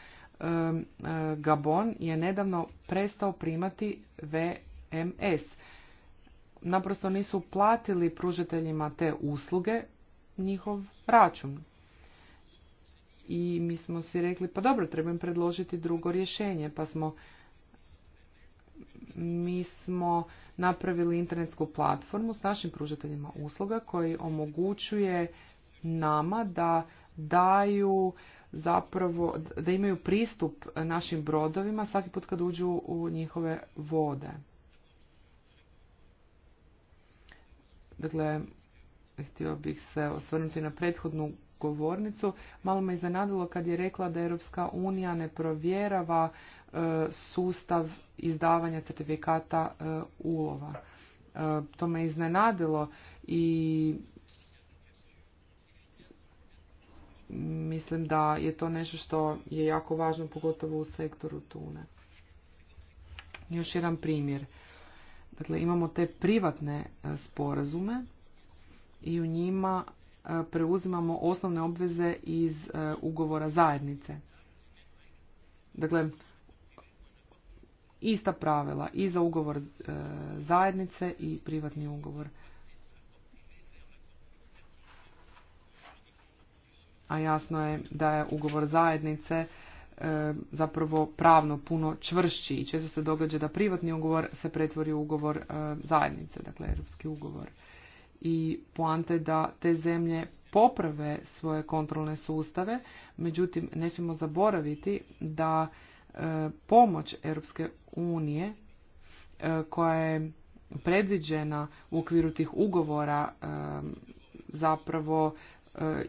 Gabon je nedavno prestao primati VMS naprosto nisu platili pružiteljima te usluge njihov račun. I mi smo si rekli, pa dobro, trebam predložiti drugo rješenje, pa smo mi smo napravili internetsku platformu s našim pružateljima usluga koji omogućuje nama da daju zapravo, da imaju pristup našim brodovima svaki put kad uđu u njihove vode. Dakle, htio bih se osvrnuti na prethodnu govornicu. Malo me iznenadilo kad je rekla da Europska unija ne provjerava e, sustav izdavanja certifikata e, ulova. E, to me iznenadilo i mislim da je to nešto što je jako važno, pogotovo u sektoru tune. Još jedan primjer. Dakle, imamo te privatne e, sporazume i u njima e, preuzimamo osnovne obveze iz e, ugovora zajednice. Dakle, ista pravila i za ugovor zajednice i privatni ugovor. A jasno je da je ugovor zajednice zapravo pravno puno čvršći i često se događa da privatni ugovor se pretvori u ugovor zajednice, dakle europski ugovor. I poanta je da te zemlje poprave svoje kontrolne sustave, međutim ne smijemo zaboraviti da pomoć Europske unije koja je predviđena u okviru tih ugovora zapravo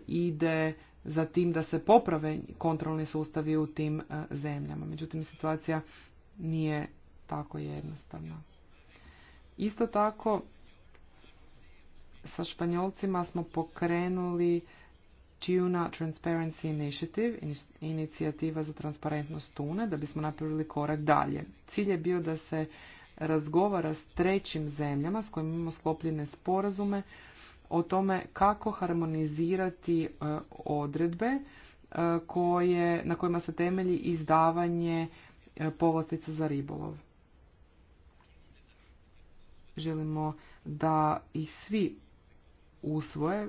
ide za tim da se poprave kontrolni sustavi u tim e, zemljama. Međutim, situacija nije tako jednostavna. Isto tako, sa Španjolcima smo pokrenuli Tuna Transparency Initiative, inicijativa za transparentnost tune, da bismo napravili korak dalje. Cilj je bio da se razgovara s trećim zemljama s kojima imamo sklopljene sporazume o tome kako harmonizirati e, odredbe e, koje, na kojima se temelji izdavanje e, povlastica za ribolov. Želimo da i svi usvoje,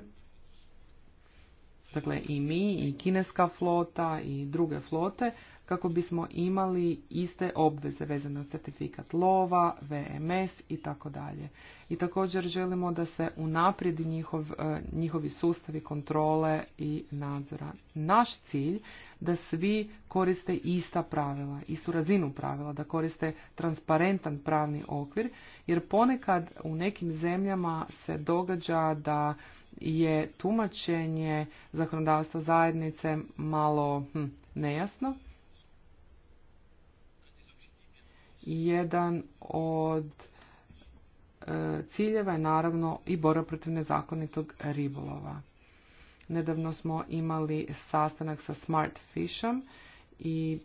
dakle i mi, i kineska flota, i druge flote, kako bismo imali iste obveze vezane od certifikat lova, VMS i tako dalje. I također želimo da se unaprijedi njihov, e, njihovi sustavi kontrole i nadzora. Naš cilj da svi koriste ista pravila, istu razinu pravila, da koriste transparentan pravni okvir, jer ponekad u nekim zemljama se događa da je tumačenje zakonodavstva zajednice malo hm, nejasno jedan od e, ciljeva je naravno i borba protiv nezakonitog ribolova. Nedavno smo imali sastanak sa Smart Fishom i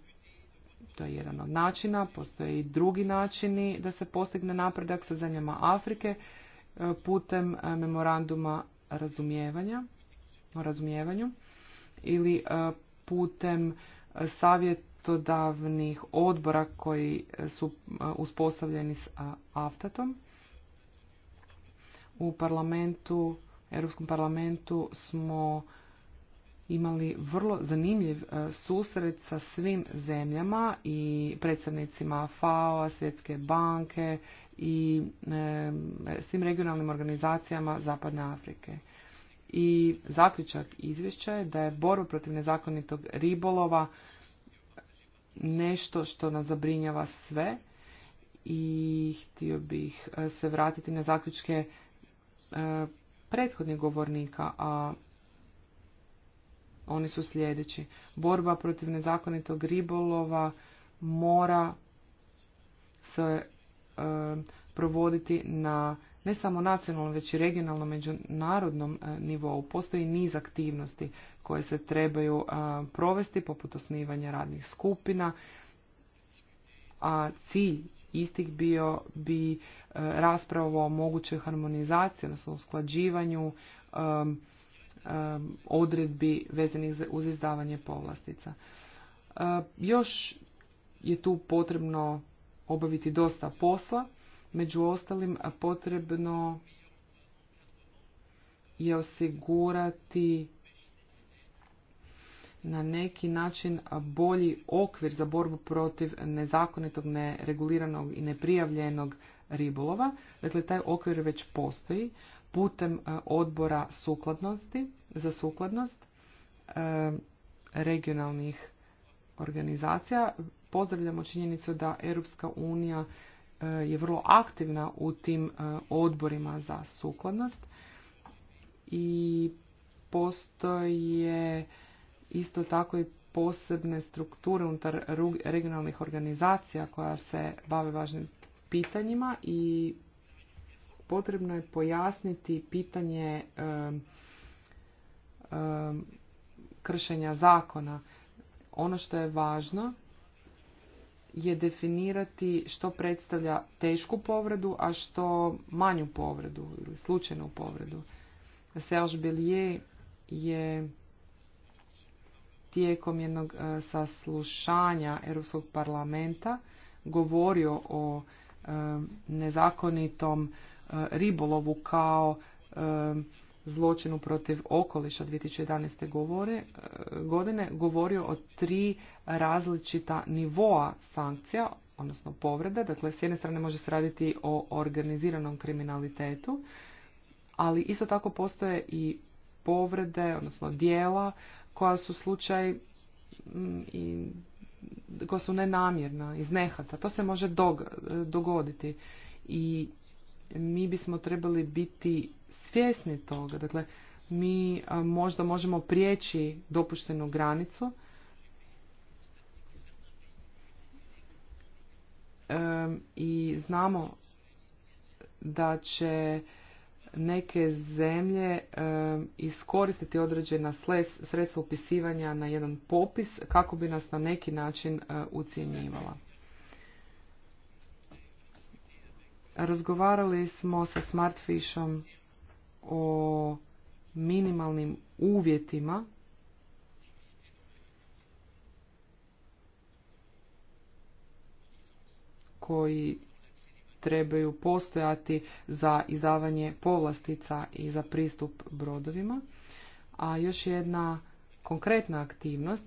to je jedan od načina, postoje i drugi načini da se postigne napredak sa zemljama Afrike e, putem e, memoranduma razumijevanja, o razumijevanju ili putem savjet savjetodavnih odbora koji su e, uspostavljeni s AFTATom. U parlamentu, Europskom parlamentu smo imali vrlo zanimljiv e, susret sa svim zemljama i predstavnicima FAO, Svjetske banke i e, svim regionalnim organizacijama Zapadne Afrike. I zaključak izvješća je da je borba protiv nezakonitog ribolova nešto što nas zabrinjava sve i htio bih e, se vratiti na zaključke e, prethodnih govornika, a oni su sljedeći. Borba protiv nezakonitog ribolova mora se e, provoditi na ne samo nacionalnom, već i regionalnom, međunarodnom e, nivou. Postoji niz aktivnosti koje se trebaju e, provesti, poput osnivanja radnih skupina, a cilj istih bio bi e, rasprava o mogućoj harmonizaciji, odnosno usklađivanju odredbi vezanih uz izdavanje povlastica. još je tu potrebno obaviti dosta posla, Među ostalim potrebno je osigurati na neki način bolji okvir za borbu protiv nezakonitog, nereguliranog i neprijavljenog ribolova. Dakle, taj okvir već postoji putem e, odbora sukladnosti, za sukladnost e, regionalnih organizacija. Pozdravljamo činjenicu da Europska unija je vrlo aktivna u tim e, odborima za sukladnost i postoje isto tako i posebne strukture unutar regionalnih organizacija koja se bave važnim pitanjima i potrebno je pojasniti pitanje e, e, kršenja zakona. Ono što je važno je definirati što predstavlja tešku povredu, a što manju povredu ili slučajnu povredu. Serge Bellier je tijekom jednog e, saslušanja Europskog parlamenta govorio o e, nezakonitom e, ribolovu kao zločinu protiv okoliša 2011. Govore, e, godine govorio o tri različita nivoa sankcija, odnosno povreda. Dakle, s jedne strane može se raditi o organiziranom kriminalitetu, ali isto tako postoje i povrede, odnosno dijela koja su slučaj mm, i koja su nenamjerna, iz nehata. To se može e, dogoditi. I mi bismo trebali biti svjesni toga. Dakle, mi možda možemo prijeći dopuštenu granicu. I znamo da će neke zemlje iskoristiti određena sredstva upisivanja na jedan popis kako bi nas na neki način e, ucjenjivala. Razgovarali smo sa Smartfishom o minimalnim uvjetima koji trebaju postojati za izdavanje povlastica i za pristup brodovima. A još jedna konkretna aktivnost,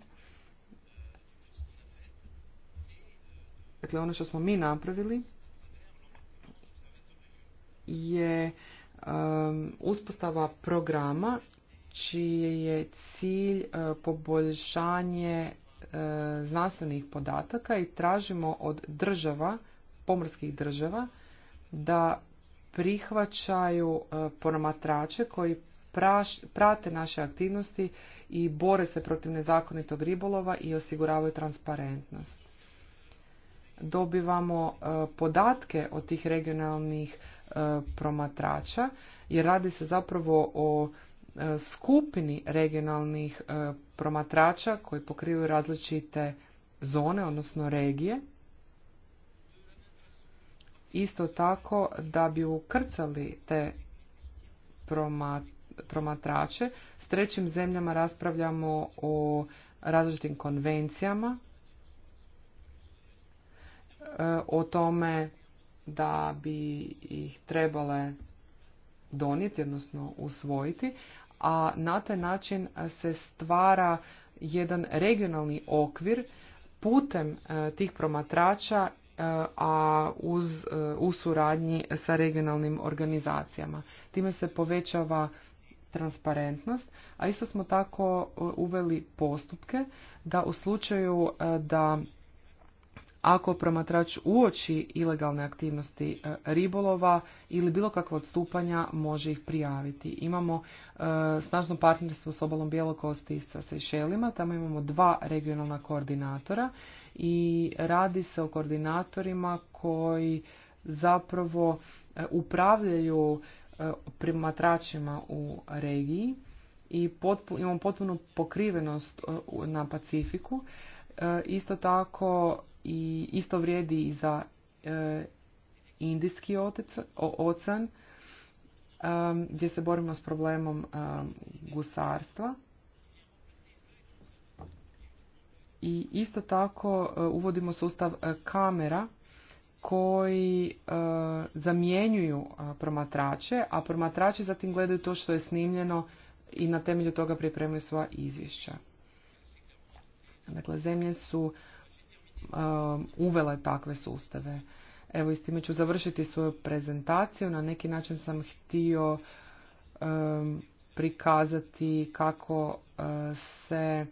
dakle ono što smo mi napravili, je uspostava programa čiji je cilj e, poboljšanje uh, znanstvenih podataka i tražimo od država, pomorskih država, da prihvaćaju uh, promatrače koji prate naše aktivnosti i bore se protiv nezakonitog ribolova i osiguravaju transparentnost dobivamo podatke od tih regionalnih E, promatrača jer radi se zapravo o e, skupini regionalnih e, promatrača koji pokrivaju različite zone, odnosno regije. Isto tako da bi ukrcali te promatrače, s trećim zemljama raspravljamo o različitim konvencijama, o tome da bi ih trebale donijeti, odnosno usvojiti, a na taj način se stvara jedan regionalni okvir putem e, tih promatrača e, a uz, e, u suradnji sa regionalnim organizacijama. Time se povećava transparentnost, a isto smo tako uveli postupke da u slučaju da ako promatrač uoči ilegalne aktivnosti e, ribolova ili bilo kakve odstupanja, može ih prijaviti. Imamo e, snažno partnerstvo s obalom Bjelokosti i sa Sejšelima, tamo imamo dva regionalna koordinatora i radi se o koordinatorima koji zapravo e, upravljaju primatračima u regiji i imamo potpunu pokrivenost na Pacifiku. Isto tako i isto vrijedi i za e, indijski ocean e, gdje se borimo s problemom e, gusarstva i isto tako uvodimo sustav kamera koji zamjenjuju promatrače a promatrači zatim gledaju to što je snimljeno i na temelju toga pripremaju svoja izvješća dakle zemlje su Um, uvele takve sustave. Evo i s time ću završiti svoju prezentaciju. Na neki način sam htio um, prikazati kako uh, se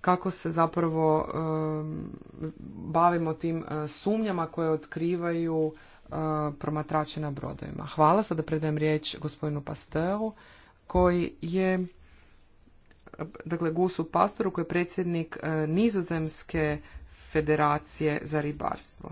kako se zapravo um, bavimo tim uh, sumnjama koje otkrivaju uh, promatrače na brodovima. Hvala, sada predajem riječ gospodinu Pasteu koji je dakle Gusu Pastoru koji je predsjednik nizozemske Federacije za ribarstvo.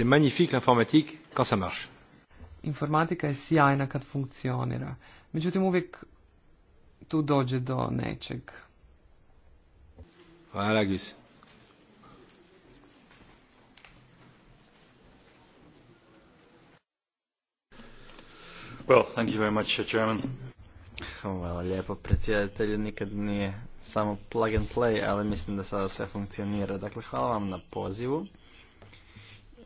C'est magnifique l'informatique quand ça marche. Informatika je sjajna kad funkcionira. Međutim, uvijek tu dođe do nečeg. Hvala, Gis. Well, thank you very much, Chairman. Hvala lijepo, predsjedatelju nikad nije samo plug and play, ali mislim da sada sve funkcionira. Dakle, hvala vam na pozivu.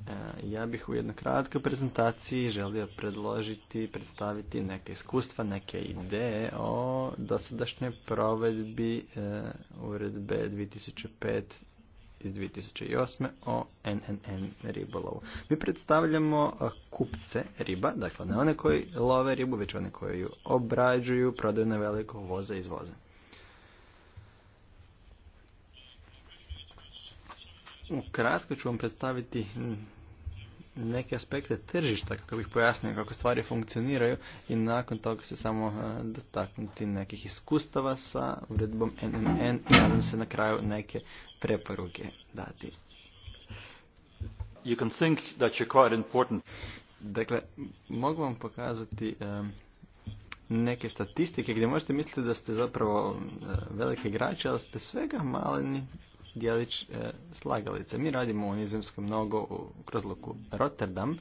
E, ja bih u jednoj kratkoj prezentaciji želio predložiti, predstaviti neke iskustva, neke ideje o dosadašnjoj provedbi e, uredbe 2005 iz 2008. o NNN ribolovu. Mi predstavljamo e, kupce riba, dakle ne one koji love ribu, već one koji ju obrađuju, prodaju na veliko, voze i izvoze. kratko ću vam predstaviti neke aspekte tržišta kako bih pojasnio kako stvari funkcioniraju i nakon toga se samo e, dotaknuti nekih iskustava sa uredbom NNN i nadam se na kraju neke preporuke dati. You can think that you're quite important. Dakle, mogu vam pokazati e, neke statistike gdje možete misliti da ste zapravo e, veliki igrači, ali ste svega maleni djelić e, slagalice. Mi radimo u Nizemskom mnogo u, kroz Rotterdam,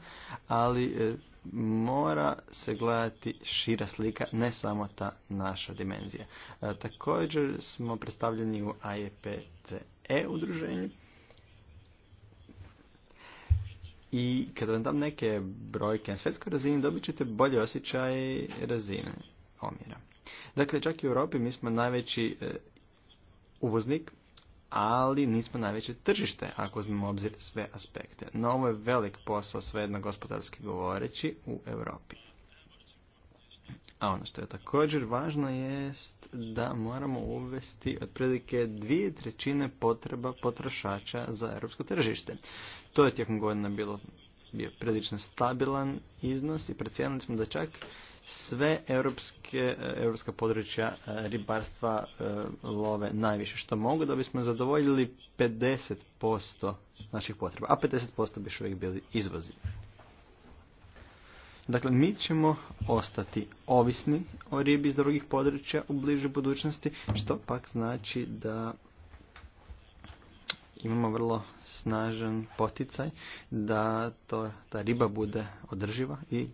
ali e, mora se gledati šira slika, ne samo ta naša dimenzija. E, također smo predstavljeni u IEPCE e udruženju. I kada vam dam neke brojke na svjetskoj razini, dobit ćete bolje osjećaj razine omjera. Dakle, čak i u Europi mi smo najveći uvoznik ali nismo najveće tržište ako uzmemo obzir sve aspekte. No ovo je velik posao svejedno gospodarski govoreći u Europi. A ono što je također važno jest da moramo uvesti otprilike dvije trećine potreba potrošača za europsko tržište. To je tijekom godina bilo bio prilično stabilan iznos i precijenili smo da čak sve europske, europska područja e, ribarstva e, love najviše što mogu da bismo zadovoljili 50% naših potreba, a 50% bi uvijek bili izvozi. Dakle, mi ćemo ostati ovisni o ribi iz drugih područja u bližoj budućnosti, što pak znači da imamo vrlo snažan poticaj da to, ta riba bude održiva i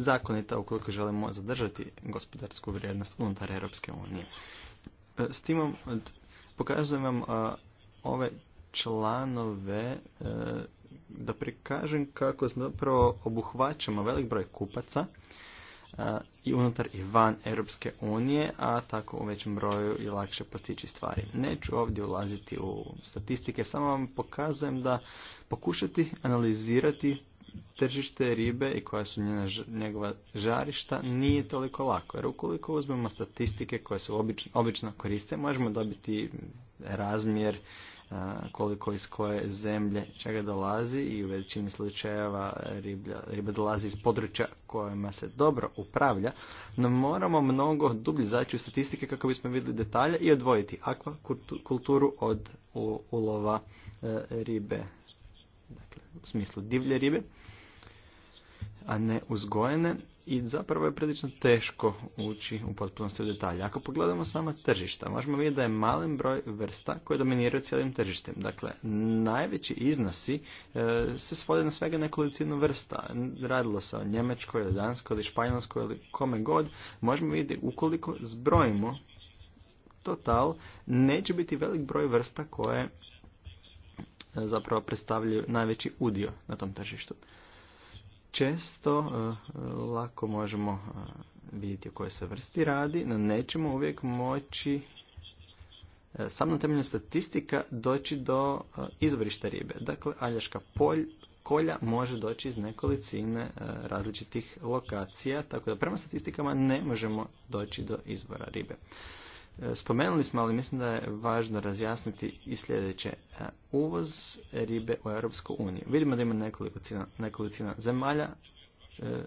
zakonita ukoliko želimo zadržati gospodarsku vrijednost unutar Europske unije. E, s tim e, pokazujem vam e, ove članove da prikažem kako zapravo obuhvaćamo velik broj kupaca i unutar i van Europske unije, a tako u većem broju i lakše postići stvari. Neću ovdje ulaziti u statistike, samo vam pokazujem da pokušati analizirati tržište ribe i koja su njena, njegova žarišta nije toliko lako. Jer ukoliko uzmemo statistike koje se obično, obično koriste, možemo dobiti razmjer e, koliko iz koje zemlje čega dolazi i u većini slučajeva riblja, riba dolazi iz područja kojima se dobro upravlja, no moramo mnogo dublje zaći u statistike kako bismo vidjeli detalje i odvojiti akvakulturu od ulova e, ribe dakle, u smislu divlje ribe, a ne uzgojene i zapravo je prilično teško ući u potpunosti u detalje. Ako pogledamo sama tržišta, možemo vidjeti da je malen broj vrsta koje dominiraju cijelim tržištem. Dakle, najveći iznosi e, se svode na svega nekolicinu vrsta. Radilo se o Njemačkoj, ili Danskoj, ili Španjolskoj, ili kome god. Možemo vidjeti ukoliko zbrojimo total, neće biti velik broj vrsta koje zapravo predstavljaju najveći udio na tom tržištu. Često eh, lako možemo eh, vidjeti o kojoj se vrsti radi, no nećemo uvijek moći eh, sam na temelju statistika doći do izvorišta ribe. Dakle, aljaška polj, kolja može doći iz nekolicine različitih lokacija, tako da prema statistikama ne možemo doći do izvora ribe. Spomenuli smo, ali mislim da je važno razjasniti i sljedeće. E, uvoz ribe u Europsku uniju. Vidimo da ima nekolicina, zemalja, e,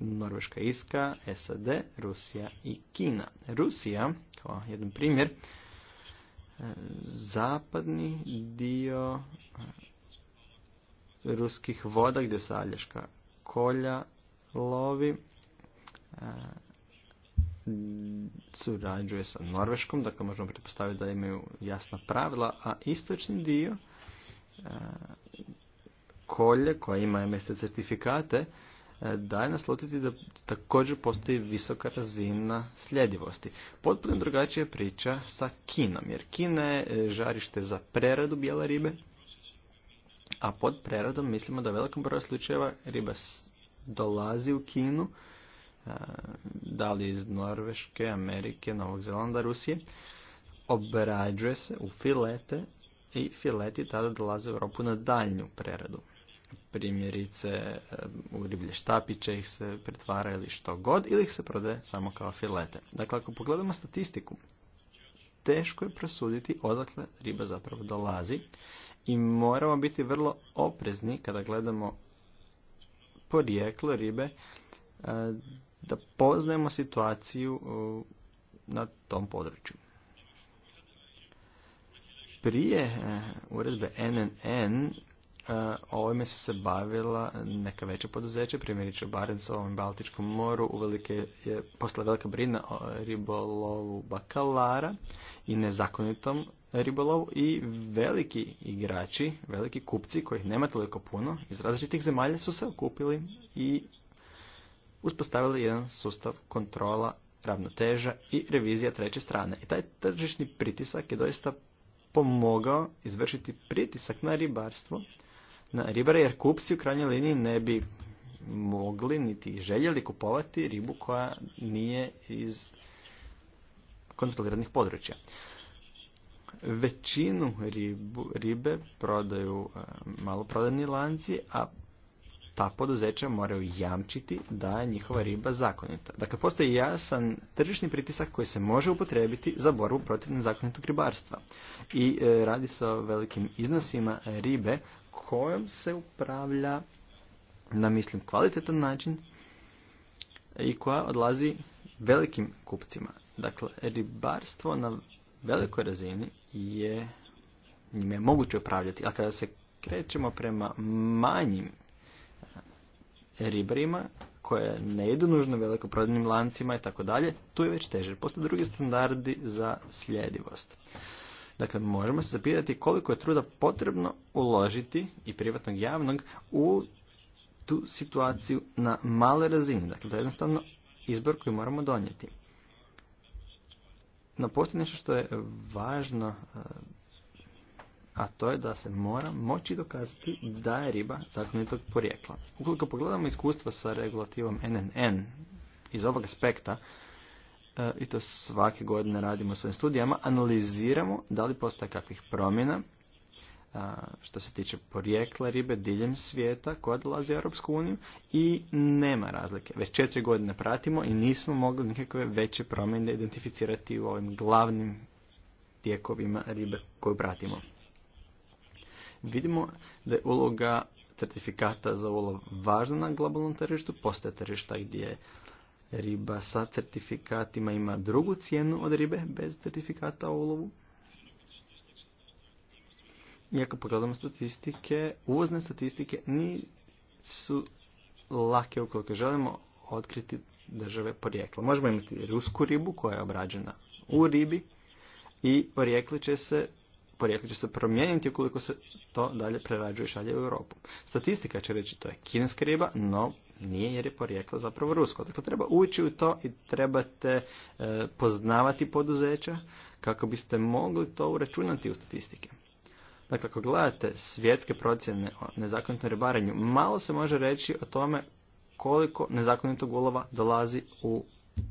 Norveška, Iska, SAD, Rusija i Kina. Rusija, kao jedan primjer, e, zapadni dio ruskih voda gdje se kolja lovi, surađuje sa Norveškom, dakle možemo pretpostaviti da imaju jasna pravila, a istočni dio e, kolje koja ima MSC certifikate e, daje naslutiti da također postoji visoka razina sljedivosti. Potpuno drugačija priča sa Kinom, jer Kina je e, žarište za preradu bijele ribe, a pod preradom mislimo da u velikom broju slučajeva riba dolazi u Kinu, da li iz Norveške, Amerike, Novog Zelanda, Rusije, obrađuje se u filete i fileti tada dolaze u Europu na daljnju preradu. Primjerice, e, u riblje štapiće ih se pretvara ili što god, ili ih se prode samo kao filete. Dakle, ako pogledamo statistiku, teško je prosuditi odakle riba zapravo dolazi i moramo biti vrlo oprezni kada gledamo porijeklo ribe e, da poznajemo situaciju e, na tom području. Prije e, uredbe NNN e, ovime su se bavila neka veća poduzeća, primjerice u ovom Baltičkom moru, uvelike je posla velika brina o ribolovu bakalara i nezakonitom ribolovu i veliki igrači, veliki kupci kojih nema toliko puno iz različitih zemalja su se okupili i uspostavili jedan sustav kontrola, ravnoteža i revizija treće strane. I taj tržišni pritisak je doista pomogao izvršiti pritisak na ribarstvo, na ribare, jer kupci u krajnjoj liniji ne bi mogli niti željeli kupovati ribu koja nije iz kontroliranih područja. Većinu ribe prodaju e, maloprodajni lanci, a ta poduzeća moraju jamčiti da je njihova riba zakonita. Dakle, postoji jasan tržišni pritisak koji se može upotrebiti za borbu protiv nezakonitog ribarstva. I e, radi se o velikim iznosima ribe kojom se upravlja na mislim kvalitetan način i koja odlazi velikim kupcima. Dakle, ribarstvo na velikoj razini je njime moguće upravljati, a kada se krećemo prema manjim ribarima koje ne idu nužno velikoprodajnim lancima i tako dalje, tu je već teže. Postoje drugi standardi za sljedivost. Dakle, možemo se zapitati koliko je truda potrebno uložiti i privatnog javnog u tu situaciju na male razini. Dakle, to je jednostavno izbor koji moramo donijeti. No, postoji nešto što je važno a to je da se mora moći dokazati da je riba zakonitog porijekla. Ukoliko pogledamo iskustva sa regulativom NNN iz ovog aspekta, e, i to svake godine radimo svojim studijama, analiziramo da li postoje kakvih promjena e, što se tiče porijekla ribe diljem svijeta koja dolazi u Europsku uniju i nema razlike. Već četiri godine pratimo i nismo mogli nikakve veće promjene identificirati u ovim glavnim tijekovima ribe koju pratimo vidimo da je uloga certifikata za ulov važna na globalnom tržištu. Postoje tržišta gdje riba sa certifikatima ima drugu cijenu od ribe bez certifikata o ulovu. I pogledamo statistike, uvozne statistike nisu lake ukoliko želimo otkriti države porijekla. Možemo imati rusku ribu koja je obrađena u ribi i porijekli će se porijeklo će se promijeniti ukoliko se to dalje prerađuje i šalje u Europu. Statistika će reći to je kineska riba, no nije jer je porijeklo zapravo rusko. Dakle, treba ući u to i trebate e, poznavati poduzeća kako biste mogli to uračunati u statistike. Dakle, ako gledate svjetske procjene o nezakonitom ribarenju, malo se može reći o tome koliko nezakonitog ulova dolazi u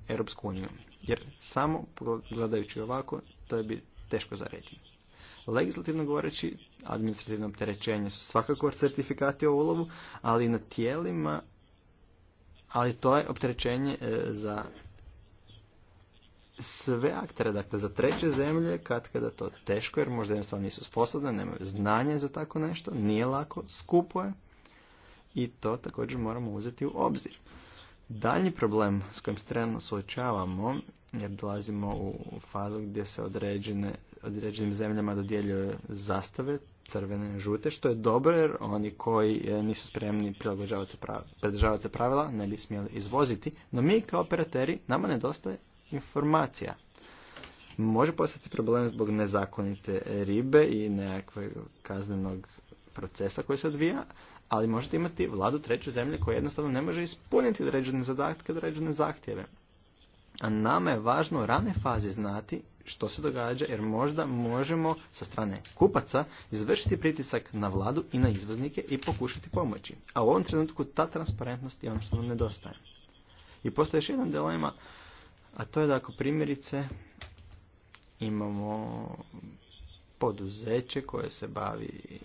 Europsku uniju. Jer samo gledajući ovako, to je bi teško za reći. Legislativno govoreći, administrativno opterećenje su svakako certifikati o ulovu, ali na tijelima, ali to je opterećenje e, za sve aktere, dakle za treće zemlje, kad kada to teško, jer možda jednostavno nisu sposobne, nemaju znanje za tako nešto, nije lako, skupo je i to također moramo uzeti u obzir. Dalji problem s kojim se trenutno suočavamo, jer dolazimo u fazu gdje se određene određenim zemljama dodjeljuje zastave crvene, žute, što je dobro jer oni koji e, nisu spremni pridržavati se pravila ne bi smjeli izvoziti, no mi kao operateri nama nedostaje informacija. Može postati problem zbog nezakonite ribe i nekakvog kaznenog procesa koji se odvija, ali možete imati vladu treće zemlje koja jednostavno ne može ispuniti određene zadatke, određene zahtjeve. A nama je važno u rane fazi znati što se događa jer možda možemo sa strane kupaca izvršiti pritisak na vladu i na izvoznike i pokušati pomoći. A u ovom trenutku ta transparentnost je ono što nam nedostaje. I postoji još jedan dilema, a to je da ako primjerice imamo poduzeće koje se bavi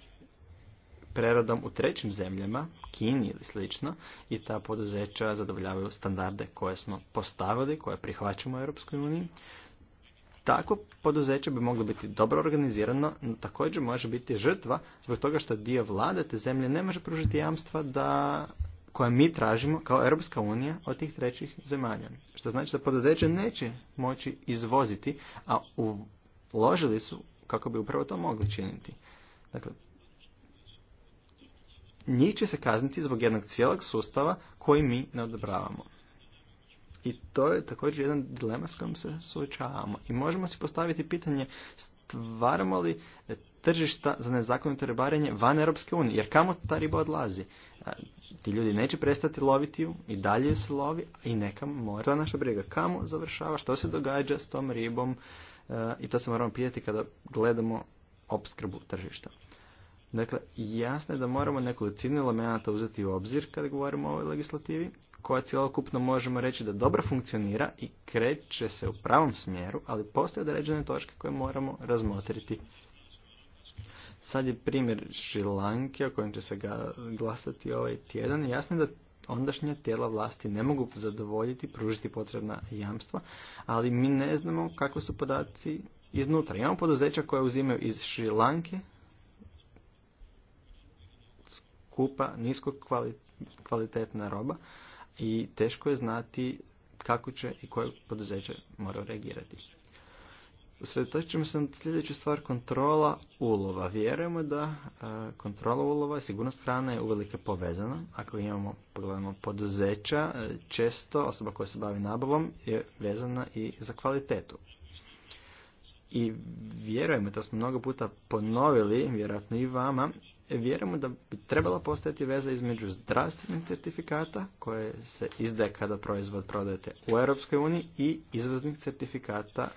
prerodom u trećim zemljama, Kini ili slično, i ta poduzeća zadovoljavaju standarde koje smo postavili, koje prihvaćamo u Europskoj uniji. Tako poduzeće bi moglo biti dobro organizirano, no također može biti žrtva zbog toga što dio vlade te zemlje ne može pružiti jamstva da koje mi tražimo kao Europska unija od tih trećih zemalja. Što znači da poduzeće neće moći izvoziti, a uložili su kako bi upravo to mogli činiti. Dakle, njih će se kazniti zbog jednog cijelog sustava koji mi ne odobravamo. I to je također jedan dilema s kojim se suočavamo. I možemo si postaviti pitanje stvaramo li e, tržišta za nezakonito ribarenje van Europske unije, jer kamo ta riba odlazi? E, ti ljudi neće prestati loviti ju i dalje ju se lovi i neka mora naša briga. Kamo završava, što se događa s tom ribom e, i to se moramo pitati kada gledamo opskrbu tržišta. Dakle, jasno je da moramo nekolicinu elemenata uzeti u obzir kada govorimo o ovoj legislativi, koja cjelokupno možemo reći da dobro funkcionira i kreće se u pravom smjeru, ali postoje određene točke koje moramo razmotriti. Sad je primjer Šilanke o kojem će se glasati ovaj tjedan. Jasno je da ondašnja tijela vlasti ne mogu zadovoljiti, pružiti potrebna jamstva, ali mi ne znamo kako su podaci iznutra. Imamo poduzeća koja uzimaju iz Šilanke kupa nisko kvalitetna roba i teško je znati kako će i koje poduzeće mora reagirati. Usredotočit ćemo se na sljedeću stvar, kontrola ulova. Vjerujemo da e, kontrola ulova i sigurnost hrane je uvelike povezana. Ako imamo, pogledamo poduzeća, e, često osoba koja se bavi nabavom je vezana i za kvalitetu. I vjerujemo, to smo mnogo puta ponovili, vjerojatno i vama, vjerujemo da bi trebala postojati veza između zdravstvenih certifikata koje se izdaje kada proizvod prodajete u Europskoj uniji i izvoznih certifikata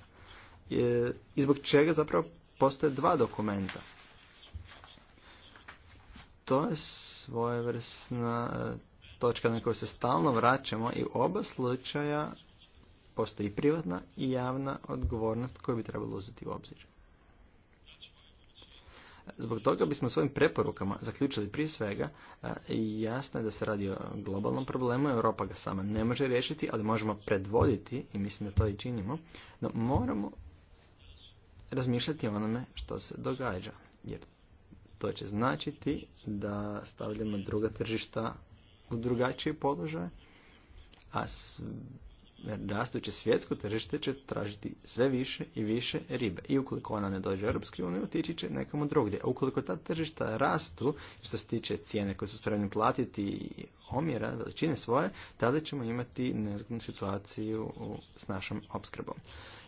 i zbog čega zapravo postoje dva dokumenta. To je svojevrsna e, točka na koju se stalno vraćamo i u oba slučaja postoji privatna i javna odgovornost koju bi trebalo uzeti u obzir. Zbog toga bismo svojim preporukama zaključili prije svega jasno je da se radi o globalnom problemu, Europa ga sama ne može riješiti, ali možemo predvoditi i mislim da to i činimo, no moramo razmišljati o onome što se događa, jer to će značiti da stavljamo druga tržišta u drugačije položaj, a rastuće svjetsko tržište će tražiti sve više i više ribe. I ukoliko ona ne dođe u Europsku uniju, otići će nekamo drugdje. A ukoliko ta tržišta rastu, što se tiče cijene koje su spremni platiti i omjera, veličine svoje, tada ćemo imati nezgodnu situaciju s našom opskrbom.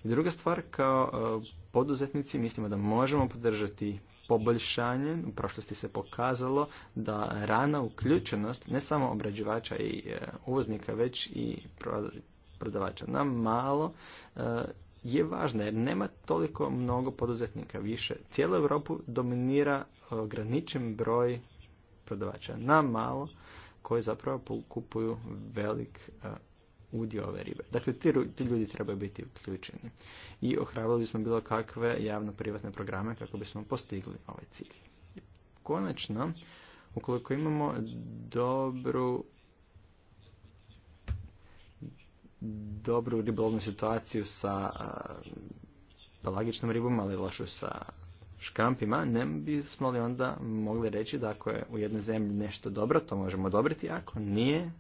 I druga stvar, kao e, poduzetnici mislimo da možemo podržati poboljšanje. U prošlosti se pokazalo da rana uključenost ne samo obrađivača i e, uvoznika, već i na malo e, je važna jer nema toliko mnogo poduzetnika više. Cijelu Europu dominira e, ograničen broj prodavača na malo koji zapravo kupuju velik e, udio ove ribe. Dakle, ti, ti ljudi trebaju biti uključeni. I ohrabrili bismo bilo kakve javno-privatne programe kako bismo postigli ovaj cilj. Konačno, ukoliko imamo dobru dobru ribolovnu situaciju sa pelagičnom ribom, ali lošu sa škampima, ne bismo li onda mogli reći da ako je u jednoj zemlji nešto dobro, to možemo odobriti, ako nije,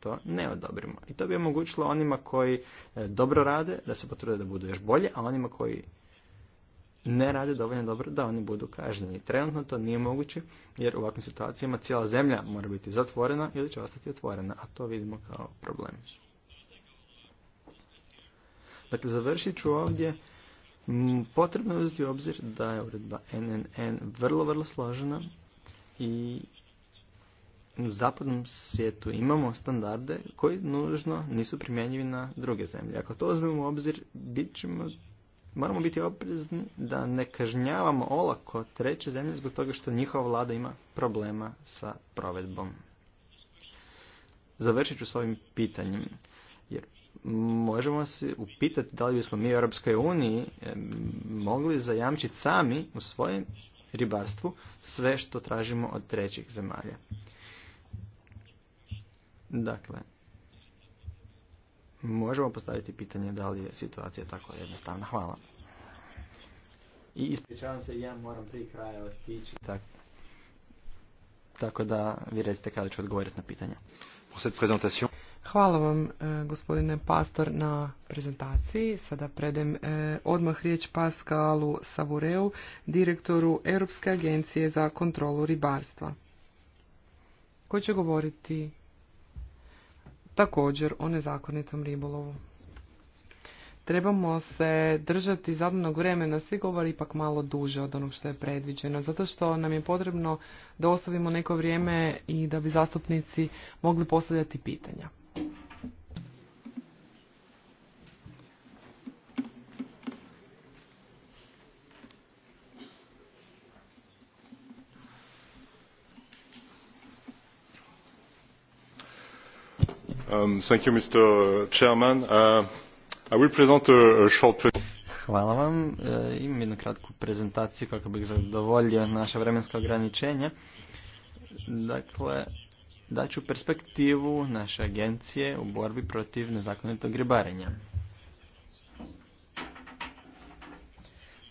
to ne odobrimo. I to bi omogućilo onima koji e, dobro rade, da se potrude da budu još bolje, a onima koji ne rade dovoljno dobro, da oni budu kažnjeni. Trenutno to nije moguće, jer u ovakvim situacijama cijela zemlja mora biti zatvorena ili će ostati otvorena, a to vidimo kao problem. Dakle, završit ću ovdje. Potrebno je uzeti u obzir da je uredba NNN vrlo, vrlo složena i u zapadnom svijetu imamo standarde koji nužno nisu primjenjivi na druge zemlje. Ako to uzmemo u obzir, bit ćemo, moramo biti oprezni da ne kažnjavamo olako treće zemlje zbog toga što njihova vlada ima problema sa provedbom. Završit ću s ovim pitanjem, jer možemo se upitati da li bismo mi u Europskoj uniji eh, mogli zajamčiti sami u svojem ribarstvu sve što tražimo od trećih zemalja. Dakle, možemo postaviti pitanje da li je situacija tako jednostavna. Hvala. I ispričavam se, ja moram prije kraja otići. Tako, tako da vi recite kada ću odgovoriti na pitanje. Po Hvala vam, e, gospodine Pastor, na prezentaciji. Sada predem e, odmah riječ Paskalu Savureu, direktoru Europske agencije za kontrolu ribarstva, koji će govoriti također o nezakonitom ribolovu. Trebamo se držati zadanog vremena, svi govori ipak malo duže od onog što je predviđeno, zato što nam je potrebno da ostavimo neko vrijeme i da bi zastupnici mogli postavljati pitanja. Hvala vam. Uh, imam jednu kratku prezentaciju kako bih zadovoljio naše vremenska ograničenja. Dakle, daću perspektivu naše agencije u borbi protiv nezakonitog ribarenja.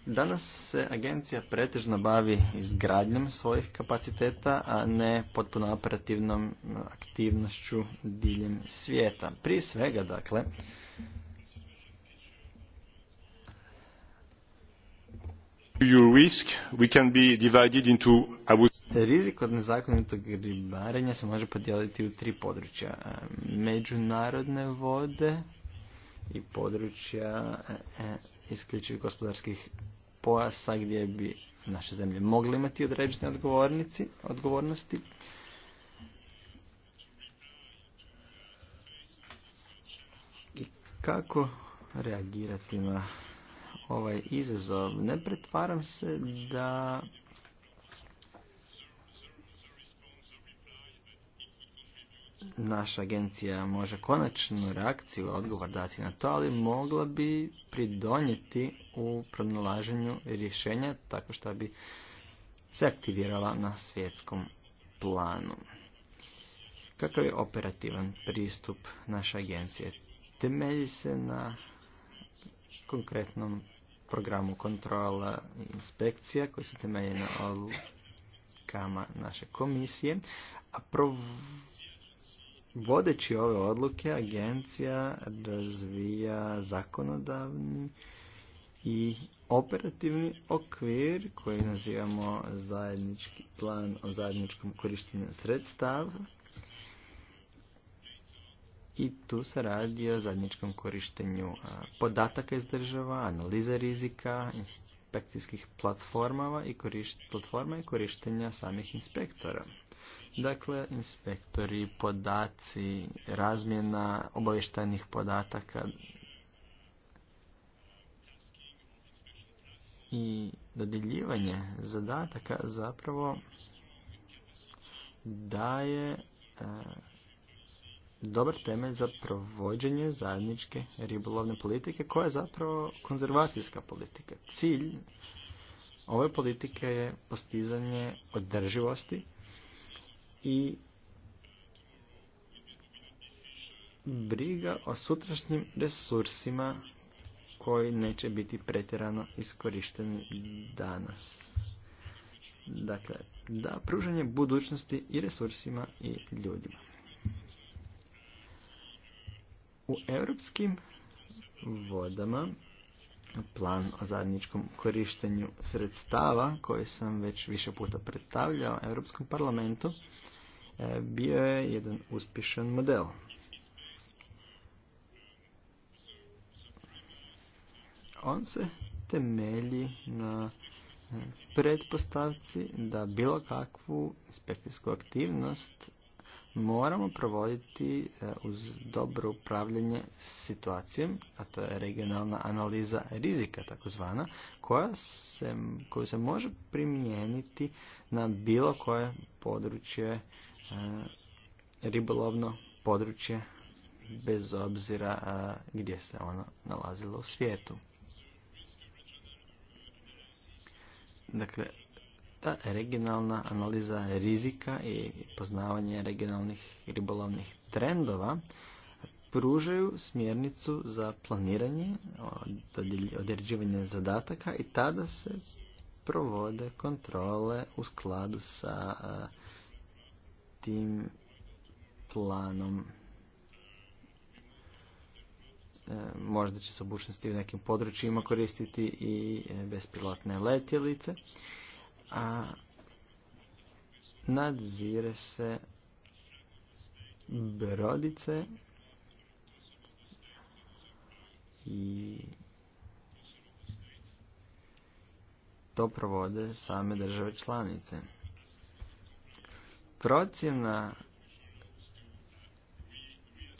Danas se agencija pretežno bavi izgradnjom svojih kapaciteta, a ne potpuno operativnom aktivnošću diljem svijeta. Prije svega, dakle, Rizik od nezakonitog ribarenja se može podijeliti u tri područja. E, međunarodne vode i područja e, e, isključivih gospodarskih pojasa gdje bi naše zemlje mogle imati određene odgovornici, odgovornosti. I kako reagirati na ovaj izazov? Ne pretvaram se da naša agencija može konačnu reakciju, odgovor dati na to, ali mogla bi pridonijeti u pronalaženju rješenja tako što bi se aktivirala na svjetskom planu. Kakav je operativan pristup naše agencije? Temelji se na konkretnom programu kontrola i inspekcija koji se temelji na kama naše komisije, a Vodeći ove odluke, agencija razvija zakonodavni i operativni okvir koji nazivamo zajednički plan o zajedničkom korištenju sredstava i tu se radi o zajedničkom korištenju podataka iz država, analize rizika, inspekcijskih platforma i platforma i korištenja samih inspektora. Dakle, inspektori, podaci, razmjena obavještajnih podataka i dodjeljivanje zadataka zapravo daje e, dobar temelj za provođenje zajedničke ribolovne politike koja je zapravo konzervacijska politika. Cilj ove politike je postizanje održivosti i briga o sutrašnjim resursima koji neće biti pretjerano iskorišteni danas. Dakle, da pruženje budućnosti i resursima i ljudima. U europskim vodama plan o zajedničkom korištenju sredstava koji sam već više puta predstavljao Europskom parlamentu e, bio je jedan uspješan model. On se temelji na e, pretpostavci da bilo kakvu inspekcijsku aktivnost moramo provoditi e, uz dobro upravljanje situacijom, a to je regionalna analiza rizika takozvana, koja se, koju se može primijeniti na bilo koje područje, e, ribolovno područje, bez obzira e, gdje se ono nalazilo u svijetu. Dakle, ta regionalna analiza rizika i poznavanje regionalnih ribolovnih trendova pružaju smjernicu za planiranje, određivanje zadataka i tada se provode kontrole u skladu sa tim planom. E, možda će se obučnosti u nekim područjima koristiti i e, bespilotne letjelice a nadzire se brodice i to provode same države članice. Procjena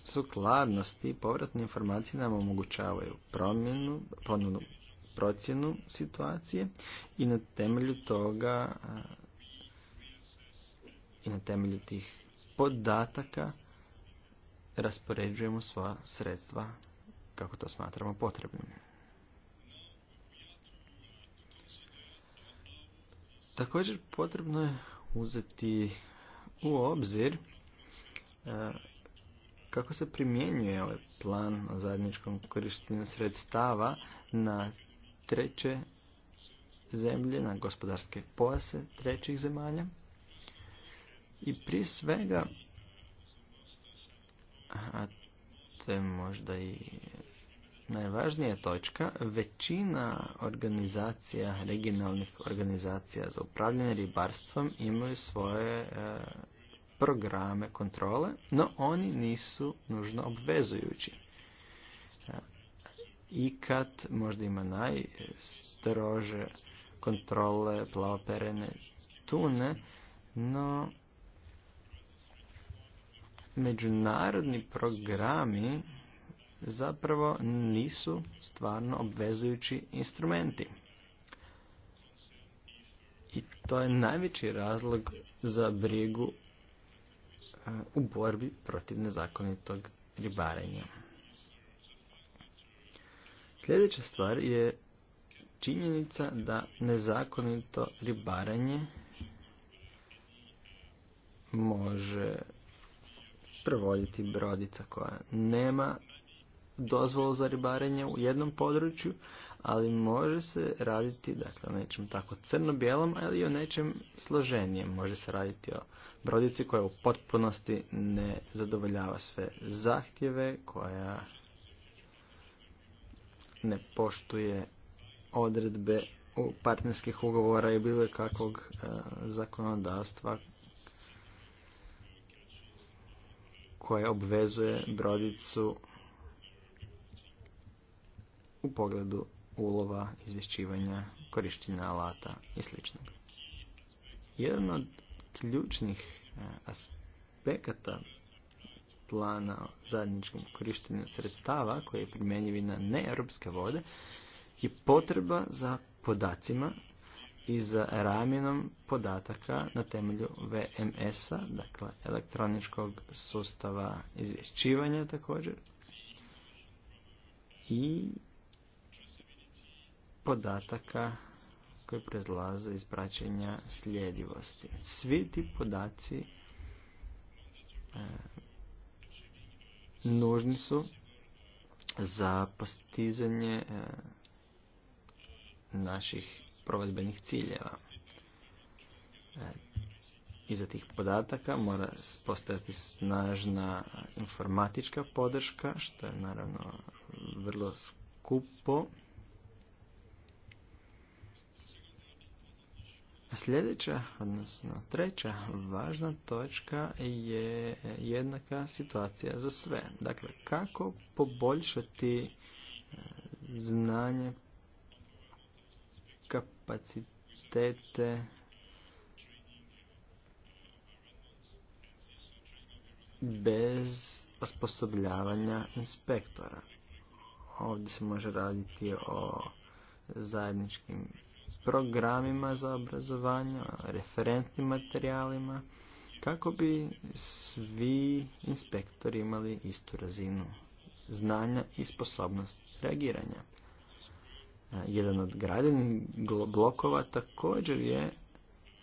sukladnosti povratne informacije nam omogućavaju promjenu, procjenu situacije i na temelju toga i na temelju tih podataka raspoređujemo sva sredstva kako to smatramo potrebnim. Također potrebno je uzeti u obzir kako se primjenjuje ovaj plan o zajedničkom korištenju sredstava na treće zemlje, na gospodarske pojase trećih zemalja. I prije svega, a to je možda i najvažnija točka, većina organizacija, regionalnih organizacija za upravljanje ribarstvom imaju svoje e, programe kontrole, no oni nisu nužno obvezujući kad možda ima najstrože kontrole plaoperene tune, no međunarodni programi zapravo nisu stvarno obvezujući instrumenti. I to je najveći razlog za brigu e, u borbi protiv nezakonitog ribarenja. Sljedeća stvar je činjenica da nezakonito ribaranje može prevoditi brodica koja nema dozvolu za ribaranje u jednom području, ali može se raditi dakle, o nečem tako crno-bijelom, ali i o nečem složenijem. Može se raditi o brodici koja u potpunosti ne zadovoljava sve zahtjeve, koja ne poštuje odredbe partnerskih ugovora i bilo kakvog e, zakonodavstva koje obvezuje brodicu u pogledu ulova, izvješćivanja, korištenja alata i sl. Jedan od ključnih e, aspekata plana o zajedničkom korištenju sredstava koji je primjenjivi na neeuropske vode je potreba za podacima i za ramjenom podataka na temelju VMS-a, dakle elektroničkog sustava izvješćivanja također i podataka koji prezlaze iz praćenja sljedivosti. Svi ti podaci nužni su za postizanje e, naših provedbenih ciljeva. E, iza tih podataka mora postojati snažna informatička podrška, što je naravno vrlo skupo Sljedeća, odnosno treća važna točka je jednaka situacija za sve. Dakle, kako poboljšati e, znanje, kapacitete, bez osposobljavanja inspektora. Ovdje se može raditi o zajedničkim programima za obrazovanje, referentnim materijalima, kako bi svi inspektori imali istu razinu znanja i sposobnost reagiranja. E, jedan od gradenih blokova također je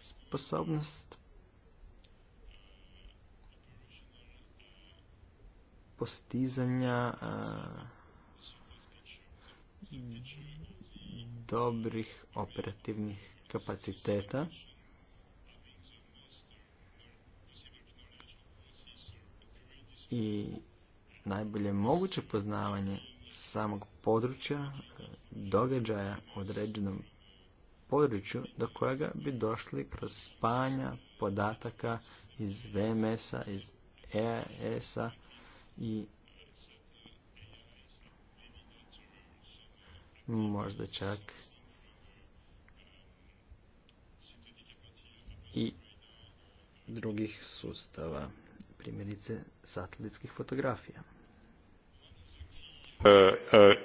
sposobnost postizanja e, dobrih operativnih kapaciteta i najbolje moguće poznavanje samog područja, e, događaja u određenom području do kojega bi došli kroz spanja podataka iz VMS-a, iz EAS-a i možda čak i drugih sustava, primjerice satelitskih fotografija. Uh, uh,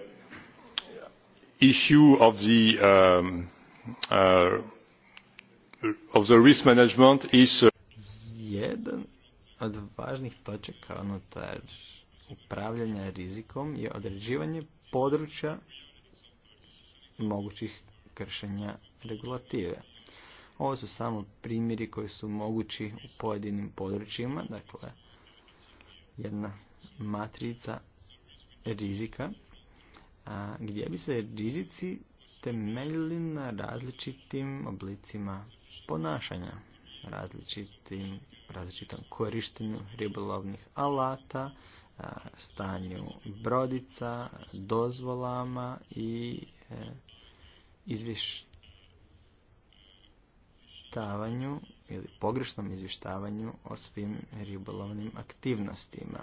issue of the, um, uh, of the risk management is... Jedan od važnih točaka unutar upravljanja rizikom je određivanje područja mogućih kršenja regulative. Ovo su samo primjeri koji su mogući u pojedinim područjima, dakle jedna matrica rizika gdje bi se rizici temeljili na različitim oblicima ponašanja, različitim, različitom korištenju ribolovnih alata, stanju brodica, dozvolama i izvještavanju ili pogrešnom izvještavanju o svim ribolovnim aktivnostima.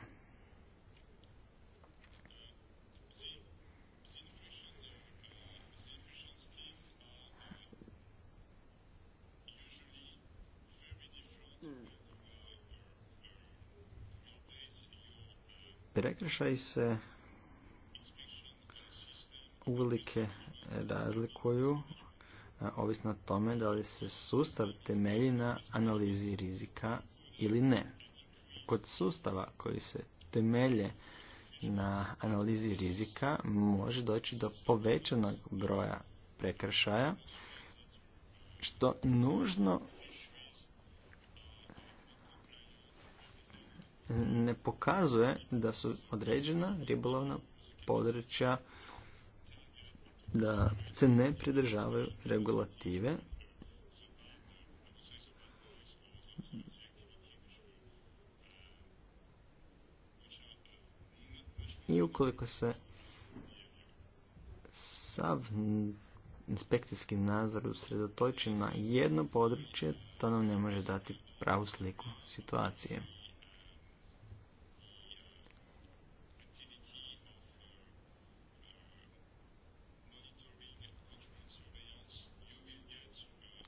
Prekršaj se uvelike razlikuju e, ovisno o tome da li se sustav temelji na analizi rizika ili ne. Kod sustava koji se temelje na analizi rizika može doći do povećanog broja prekršaja, što nužno ne pokazuje da su određena ribolovna područja da se ne pridržavaju regulative i ukoliko se sav inspekcijski nazor usredotoči na jedno područje, to nam ne može dati pravu sliku situacije.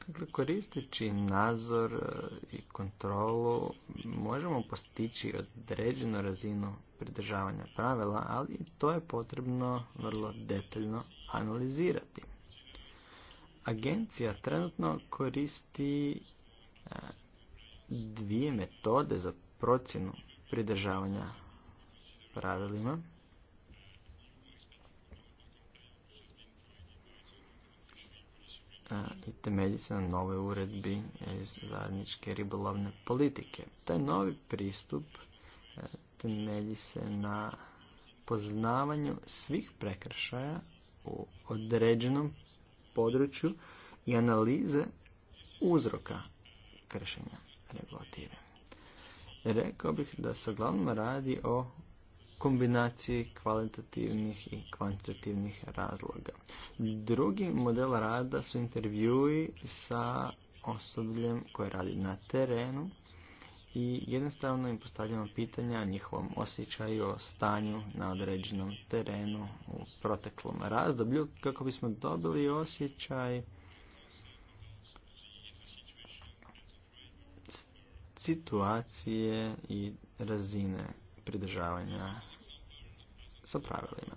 Dakle, koristeći nadzor e, i kontrolu možemo postići određenu razinu pridržavanja pravila, ali to je potrebno vrlo detaljno analizirati. Agencija trenutno koristi e, dvije metode za procjenu pridržavanja pravilima. i temelji se na nove uredbi iz zajedničke ribolovne politike. Taj novi pristup e, temelji se na poznavanju svih prekršaja u određenom području i analize uzroka kršenja regulative. Rekao bih da se uglavnom radi o kombinaciji kvalitativnih i kvantitativnih razloga. Drugi model rada su intervjui sa osobljem koje radi na terenu i jednostavno im postavljamo pitanja o njihovom osjećaju, o stanju na određenom terenu u proteklom razdoblju kako bismo dobili osjećaj situacije i razine pridržavanja sa pravilima.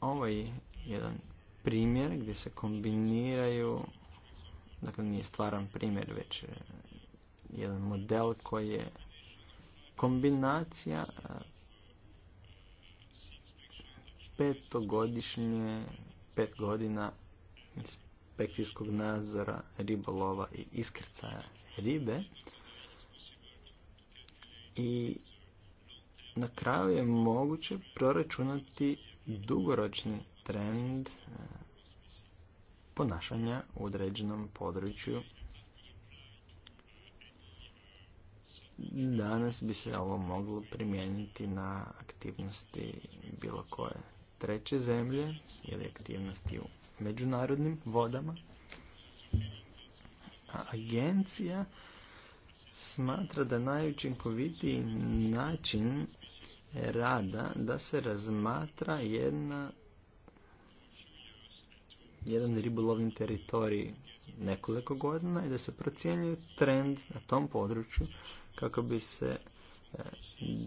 Ovo je jedan primjer gdje se kombiniraju, dakle nije stvaran primjer, već jedan model koji je kombinacija e, petogodišnje, pet godina inspekcijskog nadzora ribolova i iskrcaja ribe i na kraju je moguće proračunati dugoročni trend e, ponašanja u određenom području. Danas bi se ovo moglo primijeniti na aktivnosti bilo koje treće zemlje ili aktivnosti u međunarodnim vodama. agencija smatra da najučinkovitiji način rada da se razmatra jedna jedan ribolovni teritorij nekoliko godina i da se procjenjuje trend na tom području kako bi se e,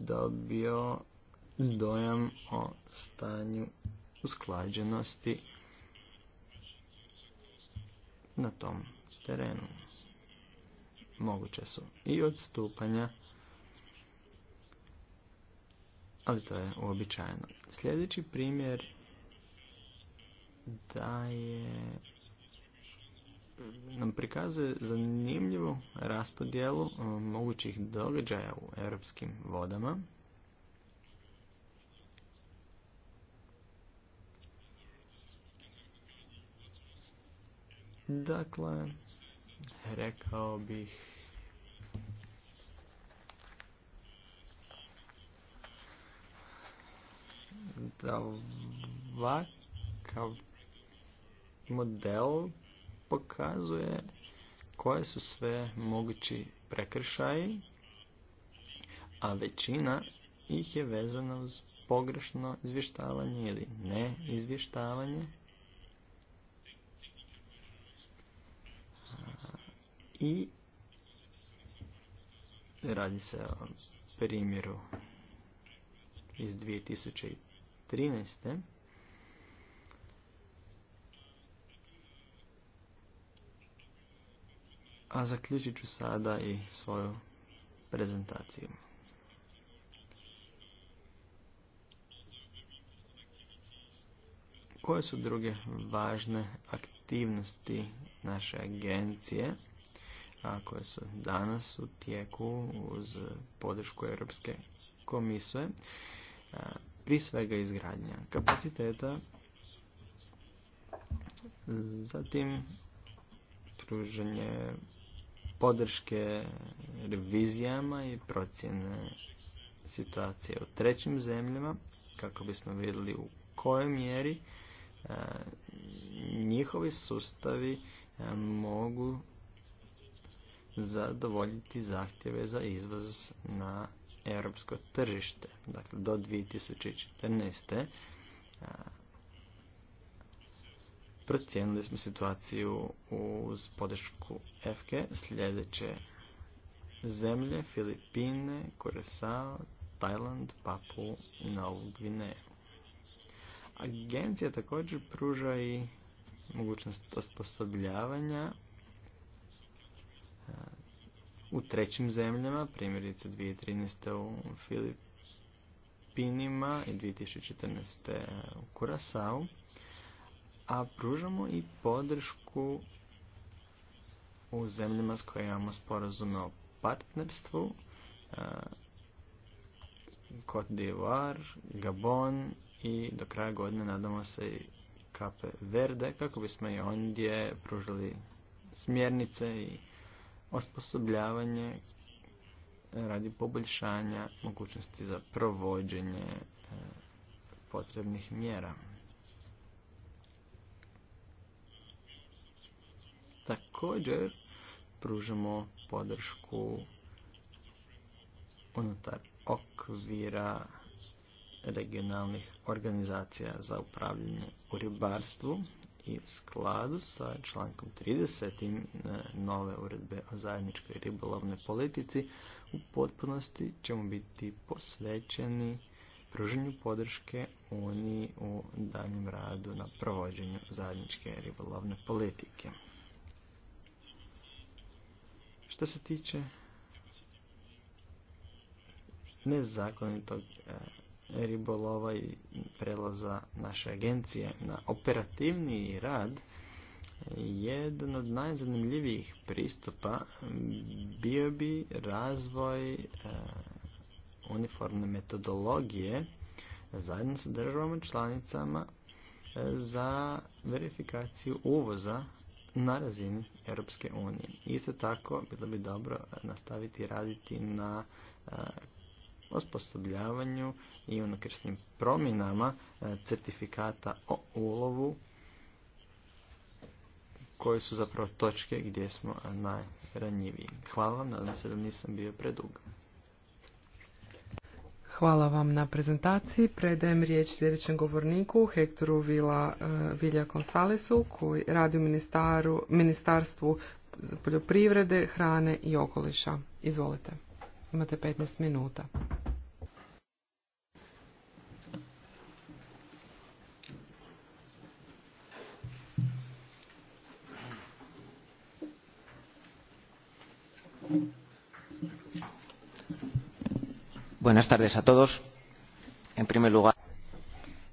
dobio dojam o stanju usklađenosti na tom terenu moguće su i odstupanja, ali to je uobičajeno. Sljedeći primjer da je nam prikazuje zanimljivu raspodjelu e, mogućih događaja u europskim vodama. Dakle, rekao bih da ovakav model pokazuje koje su sve mogući prekršaji, a većina ih je vezana uz pogrešno izvještavanje ili ne izvještavanje. I radi se o primjeru iz 2013. A zaključit ću sada i svoju prezentaciju. Koje su druge važne aktivnosti naše agencije? a koje su danas u tijeku uz podršku Europske komisije, pri svega izgradnja kapaciteta, zatim pruženje podrške revizijama i procjene situacije u trećim zemljama kako bismo vidjeli u kojoj mjeri njihovi sustavi mogu zadovoljiti zahtjeve za izvoz na europsko tržište. Dakle, do 2014. Procijenili smo situaciju uz podršku FK sljedeće zemlje Filipine, Koresao, Tajland, Papu, Novu Gvineju. Agencija također pruža i mogućnost osposobljavanja u trećim zemljama, primjerice 2013. u Filipinima i 2014. u Kurasau, a pružamo i podršku u zemljama s kojima imamo sporazume o partnerstvu, Cote d'Ivoire, Gabon i do kraja godine nadamo se i Cape Verde kako bismo i ondje pružili smjernice i osposobljavanje radi poboljšanja mogućnosti za provođenje e, potrebnih mjera. Također pružamo podršku unutar okvira regionalnih organizacija za upravljanje u ribarstvu i u skladu sa člankom 30. E, nove uredbe o zajedničkoj ribolovnoj politici u potpunosti ćemo biti posvećeni pruženju podrške Uniji u danjem radu na provođenju zajedničke ribolovne politike. Što se tiče nezakonitog e, ribolova i prelaza naše agencije na operativni rad, jedan od najzanimljivijih pristupa bio bi razvoj e, uniformne metodologije zajedno sa državama članicama e, za verifikaciju uvoza na razini Europske unije. Isto tako bilo bi dobro nastaviti raditi na e, osposobljavanju i unakrsnim promjenama e, certifikata o ulovu koje su zapravo točke gdje smo najranjiviji. Hvala vam, nadam se da nisam bio predug. Hvala vam na prezentaciji. Predajem riječ sljedećem govorniku, Hektoru Vila, e, Vilja Konsalesu, koji radi u ministarstvu poljoprivrede, hrane i okoliša. Izvolite. Imate 15 minuta. Buenas tardes a todos. En primer lugar...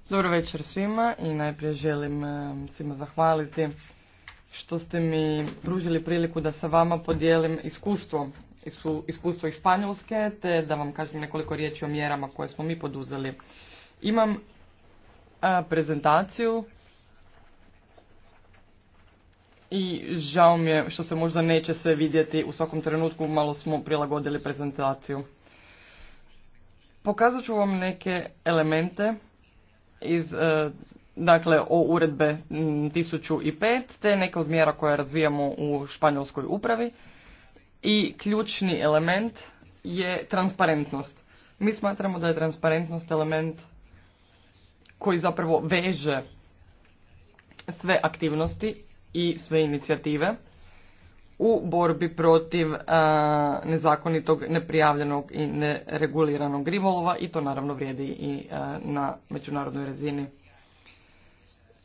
Dobro večer svima i najprije želim eh, svima zahvaliti što ste mi pružili priliku da sa vama podijelim iskustvo su iskustvo iz Španjolske, te da vam kažem nekoliko riječi o mjerama koje smo mi poduzeli. Imam e, prezentaciju i žao mi je što se možda neće sve vidjeti. U svakom trenutku malo smo prilagodili prezentaciju. Pokazat ću vam neke elemente iz e, dakle o uredbe 1005 te neke od mjera koje razvijamo u španjolskoj upravi i ključni element je transparentnost. Mi smatramo da je transparentnost element koji zapravo veže sve aktivnosti i sve inicijative u borbi protiv nezakonitog, neprijavljenog i nereguliranog ribolova i to naravno vrijedi i na međunarodnoj razini.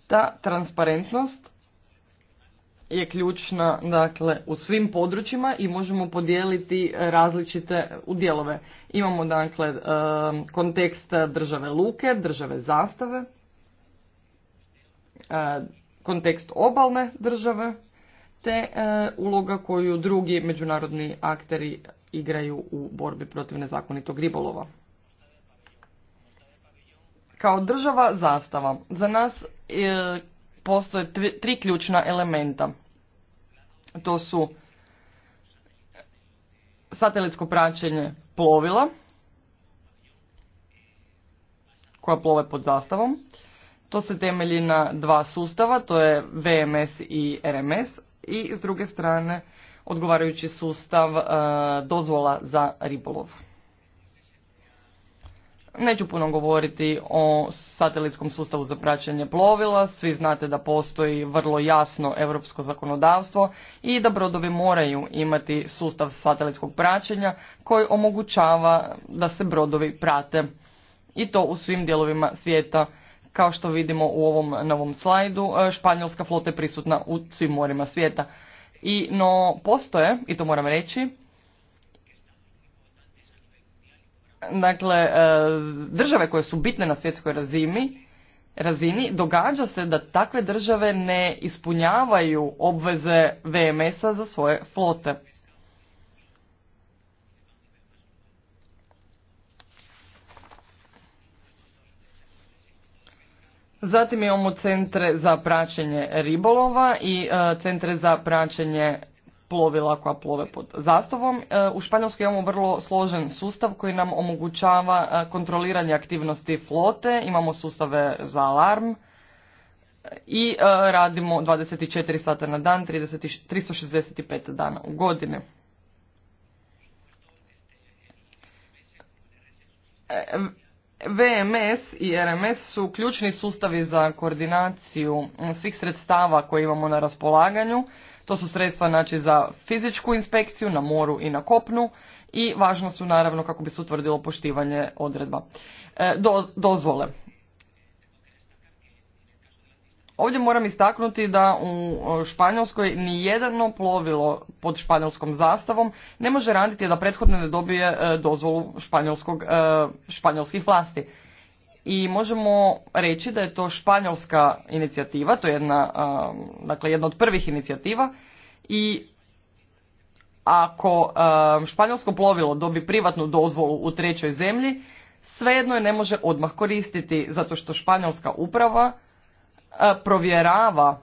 Ta transparentnost je ključna dakle, u svim područjima i možemo podijeliti e, različite udjelove. Imamo dakle e, kontekst države luke, države zastave, e, kontekst obalne države, te uloga koju drugi međunarodni akteri igraju u borbi protiv nezakonitog ribolova. Kao država zastava, za nas postoje tri ključna elementa. To su satelitsko praćenje plovila koja plove pod zastavom. To se temelji na dva sustava, to je VMS i RMS i s druge strane odgovarajući sustav e, dozvola za ribolov. Neću puno govoriti o satelitskom sustavu za praćenje plovila. Svi znate da postoji vrlo jasno europsko zakonodavstvo i da brodovi moraju imati sustav satelitskog praćenja koji omogućava da se brodovi prate. I to u svim dijelovima svijeta. Kao što vidimo u ovom novom slajdu, e, španjolska flota je prisutna u svim morima svijeta. I no postoje, i to moram reći, dakle, e, države koje su bitne na svjetskoj razini, razini, događa se da takve države ne ispunjavaju obveze VMS-a za svoje flote. Zatim imamo centre za praćenje ribolova i e, centre za praćenje plovila koja plove pod zastavom. E, u Španjolskoj imamo vrlo složen sustav koji nam omogućava e, kontroliranje aktivnosti flote, imamo sustave za alarm e, i radimo 24 sata na dan, 365 dana u godine. VMS i RMS su ključni sustavi za koordinaciju svih sredstava koje imamo na raspolaganju to su sredstva znači, za fizičku inspekciju na moru i na kopnu i važno su naravno kako bi se utvrdilo poštivanje odredba. E, dozvole. Ovdje moram istaknuti da u e, Španjolskoj ni jedno plovilo pod španjolskom zastavom ne može raditi da prethodno ne dobije e, dozvolu španjolskih vlasti i možemo reći da je to španjolska inicijativa, to je jedna, dakle, jedna od prvih inicijativa i ako španjolsko plovilo dobi privatnu dozvolu u trećoj zemlji, svejedno je ne može odmah koristiti, zato što španjolska uprava provjerava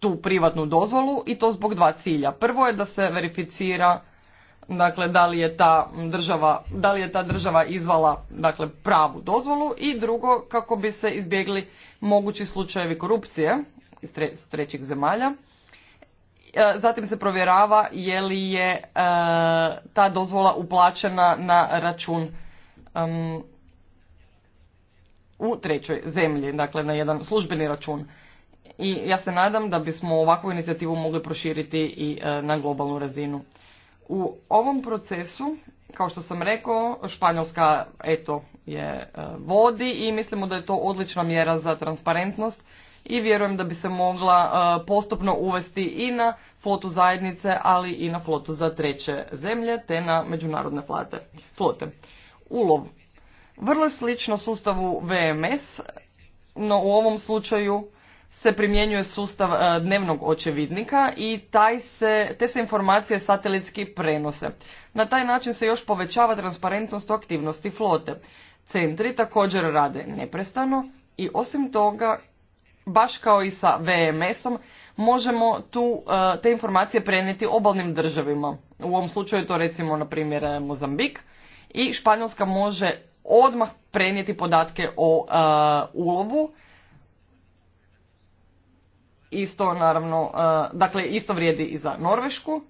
tu privatnu dozvolu i to zbog dva cilja. Prvo je da se verificira dakle da li je ta država, da li je ta država izvala dakle pravu dozvolu i drugo kako bi se izbjegli mogući slučajevi korupcije iz trećih zemalja. E, zatim se provjerava je li je e, ta dozvola uplaćena na račun u trećoj zemlji, dakle na jedan službeni račun. I ja se nadam da bismo ovakvu inicijativu mogli proširiti i e, na globalnu razinu. U ovom procesu, kao što sam rekao, Španjolska eto je e, vodi i mislimo da je to odlična mjera za transparentnost i vjerujem da bi se mogla e, postupno uvesti i na flotu zajednice, ali i na flotu za treće zemlje, te na međunarodne flote. Ulov. Vrlo slično sustavu VMS, no u ovom slučaju se primjenjuje sustav e, dnevnog očevidnika i taj se, te se informacije satelitski prenose. Na taj način se još povećava transparentnost aktivnosti flote. Centri također rade neprestano i osim toga, baš kao i sa VMS-om, možemo tu e, te informacije prenijeti obalnim državima. U ovom slučaju to recimo na primjer e, Mozambik i Španjolska može odmah prenijeti podatke o ulovu isto naravno, e, dakle isto vrijedi i za Norvešku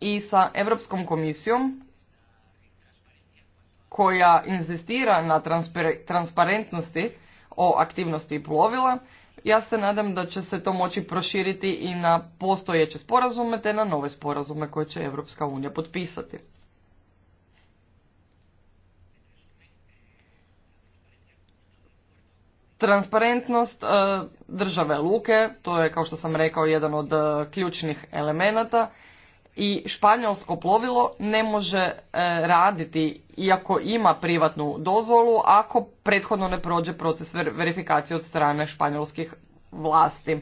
i sa Europskom komisijom koja inzistira na transparentnosti o aktivnosti plovila. Ja se nadam da će se to moći proširiti i na postojeće sporazume te na nove sporazume koje će Europska unija potpisati. Transparentnost e, države luke, to je kao što sam rekao jedan od e, ključnih elemenata i španjolsko plovilo ne može e, raditi iako ima privatnu dozvolu ako prethodno ne prođe proces verifikacije od strane španjolskih vlasti.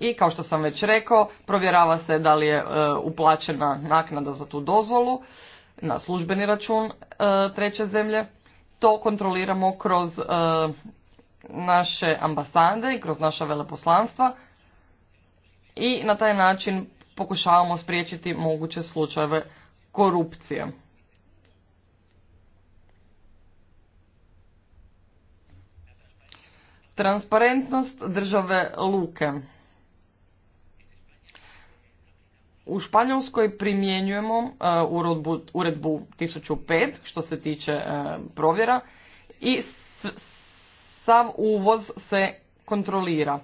I kao što sam već rekao, provjerava se da li je uplaćena naknada za tu dozvolu na službeni račun treće zemlje. To kontroliramo kroz naše ambasade i kroz naša veleposlanstva i na taj način pokušavamo spriječiti moguće slučajeve korupcije. Transparentnost države luke. U Španjolskoj primjenjujemo uh, uredbu, 1005 što se tiče uh, provjera i s, sav uvoz se kontrolira.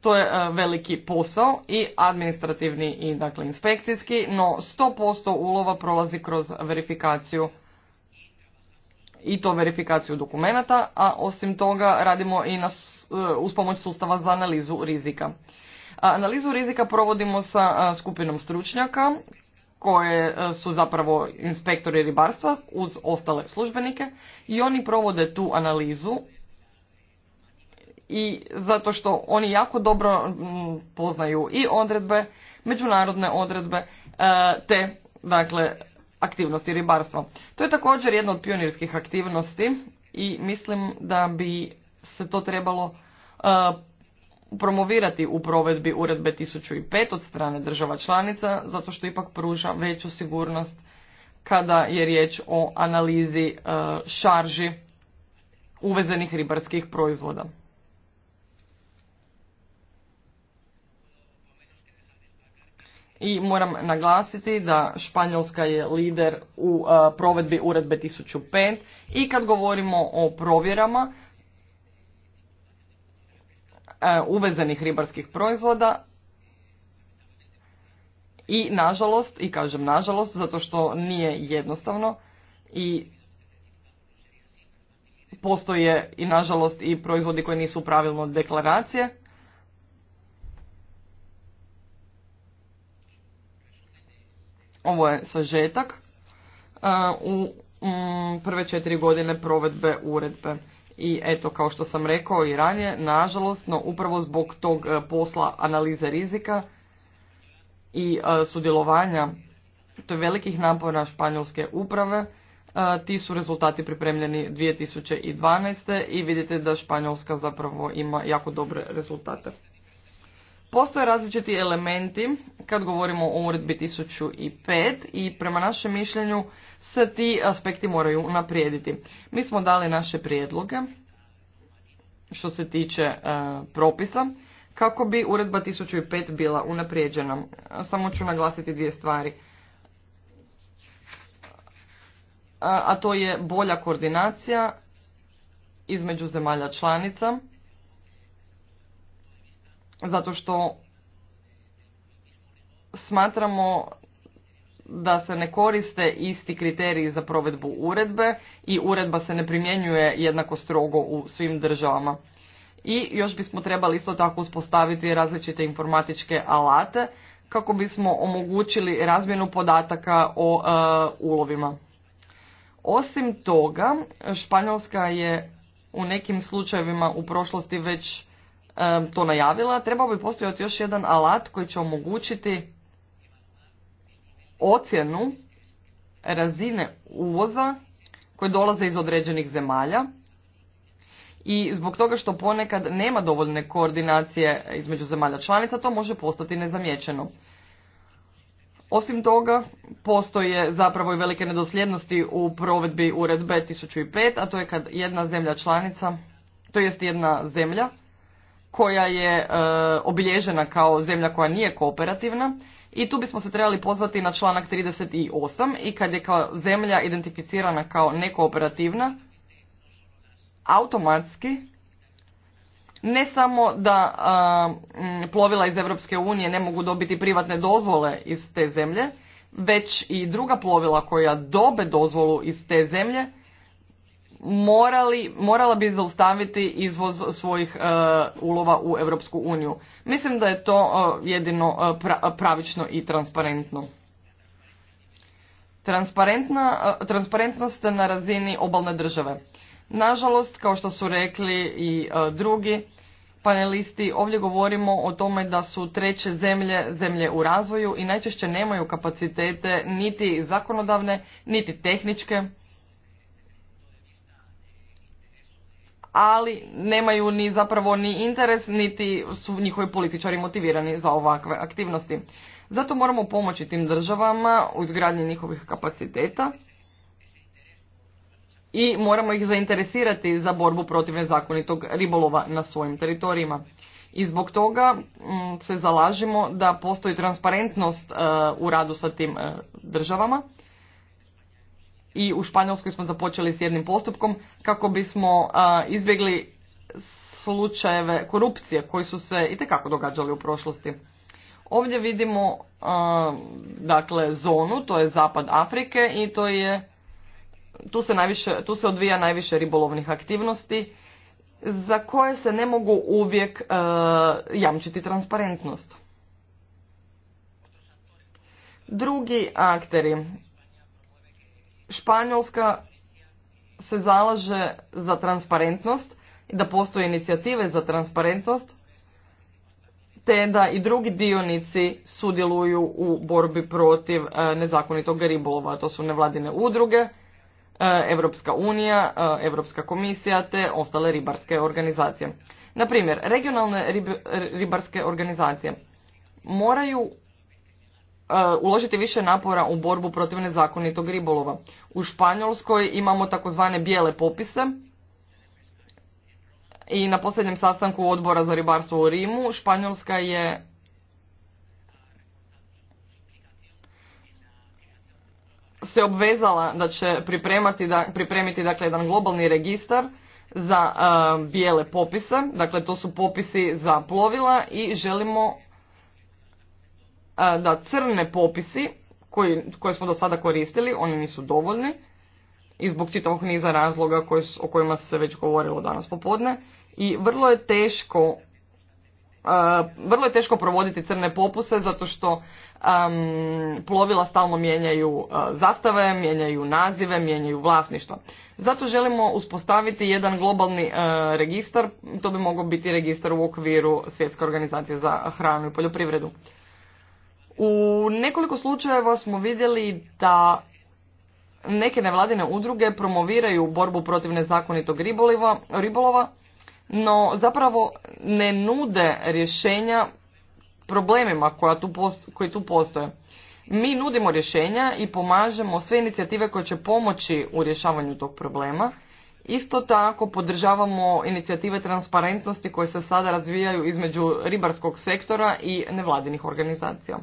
To je e, veliki posao i administrativni i dakle inspekcijski, no 100% ulova prolazi kroz verifikaciju i to verifikaciju dokumenata, a osim toga radimo i na, e, uz pomoć sustava za analizu rizika. Analizu rizika provodimo sa e, skupinom stručnjaka koje e, su zapravo inspektori ribarstva uz ostale službenike i oni provode tu analizu i zato što oni jako dobro mm, poznaju i odredbe, međunarodne odredbe e, te dakle aktivnosti ribarstva. To je također jedna od pionirskih aktivnosti i mislim da bi se to trebalo e, promovirati u provedbi uredbe 1005 od strane država članica, zato što ipak pruža veću sigurnost kada je riječ o analizi e, šarži uvezenih ribarskih proizvoda. I moram naglasiti da Španjolska je lider u e, provedbi uredbe 1005 i kad govorimo o provjerama, E, uvezenih ribarskih proizvoda i nažalost, i kažem nažalost, zato što nije jednostavno i postoje i nažalost i proizvodi koji nisu pravilno deklaracije. Ovo je sažetak e, u mm, prve četiri godine provedbe uredbe. I eto, kao što sam rekao i ranije, nažalost, no upravo zbog tog e, posla analize rizika i e, sudjelovanja to velikih napora španjolske uprave, e, ti su rezultati pripremljeni 2012. i vidite da Španjolska zapravo ima jako dobre rezultate. Postoje različiti elementi kad govorimo o uredbi 1005 i prema našem mišljenju se ti aspekti moraju naprijediti. Mi smo dali naše prijedloge što se tiče e, propisa kako bi uredba 1005 bila unaprijeđena. Samo ću naglasiti dvije stvari. E, a to je bolja koordinacija između zemalja članica zato što smatramo da se ne koriste isti kriteriji za provedbu uredbe i uredba se ne primjenjuje jednako strogo u svim državama. I još bismo trebali isto tako uspostaviti različite informatičke alate kako bismo omogućili razmjenu podataka o e, ulovima. Osim toga, Španjolska je u nekim slučajevima u prošlosti već to najavila, trebao bi postojati još jedan alat koji će omogućiti ocjenu razine uvoza koje dolaze iz određenih zemalja i zbog toga što ponekad nema dovoljne koordinacije između zemalja članica, to može postati nezamijećeno. Osim toga, postoje zapravo i velike nedosljednosti u provedbi uredbe 1005, a to je kad jedna zemlja članica, to jest jedna zemlja koja je e, obilježena kao zemlja koja nije kooperativna i tu bismo se trebali pozvati na članak 38 i kad je kao zemlja identificirana kao nekooperativna, automatski ne samo da plovila iz Europske unije ne mogu dobiti privatne dozvole iz te zemlje, već i druga plovila koja dobe dozvolu iz te zemlje morali, morala bi zaustaviti izvoz svojih e, ulova u Europsku uniju. Mislim da je to e, jedino e, pravično i transparentno. Transparentna, transparentnost na razini obalne države. Nažalost, kao što su rekli i drugi panelisti, ovdje govorimo o tome da su treće zemlje zemlje u razvoju i najčešće nemaju kapacitete niti zakonodavne, niti tehničke ali nemaju ni zapravo ni interes, niti su njihovi političari motivirani za ovakve aktivnosti. Zato moramo pomoći tim državama u izgradnji njihovih kapaciteta i moramo ih zainteresirati za borbu protiv nezakonitog ribolova na svojim teritorijima. I zbog toga mm, se zalažimo da postoji transparentnost e, u radu sa tim e, državama i u Španjolskoj smo započeli s jednim postupkom kako bismo izbjegli slučajeve korupcije koji su se itekako događali u prošlosti. Ovdje vidimo dakle zonu, to je zapad Afrike i to je tu se, najviše, tu se odvija najviše ribolovnih aktivnosti za koje se ne mogu uvijek jamčiti transparentnost. Drugi akteri Španjolska se zalaže za transparentnost i da postoje inicijative za transparentnost, te da i drugi dionici sudjeluju u borbi protiv e, nezakonitog ribolova. To su nevladine udruge, Europska unija, Europska komisija te ostale ribarske organizacije. Naprimjer, regionalne ribarske organizacije moraju E, uložiti više napora u borbu protiv nezakonitog ribolova. U Španjolskoj imamo takozvane bijele popise i na posljednjem sastanku odbora za ribarstvo u Rimu Španjolska je se obvezala da će da, pripremiti dakle, jedan globalni registar za e, bijele popise. Dakle, to su popisi za plovila i želimo da crne popisi koji, koje smo do sada koristili, oni nisu dovoljni i zbog čitavog niza razloga o kojima se već govorilo danas popodne i vrlo je teško vrlo je teško provoditi crne popuse zato što plovila stalno mijenjaju zastave, mijenjaju nazive, mijenjaju vlasništvo. Zato želimo uspostaviti jedan globalni uh, registar, to bi mogao biti registar u okviru Svjetske organizacije za hranu i poljoprivredu. U nekoliko slučajeva smo vidjeli da neke nevladine udruge promoviraju borbu protiv nezakonitog ribolova, ribolova no zapravo ne nude rješenja problemima koja tu koji tu postoje. Mi nudimo rješenja i pomažemo sve inicijative koje će pomoći u rješavanju tog problema. Isto tako podržavamo inicijative transparentnosti koje se sada razvijaju između ribarskog sektora i nevladinih organizacija.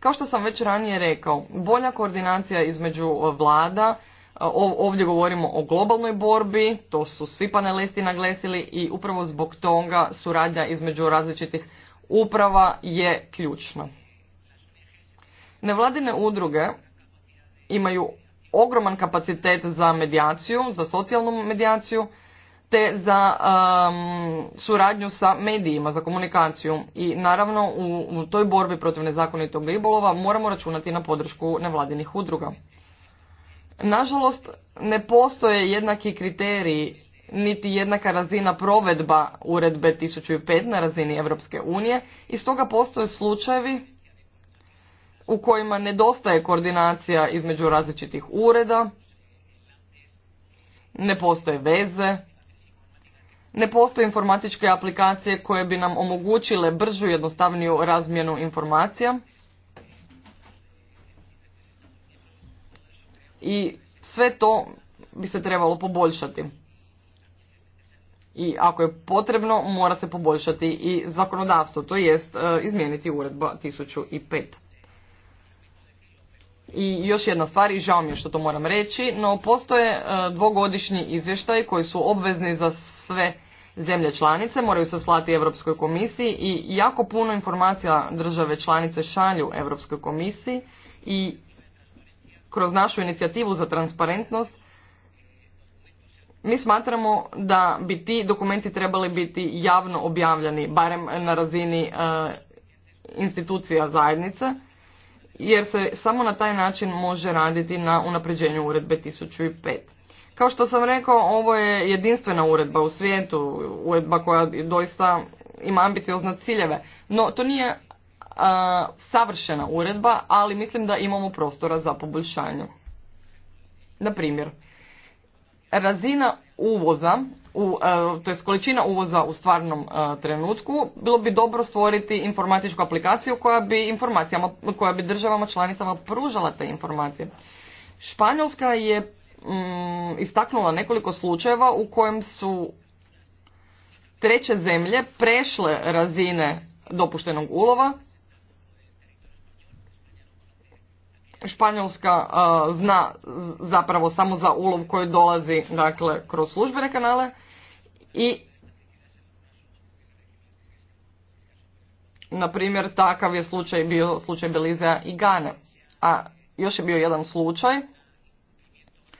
Kao što sam već ranije rekao, bolja koordinacija između e, vlada, e, ovdje govorimo o globalnoj borbi, to su svi panelisti naglesili i upravo zbog toga suradnja između različitih uprava je ključna. Nevladine udruge imaju ogroman kapacitet za medijaciju, za socijalnu medijaciju, te za um, suradnju sa medijima, za komunikaciju. I naravno u, u toj borbi protiv nezakonitog ribolova moramo računati na podršku nevladinih udruga. Nažalost, ne postoje jednaki kriteriji niti jednaka razina provedba uredbe 1005 na razini Europske unije i stoga postoje slučajevi u kojima nedostaje koordinacija između različitih ureda, ne postoje veze ne postoje informatičke aplikacije koje bi nam omogućile bržu i jednostavniju razmjenu informacija. I sve to bi se trebalo poboljšati. I ako je potrebno, mora se poboljšati i zakonodavstvo, to jest e, izmijeniti uredba 1005. I još jedna stvar, i žao mi je što to moram reći, no postoje e, dvogodišnji izvještaj koji su obvezni za sve zemlje članice, moraju se slati Europskoj komisiji i jako puno informacija države članice šalju Europskoj komisiji i kroz našu inicijativu za transparentnost mi smatramo da bi ti dokumenti trebali biti javno objavljeni, barem na razini e, institucija zajednice jer se samo na taj način može raditi na unapređenju uredbe 1005. Kao što sam rekao, ovo je jedinstvena uredba u svijetu, uredba koja doista ima ambiciozne ciljeve, no to nije savršena uredba, ali mislim da imamo prostora za poboljšanje. Na primjer, razina uvoza u, e, to je količina uvoza u stvarnom e, trenutku, bilo bi dobro stvoriti informatičku aplikaciju koja bi informacijama, koja bi državama članicama pružala te informacije. Španjolska je mm, istaknula nekoliko slučajeva u kojem su treće zemlje prešle razine dopuštenog ulova Španjolska e, zna zapravo samo za ulov koji dolazi dakle kroz službene kanale i na primjer takav je slučaj bio slučaj Belizea i Gane. A još je bio jedan slučaj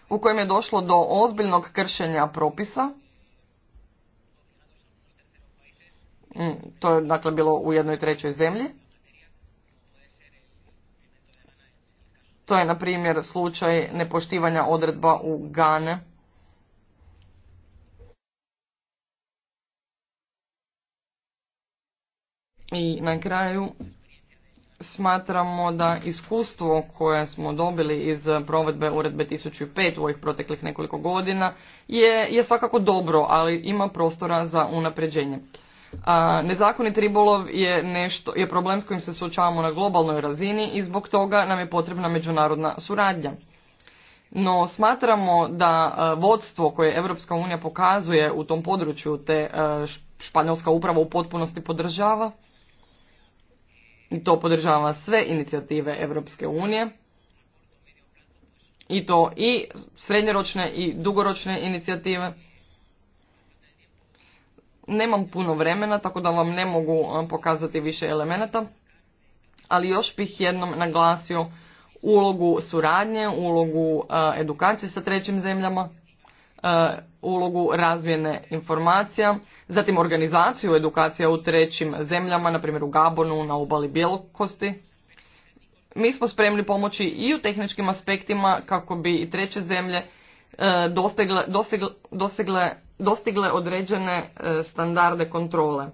u kojem je došlo do ozbiljnog kršenja propisa. Mm, to je dakle bilo u jednoj trećoj zemlji. To je, na primjer, slučaj nepoštivanja odredba u Gane. I na kraju smatramo da iskustvo koje smo dobili iz provedbe uredbe 1005 u ovih proteklih nekoliko godina je, je svakako dobro, ali ima prostora za unapređenje. A, nezakonit ribolov je, nešto, je problem s kojim se suočavamo na globalnoj razini i zbog toga nam je potrebna međunarodna suradnja. No smatramo da e, vodstvo koje Europska unija pokazuje u tom području te e, španjolska uprava u potpunosti podržava i to podržava sve inicijative Europske unije i to i srednjoročne i dugoročne inicijative Nemam puno vremena, tako da vam ne mogu e, pokazati više elemenata, ali još bih jednom naglasio ulogu suradnje, ulogu e, edukacije sa trećim zemljama, e, ulogu razvijene informacija, zatim organizaciju edukacija u trećim zemljama, na primjer u Gabonu, na obali Bjelokosti. Mi smo spremni pomoći i u tehničkim aspektima kako bi i treće zemlje dosegle, dosegle dostigle određene e, standarde kontrole.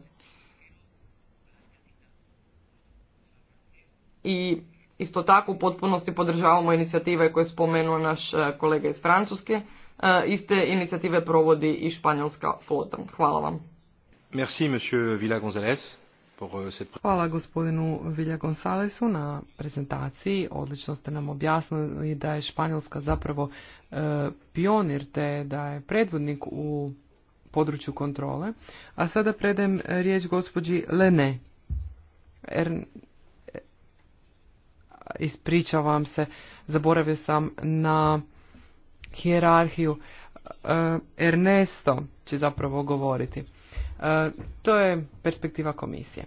I isto tako u potpunosti podržavamo inicijative koje je spomenuo naš e, kolega iz Francuske. E, iste inicijative provodi i španjolska flota. Hvala vam. Merci, Euh, Hvala gospodinu Vilja Gonzalesu na prezentaciji. Odlično ste nam objasnili da je Španjolska zapravo e, pionir te da je predvodnik u području kontrole. A sada predem riječ gospođi Lene. Er... Ispričavam se, zaboravio sam na hijerarhiju. E, Ernesto će zapravo govoriti. E, to je perspektiva komisije.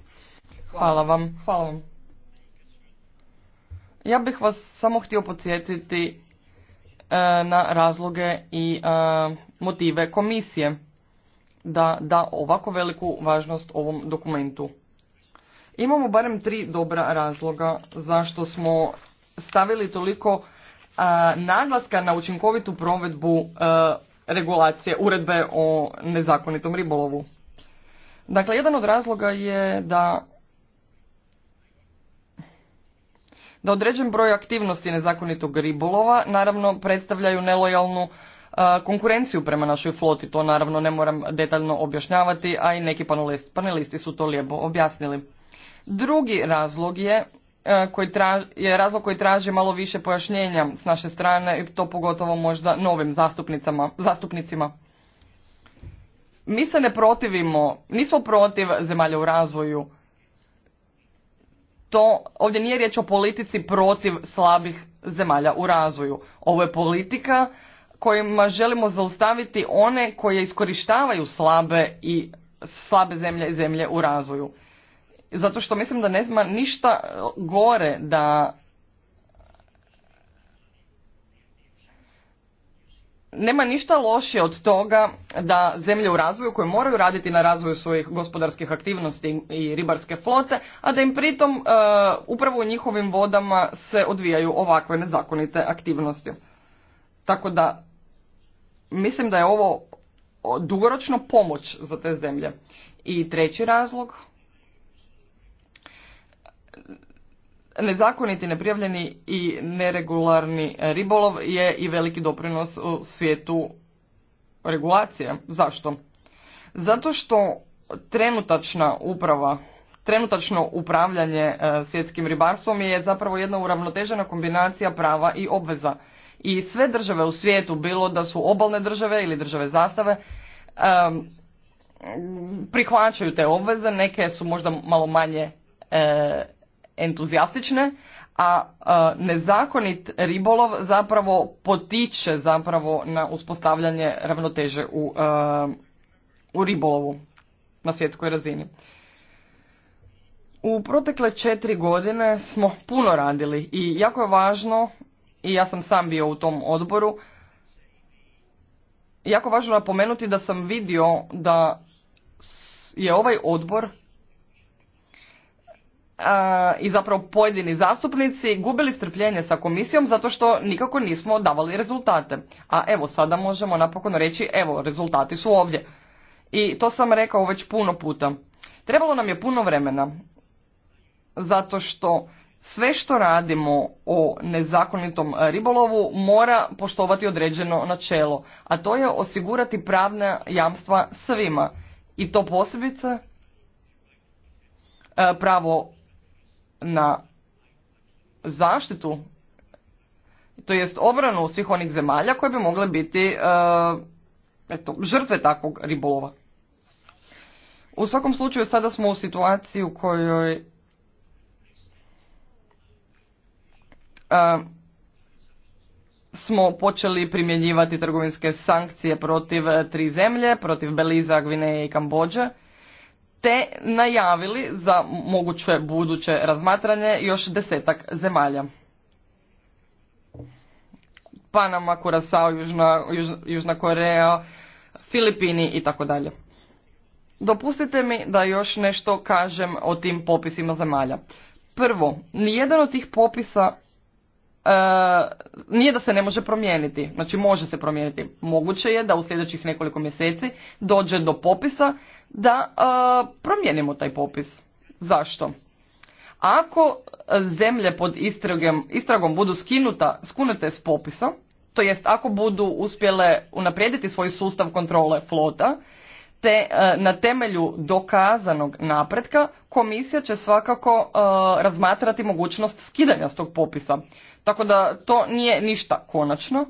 Hvala vam. Hvala vam. Ja bih vas samo htio podsjetiti e, na razloge i e, motive komisije da da ovako veliku važnost ovom dokumentu. Imamo barem tri dobra razloga zašto smo stavili toliko naglaska na učinkovitu provedbu regulacije uredbe o nezakonitom ribolovu. Dakle, jedan od razloga je da da određen broj aktivnosti nezakonitog ribolova naravno predstavljaju nelojalnu e, konkurenciju prema našoj floti. To naravno ne moram detaljno objašnjavati, a i neki panelisti su to lijepo objasnili. Drugi razlog je e, koji je razlog koji traži malo više pojašnjenja s naše strane i to pogotovo možda novim zastupnicama, zastupnicima. Mi se ne protivimo, nismo protiv zemalja u razvoju. To ovdje nije riječ o politici protiv slabih zemalja u razvoju. Ovo je politika kojima želimo zaustaviti one koje iskorištavaju slabe i slabe zemlje i zemlje u razvoju. Zato što mislim da ne ništa gore da nema ništa lošije od toga da zemlje u razvoju koje moraju raditi na razvoju svojih gospodarskih aktivnosti i ribarske flote, a da im pritom e, upravo u njihovim vodama se odvijaju ovakve nezakonite aktivnosti. Tako da mislim da je ovo dugoročno pomoć za te zemlje. I treći razlog Nezakoniti, neprijavljeni i neregularni ribolov je i veliki doprinos u svijetu regulacije. Zašto? Zato što trenutačna uprava, trenutačno upravljanje e, svjetskim ribarstvom je zapravo jedna uravnotežena kombinacija prava i obveza. I sve države u svijetu, bilo da su obalne države ili države zastave, prihvaćaju te obveze, neke su možda malo manje e, entuzijastične, a nezakonit ribolov zapravo potiče zapravo na uspostavljanje ravnoteže u, u ribolovu na svjetkoj razini. U protekle četiri godine smo puno radili i jako je važno, i ja sam sam bio u tom odboru, jako važno napomenuti da sam vidio da je ovaj odbor i zapravo pojedini zastupnici gubili strpljenje sa komisijom zato što nikako nismo davali rezultate. A evo sada možemo napokon reći evo rezultati su ovdje. I to sam rekao već puno puta. Trebalo nam je puno vremena zato što sve što radimo o nezakonitom ribolovu mora poštovati određeno načelo, a to je osigurati pravna jamstva svima i to posebice e, pravo na zaštitu, to jest obranu svih onih zemalja koje bi mogle biti e, žrtve takvog ribolova. U svakom slučaju sada smo u situaciji u kojoj e, smo počeli primjenjivati trgovinske sankcije protiv tri zemlje, protiv Beliza, Gvineje i Kambođe te najavili za moguće buduće razmatranje još desetak zemalja. Panama, Kurasao, Južna, Južna Koreja, Filipini i tako dalje. Dopustite mi da još nešto kažem o tim popisima zemalja. Prvo, nijedan od tih popisa e, nije da se ne može promijeniti, znači može se promijeniti. Moguće je da u sljedećih nekoliko mjeseci dođe do popisa da e, promijenimo taj popis. Zašto? Ako zemlje pod istragom, istragom budu skinuta, skunute s popisa, to jest ako budu uspjele unaprijediti svoj sustav kontrole flota, te e, na temelju dokazanog napretka komisija će svakako e, razmatrati mogućnost skidanja s tog popisa. Tako da to nije ništa konačno.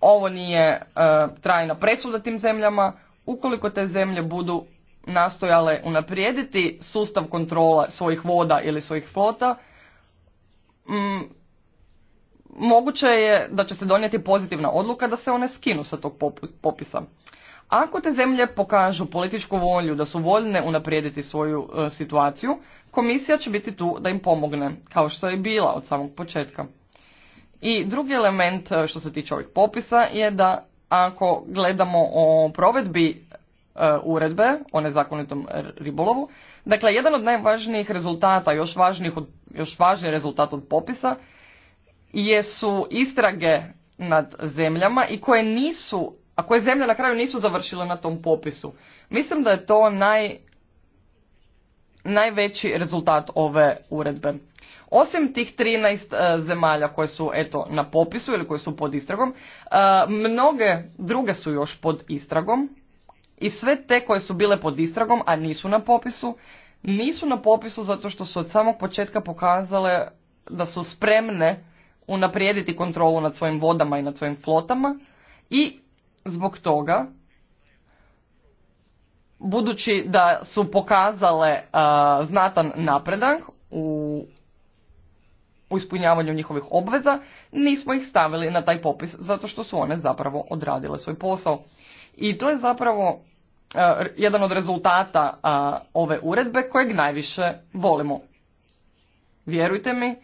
Ovo nije trajna presuda tim zemljama, ukoliko te zemlje budu nastojale unaprijediti sustav kontrola svojih voda ili svojih flota, m, mm, moguće je da će se donijeti pozitivna odluka da se one skinu sa tog popisa. Ako te zemlje pokažu političku volju da su voljne unaprijediti svoju e, situaciju, komisija će biti tu da im pomogne, kao što je bila od samog početka. I drugi element e, što se tiče ovih popisa je da ako gledamo o provedbi e, uredbe o nezakonitom ribolovu. Dakle, jedan od najvažnijih rezultata, još, važnijih od, još važniji rezultat od popisa, jesu istrage nad zemljama i koje nisu, a koje zemlje na kraju nisu završile na tom popisu. Mislim da je to naj, najveći rezultat ove uredbe. Osim tih 13 e, zemalja koje su eto na popisu ili koje su pod istragom, e, mnoge druge su još pod istragom i sve te koje su bile pod istragom, a nisu na popisu, nisu na popisu zato što su od samog početka pokazale da su spremne unaprijediti kontrolu nad svojim vodama i nad svojim flotama i zbog toga budući da su pokazale e, znatan napredak u u ispunjavanju njihovih obveza, nismo ih stavili na taj popis zato što su one zapravo odradile svoj posao. I to je zapravo e, jedan od rezultata ove uredbe kojeg najviše volimo. Vjerujte mi,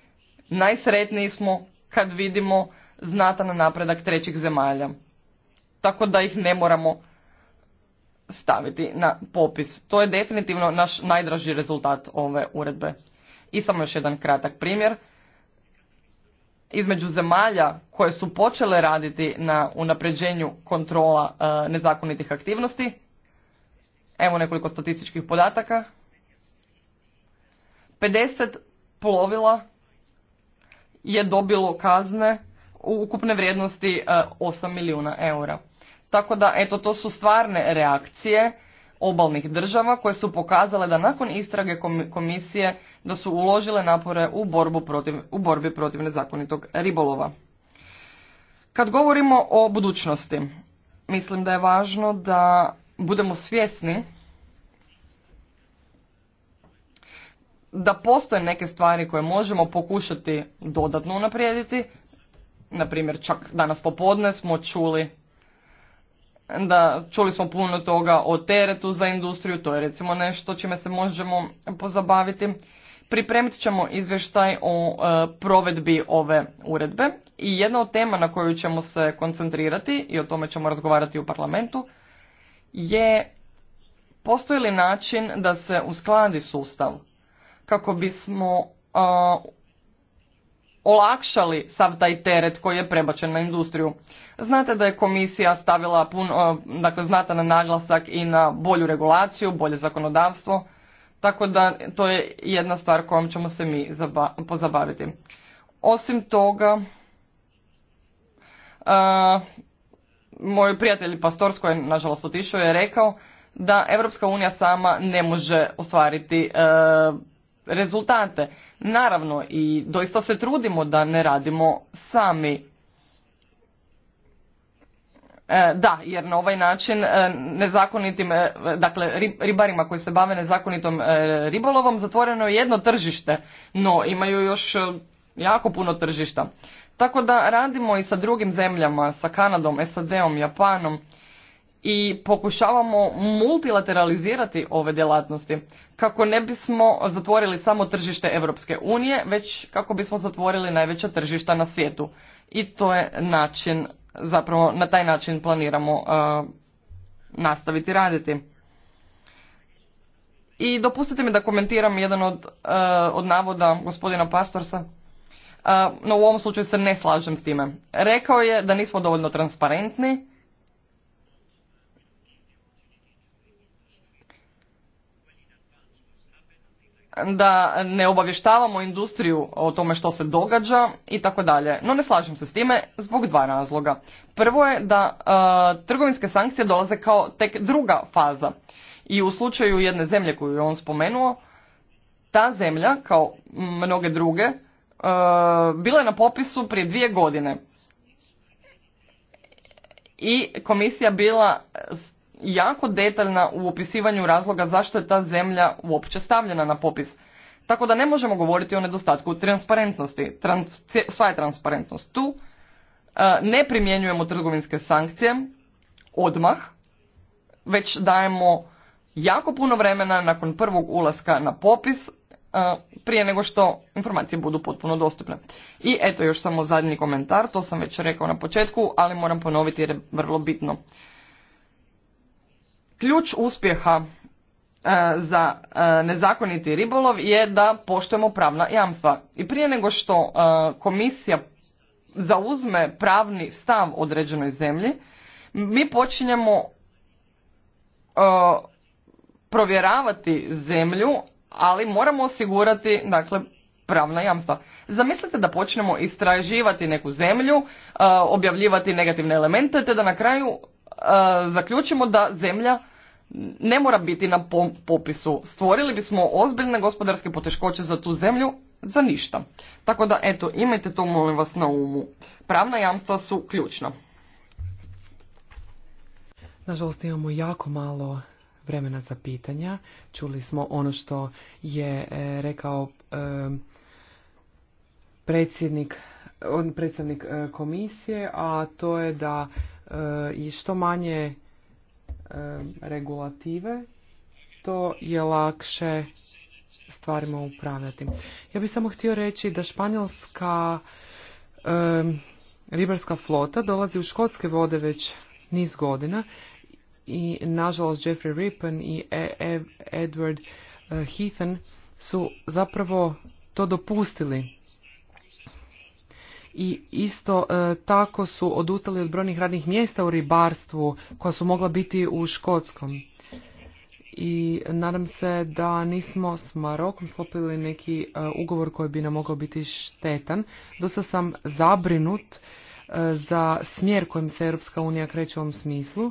najsretniji smo kad vidimo znatan napredak trećih zemalja. Tako da ih ne moramo staviti na popis. To je definitivno naš najdraži rezultat ove uredbe. I samo još jedan kratak primjer između zemalja koje su počele raditi na unapređenju kontrola e, nezakonitih aktivnosti. Evo nekoliko statističkih podataka. 50 plovila je dobilo kazne u ukupne vrijednosti 8 e, milijuna eura. Tako da, eto, to su stvarne reakcije obalnih država koje su pokazale da nakon istrage komisije da su uložile napore u, borbu protiv, u borbi protiv nezakonitog ribolova. Kad govorimo o budućnosti, mislim da je važno da budemo svjesni da postoje neke stvari koje možemo pokušati dodatno unaprijediti. Naprimjer, čak danas popodne smo čuli da čuli smo puno toga o teretu za industriju, to je recimo nešto čime se možemo pozabaviti. Pripremit ćemo izvještaj o e, provedbi ove uredbe i jedna od tema na koju ćemo se koncentrirati i o tome ćemo razgovarati u parlamentu je postoji li način da se uskladi sustav kako bismo olakšali sav taj teret koji je prebačen na industriju. Znate da je komisija stavila pun, dakle, znatan na naglasak i na bolju regulaciju, bolje zakonodavstvo, tako da to je jedna stvar kojom ćemo se mi pozabaviti. Osim toga, uh, moj prijatelj Pastors koji je nažalost otišao je rekao da Europska unija sama ne može ostvariti uh, rezultate. Naravno i doista se trudimo da ne radimo sami. E, da, jer na ovaj način e, nezakonitim, e, dakle ribarima koji se bave nezakonitom e, ribolovom zatvoreno je jedno tržište, no imaju još jako puno tržišta. Tako da radimo i sa drugim zemljama, sa Kanadom, SAD-om, Japanom i pokušavamo multilateralizirati ove djelatnosti kako ne bismo zatvorili samo tržište Europske unije, već kako bismo zatvorili najveća tržišta na svijetu. I to je način, zapravo na taj način planiramo e, nastaviti raditi. I dopustite mi da komentiram jedan od, e, od navoda gospodina Pastorsa. Uh, no u ovom slučaju se ne slažem s time. Rekao je da nismo dovoljno transparentni, da ne obavještavamo industriju o tome što se događa i tako dalje. No ne slažem se s time zbog dva razloga. Prvo je da e, trgovinske sankcije dolaze kao tek druga faza. I u slučaju jedne zemlje koju je on spomenuo, ta zemlja, kao mnoge druge, e, bila je na popisu prije dvije godine. I komisija bila jako detaljna u opisivanju razloga zašto je ta zemlja uopće stavljena na popis. Tako da ne možemo govoriti o nedostatku transparentnosti. Trans, sva je transparentnost tu. E, ne primjenjujemo trgovinske sankcije odmah, već dajemo jako puno vremena nakon prvog ulaska na popis e, prije nego što informacije budu potpuno dostupne. I eto još samo zadnji komentar, to sam već rekao na početku, ali moram ponoviti jer je vrlo bitno. Ključ uspjeha e, za e, nezakoniti ribolov je da poštujemo pravna jamstva. I prije nego što e, komisija zauzme pravni stav određenoj zemlji, mi počinjemo provjeravati zemlju, ali moramo osigurati dakle, pravna jamstva. Zamislite da počnemo istraživati neku zemlju, objavljivati negativne elemente, te da na kraju E, zaključimo da zemlja ne mora biti na popisu. Stvorili bismo ozbiljne gospodarske poteškoće za tu zemlju za ništa. Tako da, eto, imajte to, molim vas, na umu. Pravna jamstva su ključna. Nažalost, imamo jako malo vremena za pitanja. Čuli smo ono što je e, rekao e, predsjednik, on, predsjednik komisije, a to je da E, i što manje e, regulative, to je lakše stvarima upravljati. Ja bih samo htio reći da španjolska e, ribarska flota dolazi u škotske vode već niz godina i nažalost Jeffrey Rippon i Edward Heathen su zapravo to dopustili i isto e, tako su odustali od brojnih radnih mjesta u ribarstvu koja su mogla biti u Škotskom. I nadam se da nismo s Marokom sklopili neki e, ugovor koji bi nam mogao biti štetan. Dosta sam zabrinut e, za smjer kojim se Europska unija kreće u ovom smislu.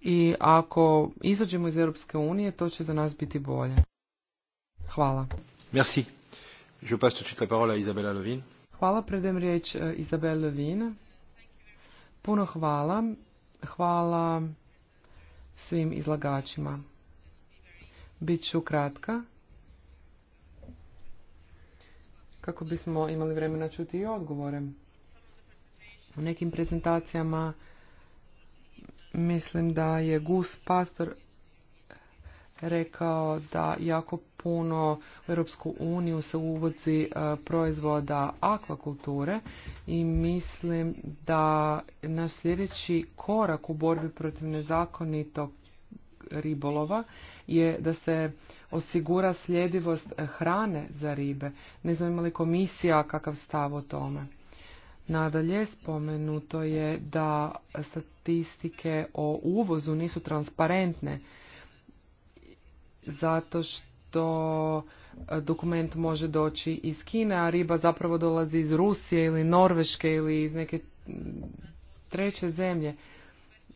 I ako izađemo iz Europske unije, to će za nas biti bolje. Hvala. Merci. Je passe tout Hvala, predem riječ e, Izabel Levin. Puno hvala. Hvala svim izlagačima. Biću kratka. Kako bismo imali vremena čuti i odgovore. U nekim prezentacijama mislim da je Gus Pastor rekao da jako puno u Europsku uniju se uvozi e, proizvoda akvakulture i mislim da naš sljedeći korak u borbi protiv nezakonitog ribolova je da se osigura sljedivost hrane za ribe. Ne znam imali komisija kakav stav o tome. Nadalje, spomenuto je da statistike o uvozu nisu transparentne zato što što e, dokument može doći iz Kine, a riba zapravo dolazi iz Rusije ili Norveške ili iz neke mm, treće zemlje.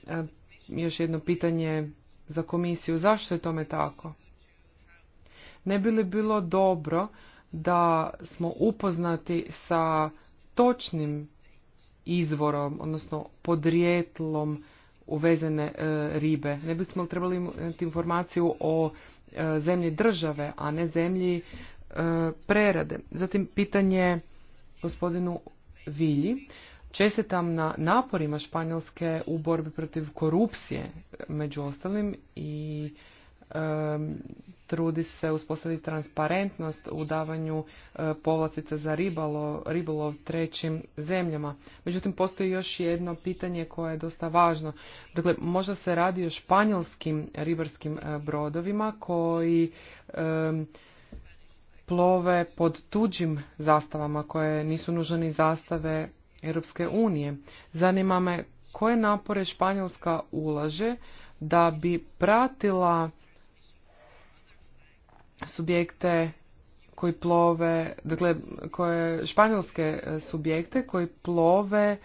E, još jedno pitanje za komisiju. Zašto je tome tako? Ne bi li bilo dobro da smo upoznati sa točnim izvorom, odnosno podrijetlom uvezene e, ribe. Ne bismo li trebali imati informaciju o E, zemlji države, a ne zemlji e, prerade. Zatim pitanje gospodinu Vilji. Čestitam na naporima Španjolske u borbi protiv korupcije, među ostalim i trudi se uspostaviti transparentnost u davanju e, povlastica za ribalo, ribolov trećim zemljama. Međutim, postoji još jedno pitanje koje je dosta važno. Dakle, možda se radi o španjolskim ribarskim e, brodovima koji plove pod tuđim zastavama koje nisu nužne zastave Europske unije. Zanima me koje napore Španjolska ulaže da bi pratila subjekte koji plove, dakle koje španjolske e, subjekte koji plove e,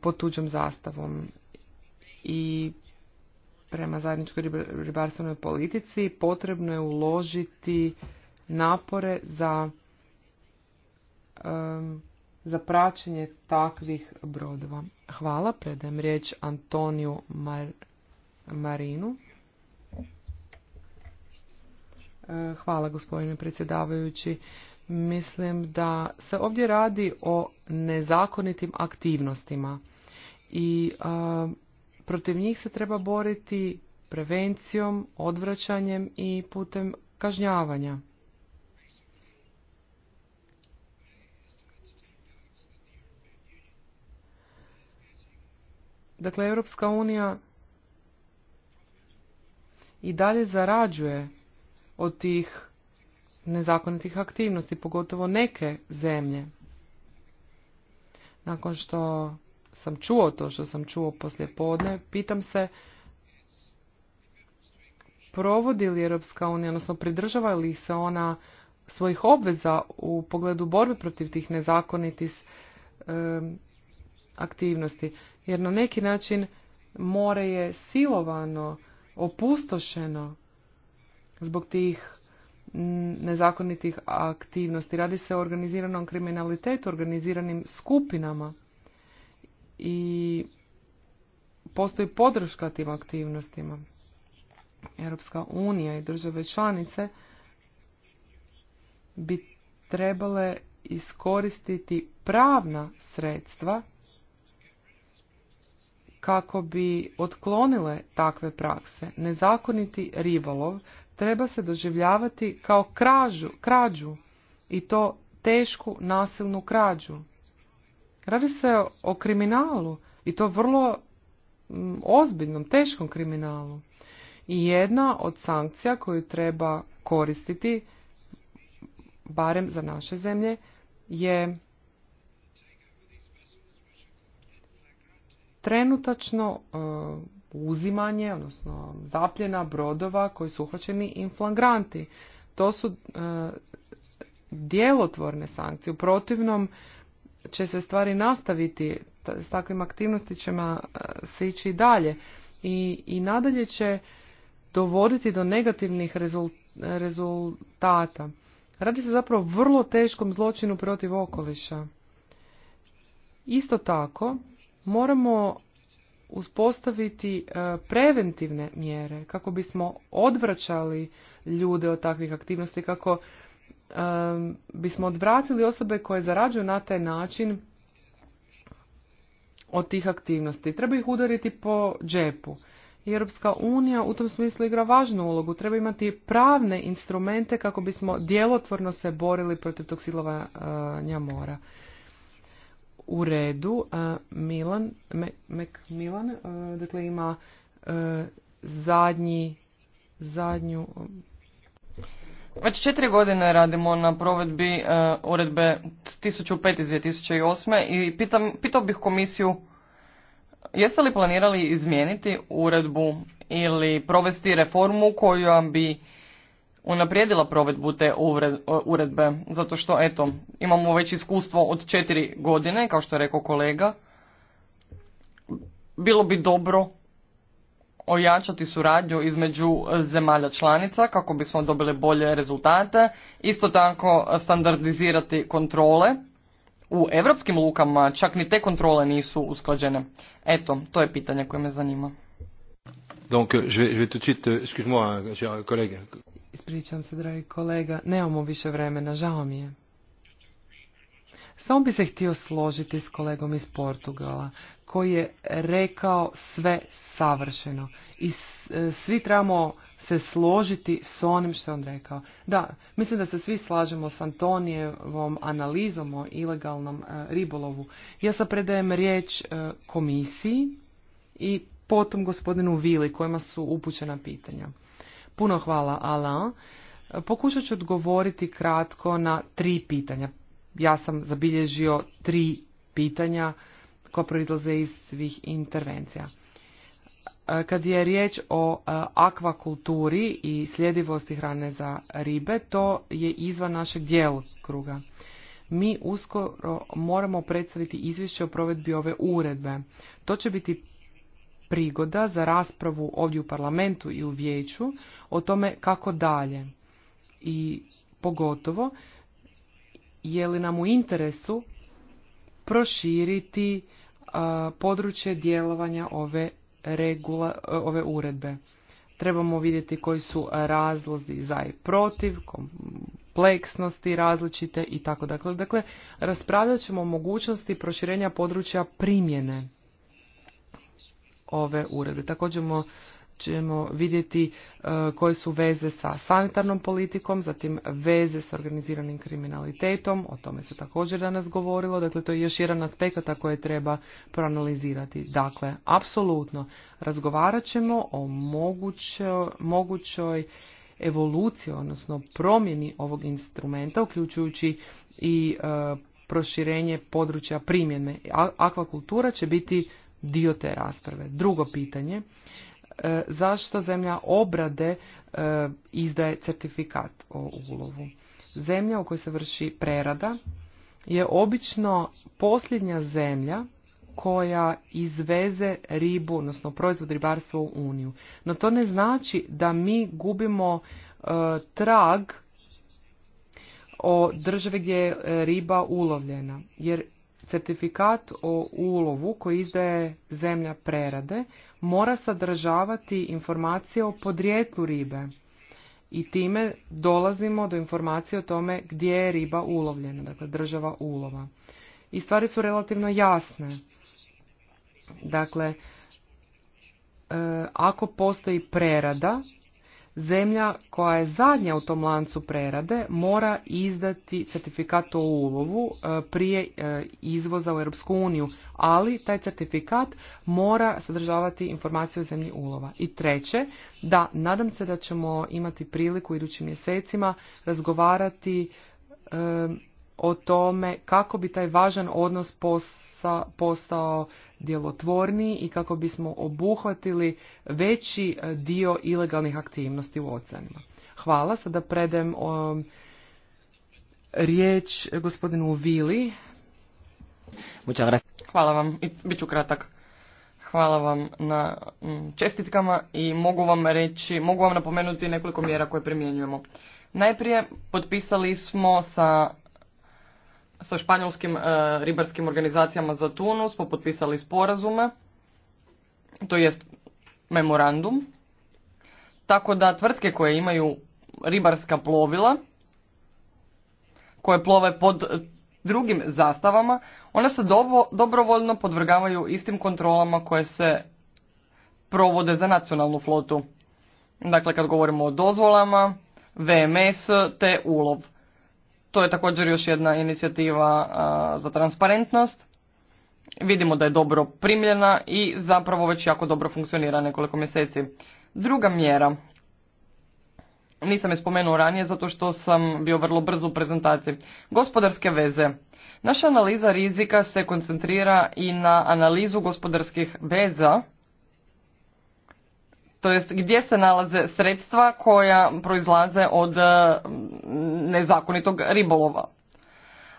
pod tuđom zastavom i prema zajedničkoj ribarstvenoj politici potrebno je uložiti napore za za praćenje takvih brodova. Hvala, predajem riječ Antoniju Marinu. Eh, hvala gospodine predsjedavajući. Mislim da se ovdje radi o nezakonitim aktivnostima i eh, protiv njih se treba boriti prevencijom, odvraćanjem i putem kažnjavanja. Dakle, Europska unija i dalje zarađuje od tih nezakonitih aktivnosti, pogotovo neke zemlje. Nakon što sam čuo to što sam čuo poslije podne, pitam se provodi li Europska unija, odnosno pridržava li se ona svojih obveza u pogledu borbe protiv tih nezakonitih aktivnosti. Jer na neki način more je silovano, opustošeno, zbog tih nezakonitih aktivnosti. Radi se o organiziranom kriminalitetu, organiziranim skupinama i postoji podrška tim aktivnostima. Europska unija i države članice bi trebale iskoristiti pravna sredstva kako bi otklonile takve prakse. Nezakoniti ribolov treba se doživljavati kao kražu, krađu i to tešku nasilnu krađu. Radi se o kriminalu i to vrlo ozbiljnom, teškom kriminalu. I jedna od sankcija koju treba koristiti, barem za naše zemlje, je trenutačno e, uzimanje, odnosno zapljena brodova koji su uhvaćeni inflagranti. To su e, djelotvorne sankcije. U protivnom će se stvari nastaviti, s takvim aktivnostima e, se ići dalje. I, i nadalje će dovoditi do negativnih rezultata. Radi se zapravo vrlo teškom zločinu protiv okoliša. Isto tako, moramo uspostaviti e, preventivne mjere kako bismo odvraćali ljude od takvih aktivnosti, kako e, bismo odvratili osobe koje zarađuju na taj način od tih aktivnosti. Treba ih udariti po džepu. Europska unija u tom smislu igra važnu ulogu. Treba imati pravne instrumente kako bismo djelotvorno se borili protiv toksilovanja e, mora u redu. E, Milan, Milan, e, dakle ima e, zadnji, zadnju... Već četiri godine radimo na provedbi uredbe 1005 iz 2008. i pitam, pitao bih komisiju jeste li planirali izmijeniti uredbu ili provesti reformu koju bi unaprijedila provedbu te uredbe, zato što, eto, imamo već iskustvo od četiri godine, kao što je rekao kolega. Bilo bi dobro ojačati suradnju između zemalja članica kako bismo dobili bolje rezultate, isto tako standardizirati kontrole. U europskim lukama čak ni te kontrole nisu usklađene. Eto, to je pitanje koje me zanima. Donc, je je euh, Ispričam se, dragi kolega, nemamo više vremena, žao mi je. Samo bi se htio složiti s kolegom iz Portugala, koji je rekao sve savršeno. I e, svi trebamo se složiti s onim što je on rekao. Da, mislim da se svi slažemo s Antonijevom analizom o ilegalnom e, ribolovu. Ja sad predajem riječ e, komisiji i potom gospodinu Vili, kojima su upućena pitanja. Puno hvala, Alain. Pokušat ću odgovoriti kratko na tri pitanja. Ja sam zabilježio tri pitanja koja proizlaze iz svih intervencija. E, kad je riječ o e, akvakulturi i sljedivosti hrane za ribe, to je izvan našeg djelokruga. Mi uskoro moramo predstaviti izvješće o provedbi ove uredbe. To će biti prigoda za raspravu ovdje u parlamentu i u vijeću o tome kako dalje. I pogotovo je li nam u interesu proširiti područje djelovanja ove, regula, ove uredbe. Trebamo vidjeti koji su razlozi za i protiv, kompleksnosti različite i tako dakle. Dakle, raspravljat ćemo o mogućnosti proširenja područja primjene ove uredbe. Također ćemo vidjeti e, koje su veze sa sanitarnom politikom, zatim veze s organiziranim kriminalitetom, o tome se također danas govorilo, dakle to je još jedan aspekata koje treba proanalizirati. Dakle, apsolutno razgovarat ćemo o mogućoj, mogućoj evoluciji, odnosno promjeni ovog instrumenta, uključujući i e, proširenje područja primjene. Akvakultura će biti dio te rasprave. Drugo pitanje, e, zašto zemlja obrade e, izdaje certifikat o ulovu? Zemlja u kojoj se vrši prerada je obično posljednja zemlja koja izveze ribu, odnosno proizvod ribarstva u Uniju. No to ne znači da mi gubimo e, trag o državi gdje je riba ulovljena. Jer certifikat o ulovu koji izdaje zemlja prerade mora sadržavati informacije o podrijetlu ribe i time dolazimo do informacije o tome gdje je riba ulovljena, dakle država ulova. I stvari su relativno jasne. Dakle, e, ako postoji prerada, zemlja koja je zadnja u tom lancu prerade mora izdati certifikat o ulovu e, prije e, izvoza u Europsku uniju, ali taj certifikat mora sadržavati informaciju o zemlji ulova. I treće, da nadam se da ćemo imati priliku u idućim mjesecima razgovarati e, o tome kako bi taj važan odnos posa, postao djelotvorniji i kako bismo obuhvatili veći e, dio ilegalnih aktivnosti u oceanima. Hvala. Sada predajem riječ gospodinu Vili. Hvala vam i bit ću kratak. Hvala vam na čestitkama i mogu vam reći, mogu vam napomenuti nekoliko mjera koje primjenjujemo. Najprije potpisali smo sa sa španjolskim e, ribarskim organizacijama za Tunu smo potpisali sporazume, to jest memorandum, tako da tvrtke koje imaju ribarska plovila, koje plove pod drugim zastavama, one se dobrovoljno podvrgavaju istim kontrolama koje se provode za nacionalnu flotu. Dakle, kad govorimo o dozvolama, VMS te ulov. To je također još jedna inicijativa za transparentnost. Vidimo da je dobro primljena i zapravo već jako dobro funkcionira nekoliko mjeseci. Druga mjera, nisam je spomenuo ranije zato što sam bio vrlo brzo u prezentaciji, gospodarske veze. Naša analiza rizika se koncentrira i na analizu gospodarskih veza to jest gdje se nalaze sredstva koja proizlaze od e, nezakonitog ribolova.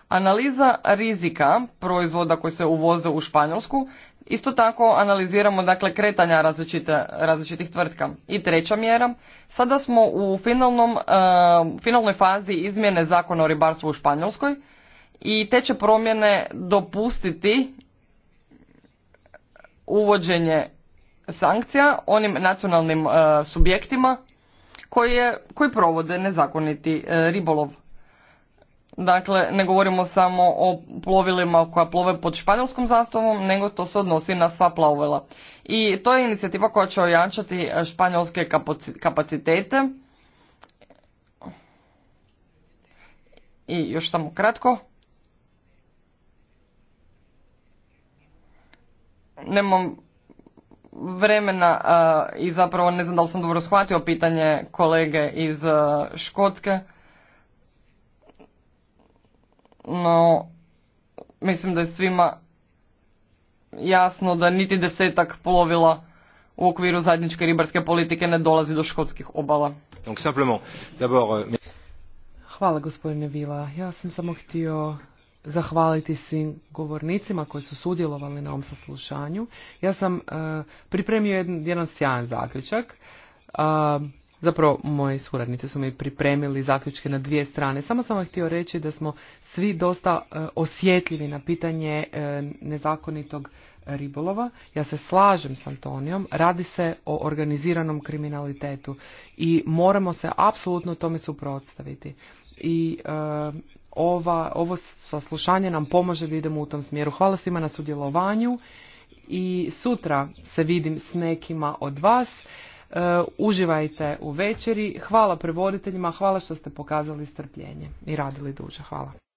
Analiza rizika proizvoda koji se uvoze u Španjolsku, isto tako analiziramo dakle kretanja različitih tvrtka. I treća mjera, sada smo u finalnom, e, finalnoj fazi izmjene zakona o ribarstvu u Španjolskoj i te će promjene dopustiti uvođenje sankcija onim nacionalnim e, subjektima koji provode nezakoniti e, ribolov. Dakle, ne govorimo samo o plovilima koja plove pod španjolskom zastavom, nego to se odnosi na sva plovila. I to je inicijativa koja će ojačati španjolske kapacitete. I još samo kratko. Nemam vremena i zapravo ne znam da li sam dobro shvatio pitanje kolege iz Škotske. No, mislim da je svima jasno da niti desetak plovila u okviru zajedničke ribarske politike ne dolazi do škotskih obala. Euh, Hvala gospodine Vila. Ja sam samo htio zahvaliti svim govornicima koji su sudjelovali na ovom saslušanju. Ja sam e, pripremio jedan, jedan sjajan zaključak. E, zapravo, moje suradnice su mi pripremili zaključke na dvije strane. Samo sam vam htio reći da smo svi dosta e, osjetljivi na pitanje nezakonitog ribolova. Ja se slažem s Antonijom. Radi se o organiziranom kriminalitetu i moramo se apsolutno tome suprotstaviti. I ova, ovo saslušanje nam pomaže da idemo u tom smjeru. Hvala svima na sudjelovanju i sutra se vidim s nekima od vas. E, uživajte u večeri. Hvala prevoditeljima, hvala što ste pokazali strpljenje i radili duže. Hvala.